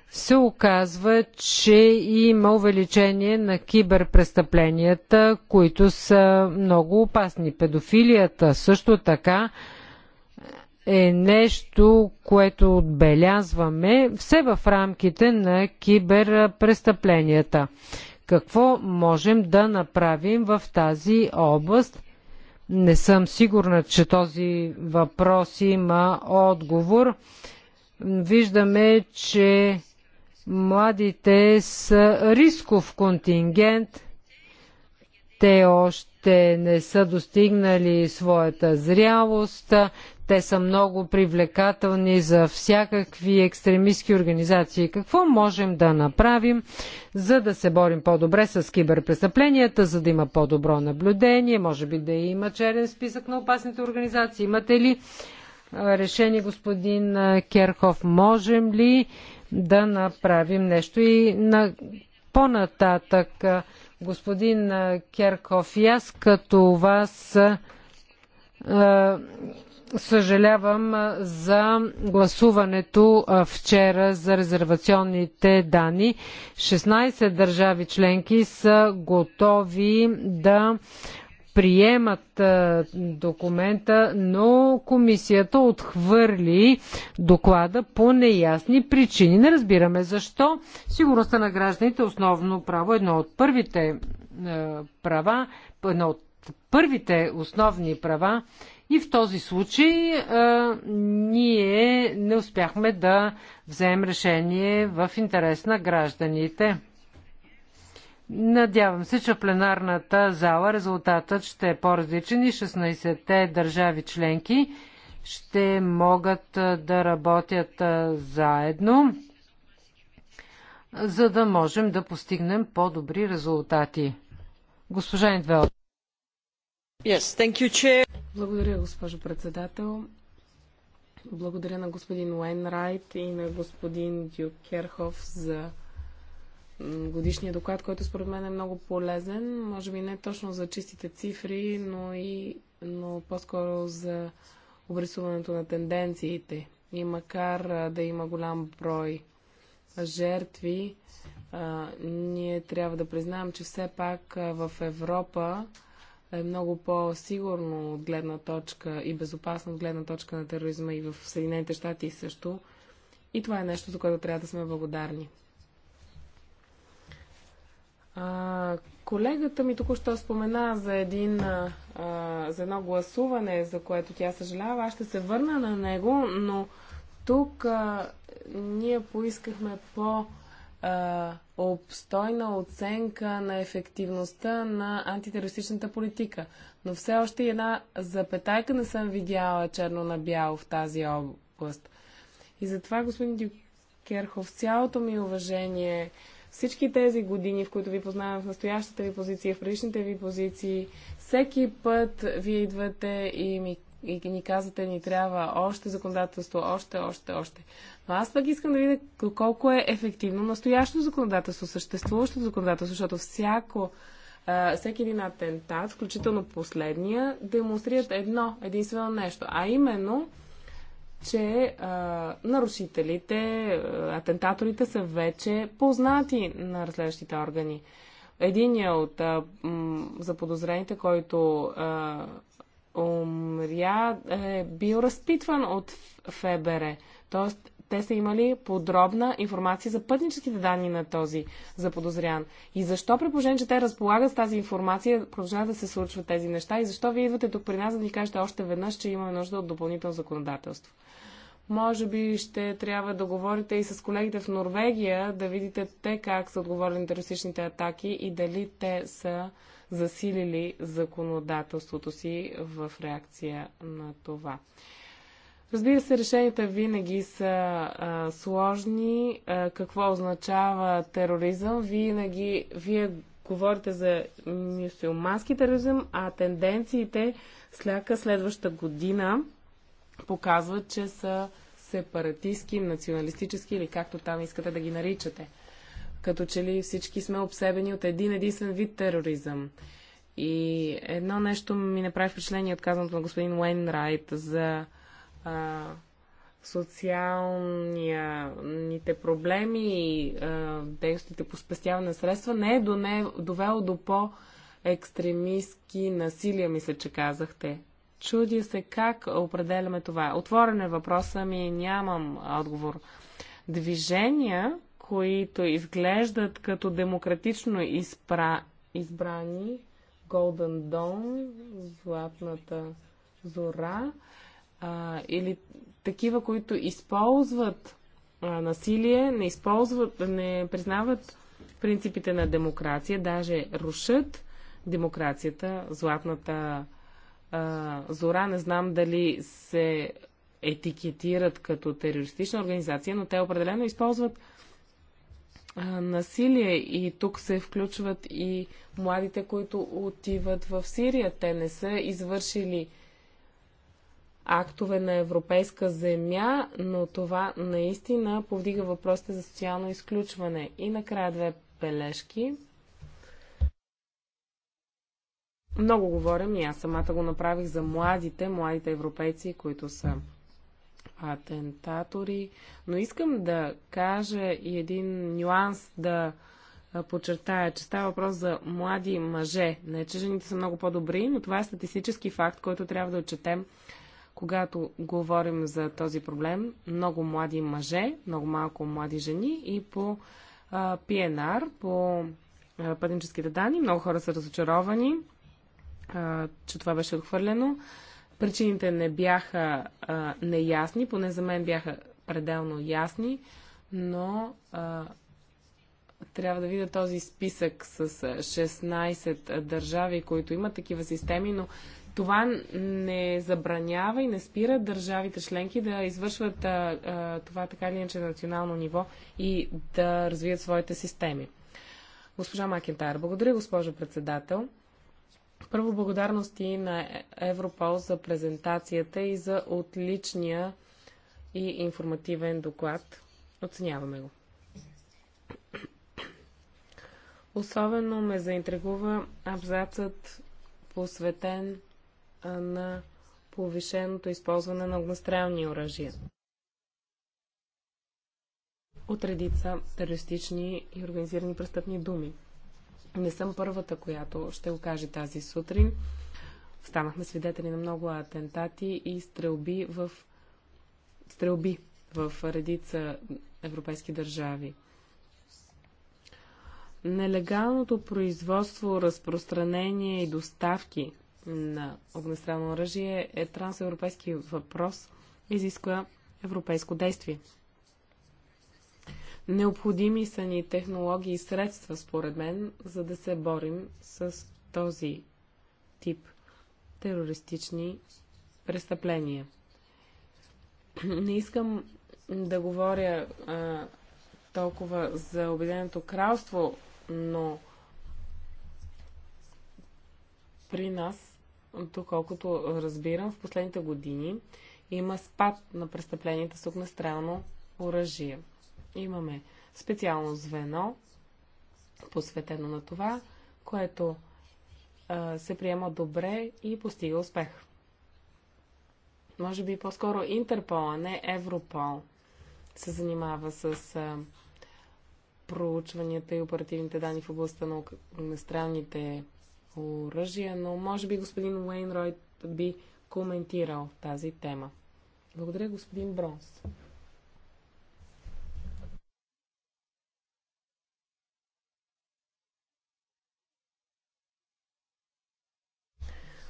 се оказва, че има увеличение на киберпрестъпленията, които са много опасни. Педофилията също така е нещо, което отбелязваме все в рамките на киберпрестъпленията. Какво можем да направим в тази област? Не съм сигурна, че този въпрос има отговор. Виждаме, че младите са рисков контингент. Те още не са достигнали своята зрялост. Те са много привлекателни за всякакви екстремистски организации. Какво можем да направим, за да се борим по-добре с киберпрестъпленията, за да има по-добро наблюдение, може би да има черен списък на опасните организации? Имате ли решение, господин Керхов? Можем ли да направим нещо и на по-нататък, господин Керков и аз като вас съжалявам за гласуването вчера за резервационните данни. 16 държави членки са готови да приемат документа, но комисията отхвърли доклада по неясни причини. Не разбираме защо. Сигурността на гражданите е основно право. Едно от първите права, едно от първите основни права и в този случай а, ние не успяхме да вземем решение в интерес на гражданите. Надявам се, че в пленарната зала резултатът ще е по-различен и 16-те държави членки ще могат да работят заедно, за да можем да постигнем по-добри резултати. Госпожа Индвел. Yes, thank you, chair. Благодаря, госпожо председател. Благодаря на господин Уенрайт и на господин Дюк Керхов за годишния доклад, който според мен е много полезен. Може би не точно за чистите цифри, но, и, но по-скоро за обрисуването на тенденциите. И макар да има голям брой жертви, а, ние трябва да признаем, че все пак в Европа е много по-сигурно от гледна точка и безопасно от гледна точка на тероризма и в Съединените щати също. И това е нещо, за което трябва да сме благодарни. А, колегата ми току-що спомена за, един, а, за едно гласуване, за което тя съжалява. Аз ще се върна на него, но тук а, ние поискахме по- а, обстойна оценка на ефективността на антитерористичната политика. Но все още една запетайка не съм видяла черно на бяло в тази област. И затова, господин Дюкерхов, цялото ми уважение, всички тези години, в които ви познавам в настоящата ви позиция, в предишните ви позиции, всеки път вие идвате и ми и ни казвате, ни трябва още законодателство, още, още, още. Но аз пък искам да видя колко е ефективно настоящо законодателство, съществуващо законодателство, защото всяко, всеки един атентат, включително последния, демонстрират едно, единствено нещо, а именно, че а, нарушителите, атентаторите са вече познати на разследващите органи. Единият от а, м, заподозрените, който а, умря, е бил разпитван от ФБР. Тоест, те са имали подробна информация за пътническите данни на този заподозрян. И защо при положение, че те разполагат с тази информация, продължават да се случват тези неща и защо вие идвате тук при нас да ни кажете още веднъж, че имаме нужда от допълнително законодателство? Може би ще трябва да говорите и с колегите в Норвегия, да видите те как са отговорили на терористичните атаки и дали те са засилили законодателството си в реакция на това. Разбира се, решенията винаги са а, сложни. А, какво означава тероризъм? Винаги, вие говорите за мюсюлмански тероризъм, а тенденциите сляка следваща година показват, че са сепаратистски, националистически или както там искате да ги наричате като че ли всички сме обсебени от един единствен вид тероризъм. И едно нещо ми направи впечатление от казаното на господин Уейн Райт за а, социалните проблеми и дейностите по спестяване на средства не е до не, довело до по екстремистки насилия, мисля, че казахте. Чудя се как определяме това. Отворен е въпроса ми, нямам отговор. Движения които изглеждат като демократично изпра... избрани, Golden Dawn, Златната зора, а, или такива, които използват а, насилие, не, използват, не признават принципите на демокрация, даже рушат демокрацията, Златната а, зора. Не знам дали се етикетират като терористична организация, но те определено използват насилие и тук се включват и младите, които отиват в Сирия. Те не са извършили актове на европейска земя, но това наистина повдига въпросите за социално изключване. И накрая две бележки. Много говорим и аз самата го направих за младите, младите европейци, които са атентатори. Но искам да кажа и един нюанс да подчертая, че става въпрос за млади мъже. Не, че жените са много по-добри, но това е статистически факт, който трябва да отчетем, когато говорим за този проблем. Много млади мъже, много малко млади жени и по ПНР, PNR, по пътническите данни, много хора са разочаровани, че това беше отхвърлено. Причините не бяха а, неясни, поне за мен бяха пределно ясни, но а, трябва да видя този списък с 16 държави, които имат такива системи, но това не забранява и не спира държавите членки да извършват а, а, това така или иначе национално ниво и да развият своите системи. Госпожа Макентар, благодаря, госпожо председател. Първо благодарности на Европол за презентацията и за отличния и информативен доклад. Оценяваме го. Особено ме заинтригува абзацът посветен на повишеното използване на огнестрелни оръжия от редица терористични и организирани престъпни думи. Не съм първата, която ще го каже тази сутрин. Станахме свидетели на много атентати и стрелби в стрелби в редица европейски държави. Нелегалното производство, разпространение и доставки на огнестрелно оръжие е трансевропейски въпрос, изисква европейско действие. Необходими са ни технологии и средства, според мен, за да се борим с този тип терористични престъпления. [clears throat] Не искам да говоря а, толкова за Обединеното кралство, но при нас, доколкото разбирам, в последните години има спад на престъпленията с огнестрелно оръжие. Имаме специално звено, посветено на това, което а, се приема добре и постига успех. Може би по-скоро Интерпол, а не Европол се занимава с а, проучванията и оперативните данни в областта на огнестрелните оръжия, но може би господин Уейнройт би коментирал тази тема. Благодаря, господин Бронс.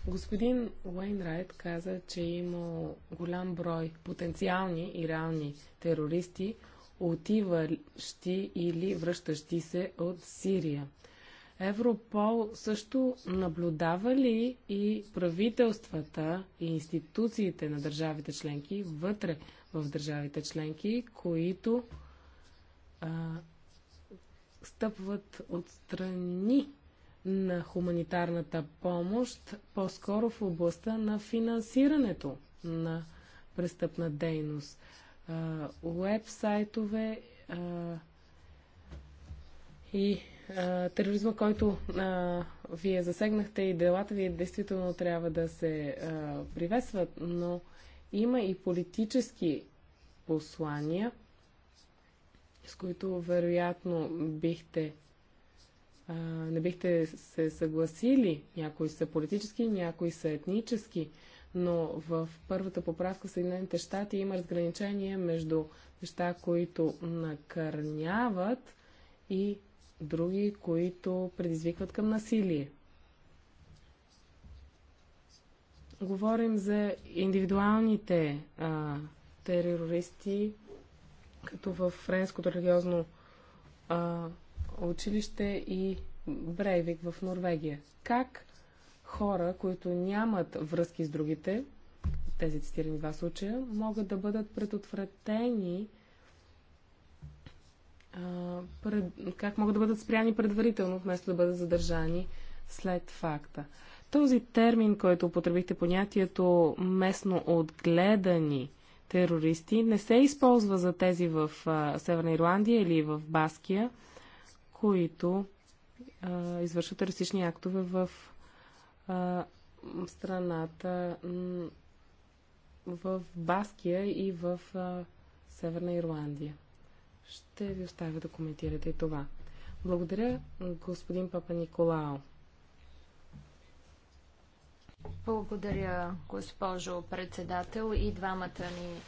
Господин Уейнрайт каза, че е имал голям брой потенциални и реални терористи, отиващи или връщащи се от Сирия. Европол също наблюдава ли и правителствата и институциите на държавите членки вътре в държавите членки, които а, стъпват отстрани на хуманитарната помощ, по-скоро в областта на финансирането на престъпна дейност. Уебсайтове и тероризма, който а, вие засегнахте и делата ви действително трябва да се а, приветстват, но има и политически послания, с които вероятно бихте не бихте се съгласили. Някои са политически, някои са етнически. Но в първата поправка в Съединените щати има разграничение между неща, които накърняват и други, които предизвикват към насилие. Говорим за индивидуалните а, терористи, като в френското религиозно а, училище и Брейвик в Норвегия. Как хора, които нямат връзки с другите, тези цитирани два случая, могат да бъдат предотвратени а, пред, как могат да бъдат спряни предварително, вместо да бъдат задържани след факта. Този термин, който употребихте понятието местно отгледани терористи, не се използва за тези в а, Северна Ирландия или в Баския – които а, извършват терористични актове в а, страната в Баския и в а, Северна Ирландия. Ще ви оставя да коментирате и това. Благодаря, господин Папа Николао. Благодаря, госпожо председател. И двамата ни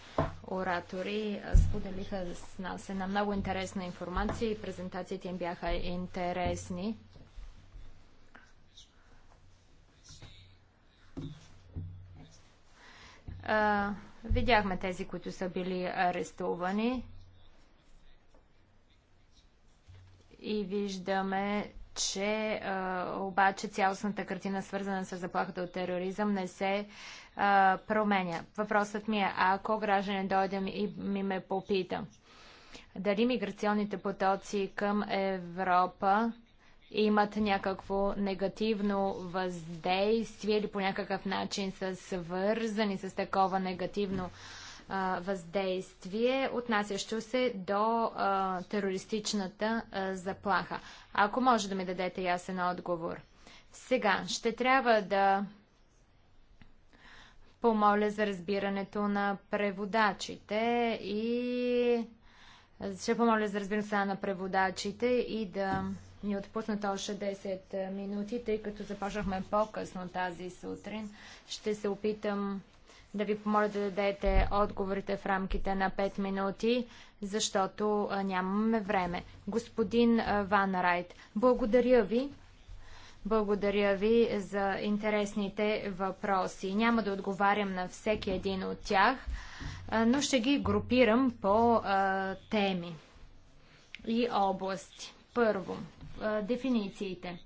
оратори споделиха с нас една много интересна информация и презентациите им бяха интересни. видяхме тези, които са били арестувани и виждаме че а, обаче цялостната картина, свързана с заплахата от тероризъм, не се а, променя. Въпросът ми е, ако граждане дойде и ми ме попита, дали миграционните потоци към Европа имат някакво негативно въздействие или по някакъв начин са свързани с такова негативно въздействие, въздействие, отнасящо се до терористичната заплаха. Ако може да ми дадете ясен отговор. Сега ще трябва да помоля за разбирането на преводачите и ще помоля за разбирането на преводачите и да ни отпуснат още 10 минути, тъй като започнахме по-късно тази сутрин. Ще се опитам да ви помоля да дадете отговорите в рамките на 5 минути, защото нямаме време. Господин Ван Райт, благодаря ви. Благодаря ви за интересните въпроси. Няма да отговарям на всеки един от тях, но ще ги групирам по теми и области. Първо, дефинициите.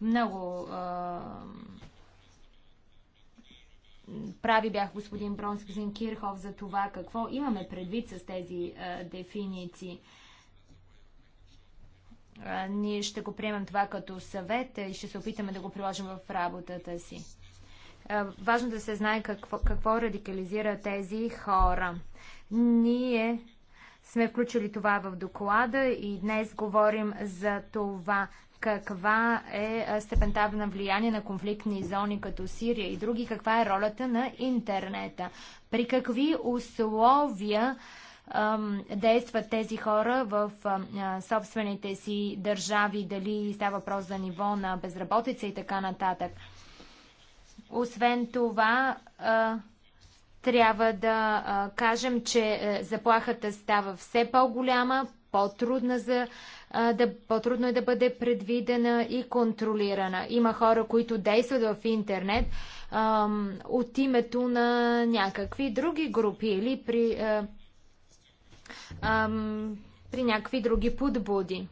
Много прави бях господин Бронски Зенкирхов за това какво имаме предвид с тези а, дефиниции. А, ние ще го приемем това като съвет и ще се опитаме да го приложим в работата си. А, важно да се знае какво, какво радикализира тези хора. Ние сме включили това в доклада и днес говорим за това каква е степента на влияние на конфликтни зони като Сирия и други, каква е ролята на интернета, при какви условия действат тези хора в собствените си държави, дали става въпрос за ниво на безработица и така нататък. Освен това, трябва да кажем, че е, заплахата става все по-голяма, по-трудна за да, по-трудно е да бъде предвидена и контролирана. Има хора, които действат в интернет а, от името на някакви други групи или при, а, а, при някакви други подбуди.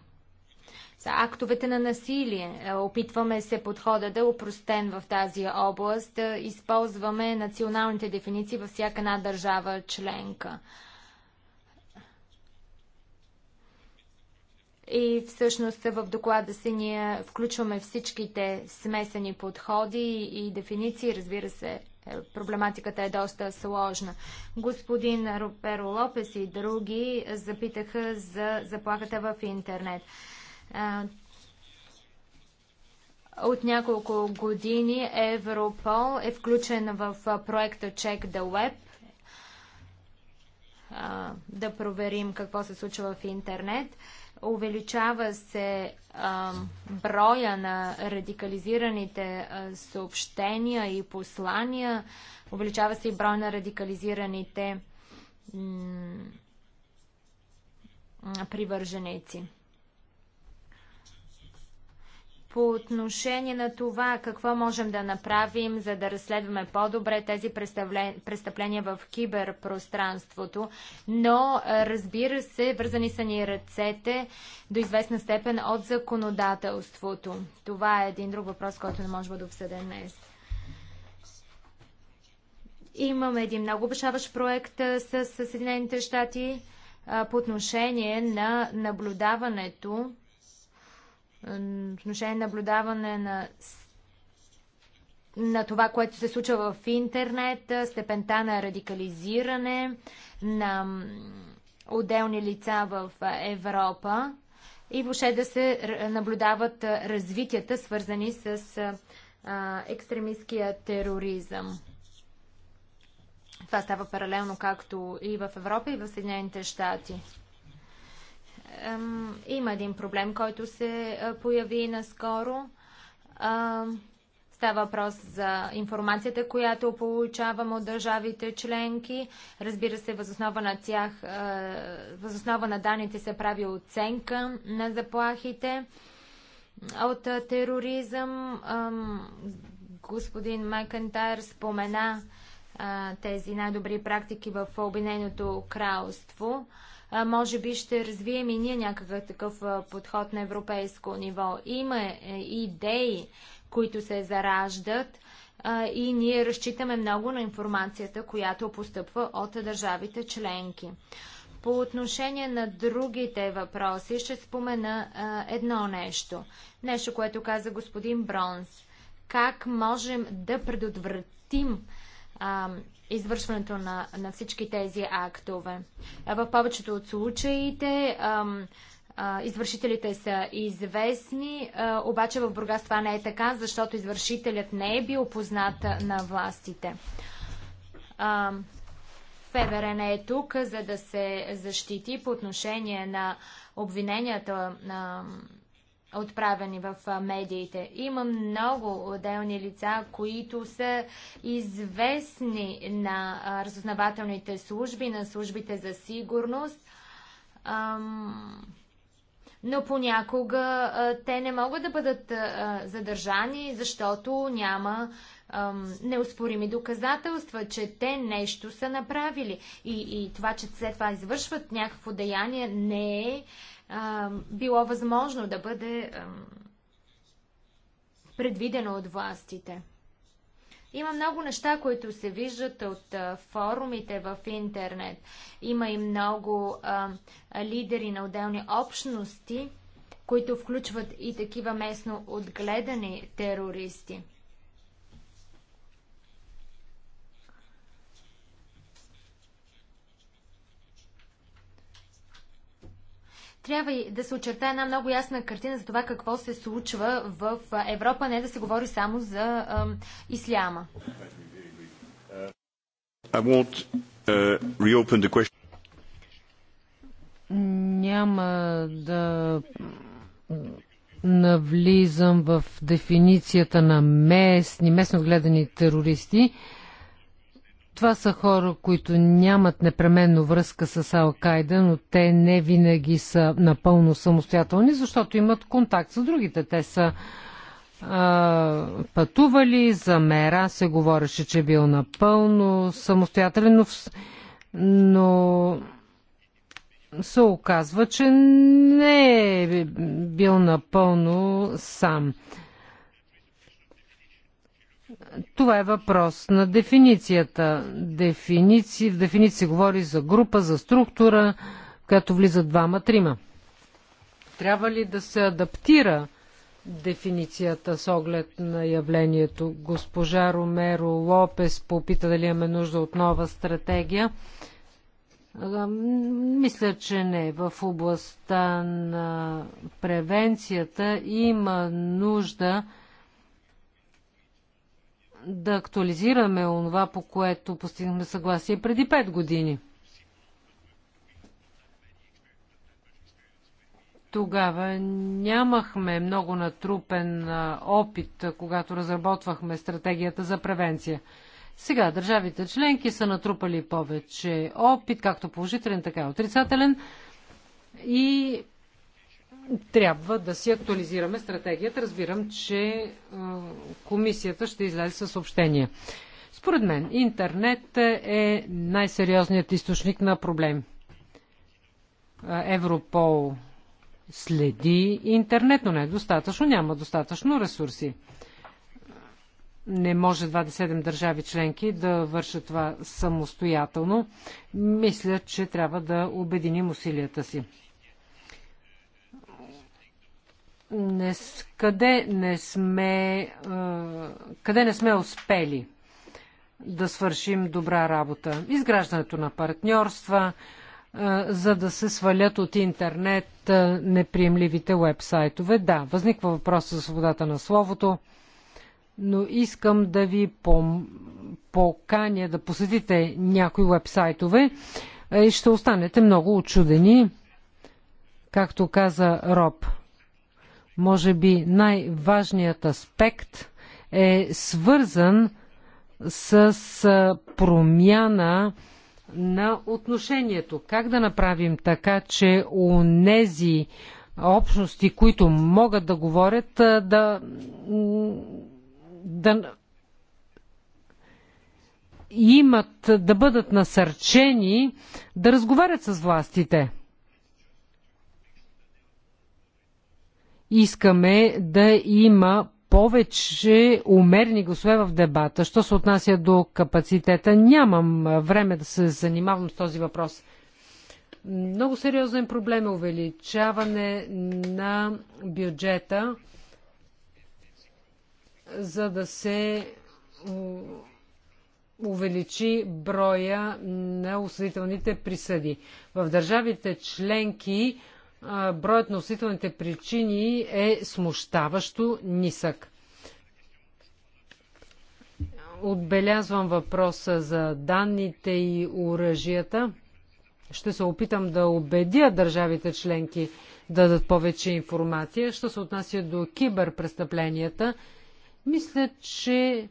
За актовете на насилие е, опитваме се подхода да упростен в тази област. Използваме националните дефиниции във всяка една държава членка. И всъщност в доклада си ние включваме всичките смесени подходи и дефиниции. Разбира се, е, проблематиката е доста сложна. Господин Роперо Лопес и други запитаха за заплахата в интернет. От няколко години Европол е включен в проекта Check the Web. Да проверим какво се случва в интернет. Увеличава се а, броя на радикализираните а, съобщения и послания. Увеличава се и броя на радикализираните привърженици по отношение на това какво можем да направим, за да разследваме по-добре тези престъпления в киберпространството, но разбира се, вързани са ни ръцете до известна степен от законодателството. Това е един друг въпрос, който не може да бъде обсъден днес. Имаме един много обещаващ проект с Съединените щати по отношение на наблюдаването отношение наблюдаване на на това, което се случва в интернет, степента на радикализиране на отделни лица в Европа и въобще да се наблюдават развитията, свързани с екстремистския тероризъм. Това става паралелно както и в Европа, и в Съединените щати има един проблем, който се появи наскоро. Става въпрос за информацията, която получавам от държавите членки. Разбира се, възоснова на тях, възоснова на данните се прави оценка на заплахите от тероризъм. Господин Макентайр спомена тези най-добри практики в Обединеното кралство а, може би ще развием и ние някакъв такъв подход на европейско ниво. Има е, идеи, които се зараждат а, и ние разчитаме много на информацията, която постъпва от държавите членки. По отношение на другите въпроси ще спомена а, едно нещо. Нещо, което каза господин Бронс. Как можем да предотвратим извършването на, на всички тези актове. В повечето от случаите ам, а, извършителите са известни, а, обаче в Бургас това не е така, защото извършителят не е бил познат на властите. Ам, ФВР не е тук, за да се защити по отношение на обвиненията на отправени в медиите. Има много отделни лица, които са известни на разузнавателните служби, на службите за сигурност. Но понякога те не могат да бъдат задържани, защото няма неоспорими доказателства, че те нещо са направили. И, и това, че след това извършват някакво деяние, не е а, било възможно да бъде а, предвидено от властите. Има много неща, които се виждат от а, форумите в интернет. Има и много а, лидери на отделни общности, които включват и такива местно отгледани терористи. Трябва и да се очерта една много ясна картина за това какво се случва в Европа, не да се говори само за ам, исляма. Uh, Няма да навлизам в дефиницията на местни, местно гледани терористи. Това са хора, които нямат непременно връзка с Ал-Кайда, но те не винаги са напълно самостоятелни, защото имат контакт с другите. Те са а, пътували, за Мера се говореше, че е бил напълно самостоятелен, но, но се оказва, че не е бил напълно сам. Това е въпрос на дефиницията. Дефиници, в дефиниция говори за група, за структура, в която влизат двама-трима. Трябва ли да се адаптира дефиницията с оглед на явлението? Госпожа Ромеро Лопес попита дали имаме нужда от нова стратегия. Мисля, че не. В областта на превенцията има нужда да актуализираме онова, по което постигнахме съгласие преди 5 години. Тогава нямахме много натрупен опит, когато разработвахме стратегията за превенция. Сега държавите членки са натрупали повече опит, както положителен, така и отрицателен. И трябва да си актуализираме стратегията. Разбирам, че комисията ще излезе със съобщение. Според мен, интернет е най-сериозният източник на проблем. Европол следи интернет, но не е достатъчно, няма достатъчно ресурси. Не може 27 държави членки да вършат това самостоятелно. Мисля, че трябва да обединим усилията си не, къде, не сме, къде не сме успели да свършим добра работа. Изграждането на партньорства, за да се свалят от интернет неприемливите вебсайтове. Да, възниква въпроса за свободата на словото, но искам да ви поканя да посетите някои вебсайтове и ще останете много очудени, както каза Роб може би най-важният аспект е свързан с промяна на отношението. Как да направим така, че у нези общности, които могат да говорят, да, да имат, да бъдат насърчени да разговарят с властите. искаме да има повече умерни гласове в дебата. Що се отнася до капацитета, нямам време да се занимавам с този въпрос. Много сериозен проблем е увеличаване на бюджета, за да се увеличи броя на осъдителните присъди. В държавите членки броят на осветителните причини е смущаващо нисък. Отбелязвам въпроса за данните и оръжията. Ще се опитам да убедя държавите членки да дадат повече информация. Що се отнася до киберпрестъпленията, мисля, че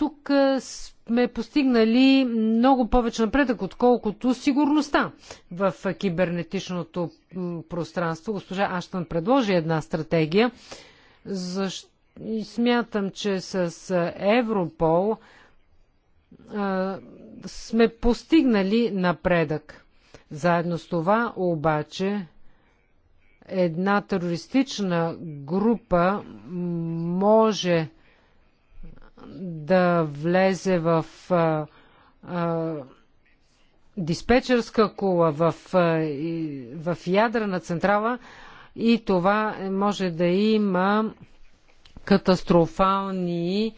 тук сме постигнали много повече напредък, отколкото сигурността в кибернетичното пространство. Госпожа Аштан предложи една стратегия. И смятам, че с Европол сме постигнали напредък. Заедно с това обаче една терористична група може да влезе в а, а, диспетчерска кула, в, а, и, в на централа и това може да има катастрофални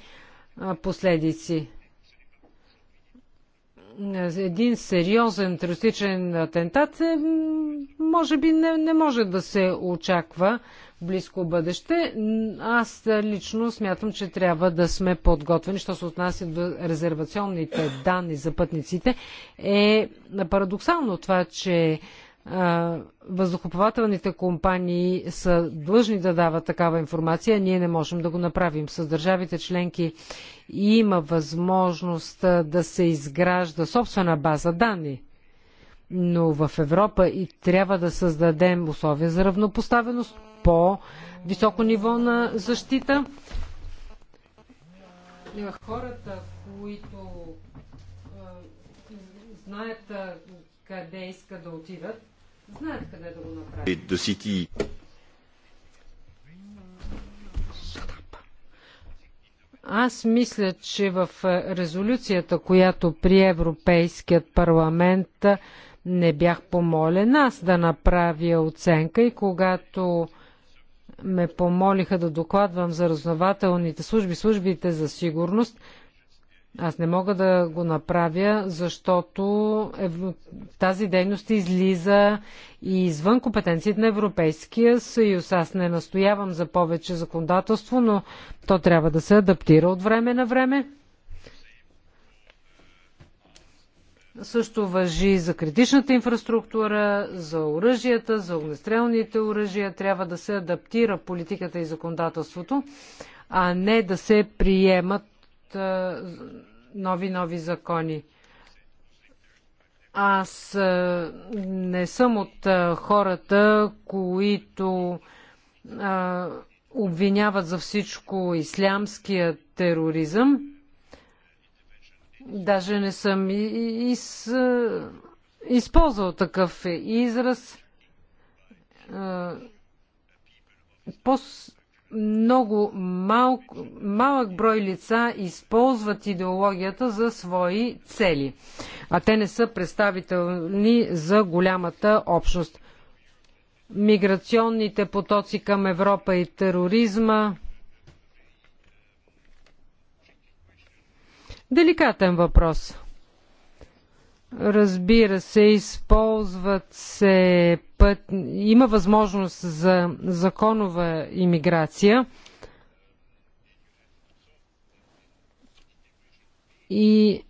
а, последици. Един сериозен терористичен атентат е, може би не, не може да се очаква близко бъдеще. Аз лично смятам, че трябва да сме подготвени, що се отнася до резервационните данни за пътниците. Е парадоксално това, че въздухоплавателните компании са длъжни да дават такава информация, ние не можем да го направим. С държавите членки има възможност да се изгражда собствена база данни но в Европа и трябва да създадем условия за равнопоставеност, по-високо ниво на защита. Хората, които е, знаят къде искат да отидат, знаят къде да го направят. Е, Аз мисля, че в резолюцията, която прие Европейският парламент, не бях помолен аз да направя оценка и когато ме помолиха да докладвам за разнователните служби, службите за сигурност, аз не мога да го направя, защото е тази дейност излиза и извън компетенциите на Европейския съюз. Аз не настоявам за повече законодателство, но то трябва да се адаптира от време на време. Също въжи за критичната инфраструктура, за оръжията, за огнестрелните оръжия. Трябва да се адаптира политиката и законодателството, а не да се приемат нови-нови закони. Аз не съм от хората, които обвиняват за всичко ислямския тероризъм. Даже не съм и използвал такъв израз. По много мал, малък брой лица използват идеологията за свои цели, а те не са представителни за голямата общност. Миграционните потоци към Европа и тероризма – деликатен въпрос. Разбира се, използват се път, има възможност за законова имиграция. И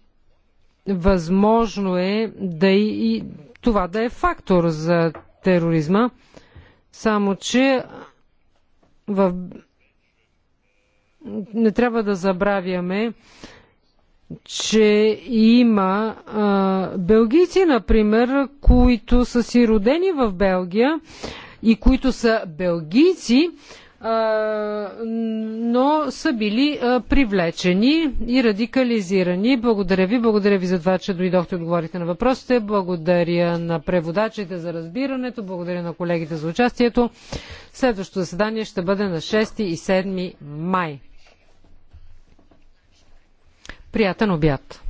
възможно е да и, и това да е фактор за тероризма, само че в... не трябва да забравяме, че има а, белгийци, например, които са си родени в Белгия и които са белгийци, а, но са били а, привлечени и радикализирани. Благодаря ви, благодаря ви за това, че дойдохте и отговорите на въпросите. Благодаря на преводачите за разбирането, благодаря на колегите за участието. Следващото заседание ще бъде на 6 и 7 май. Приятен обяд!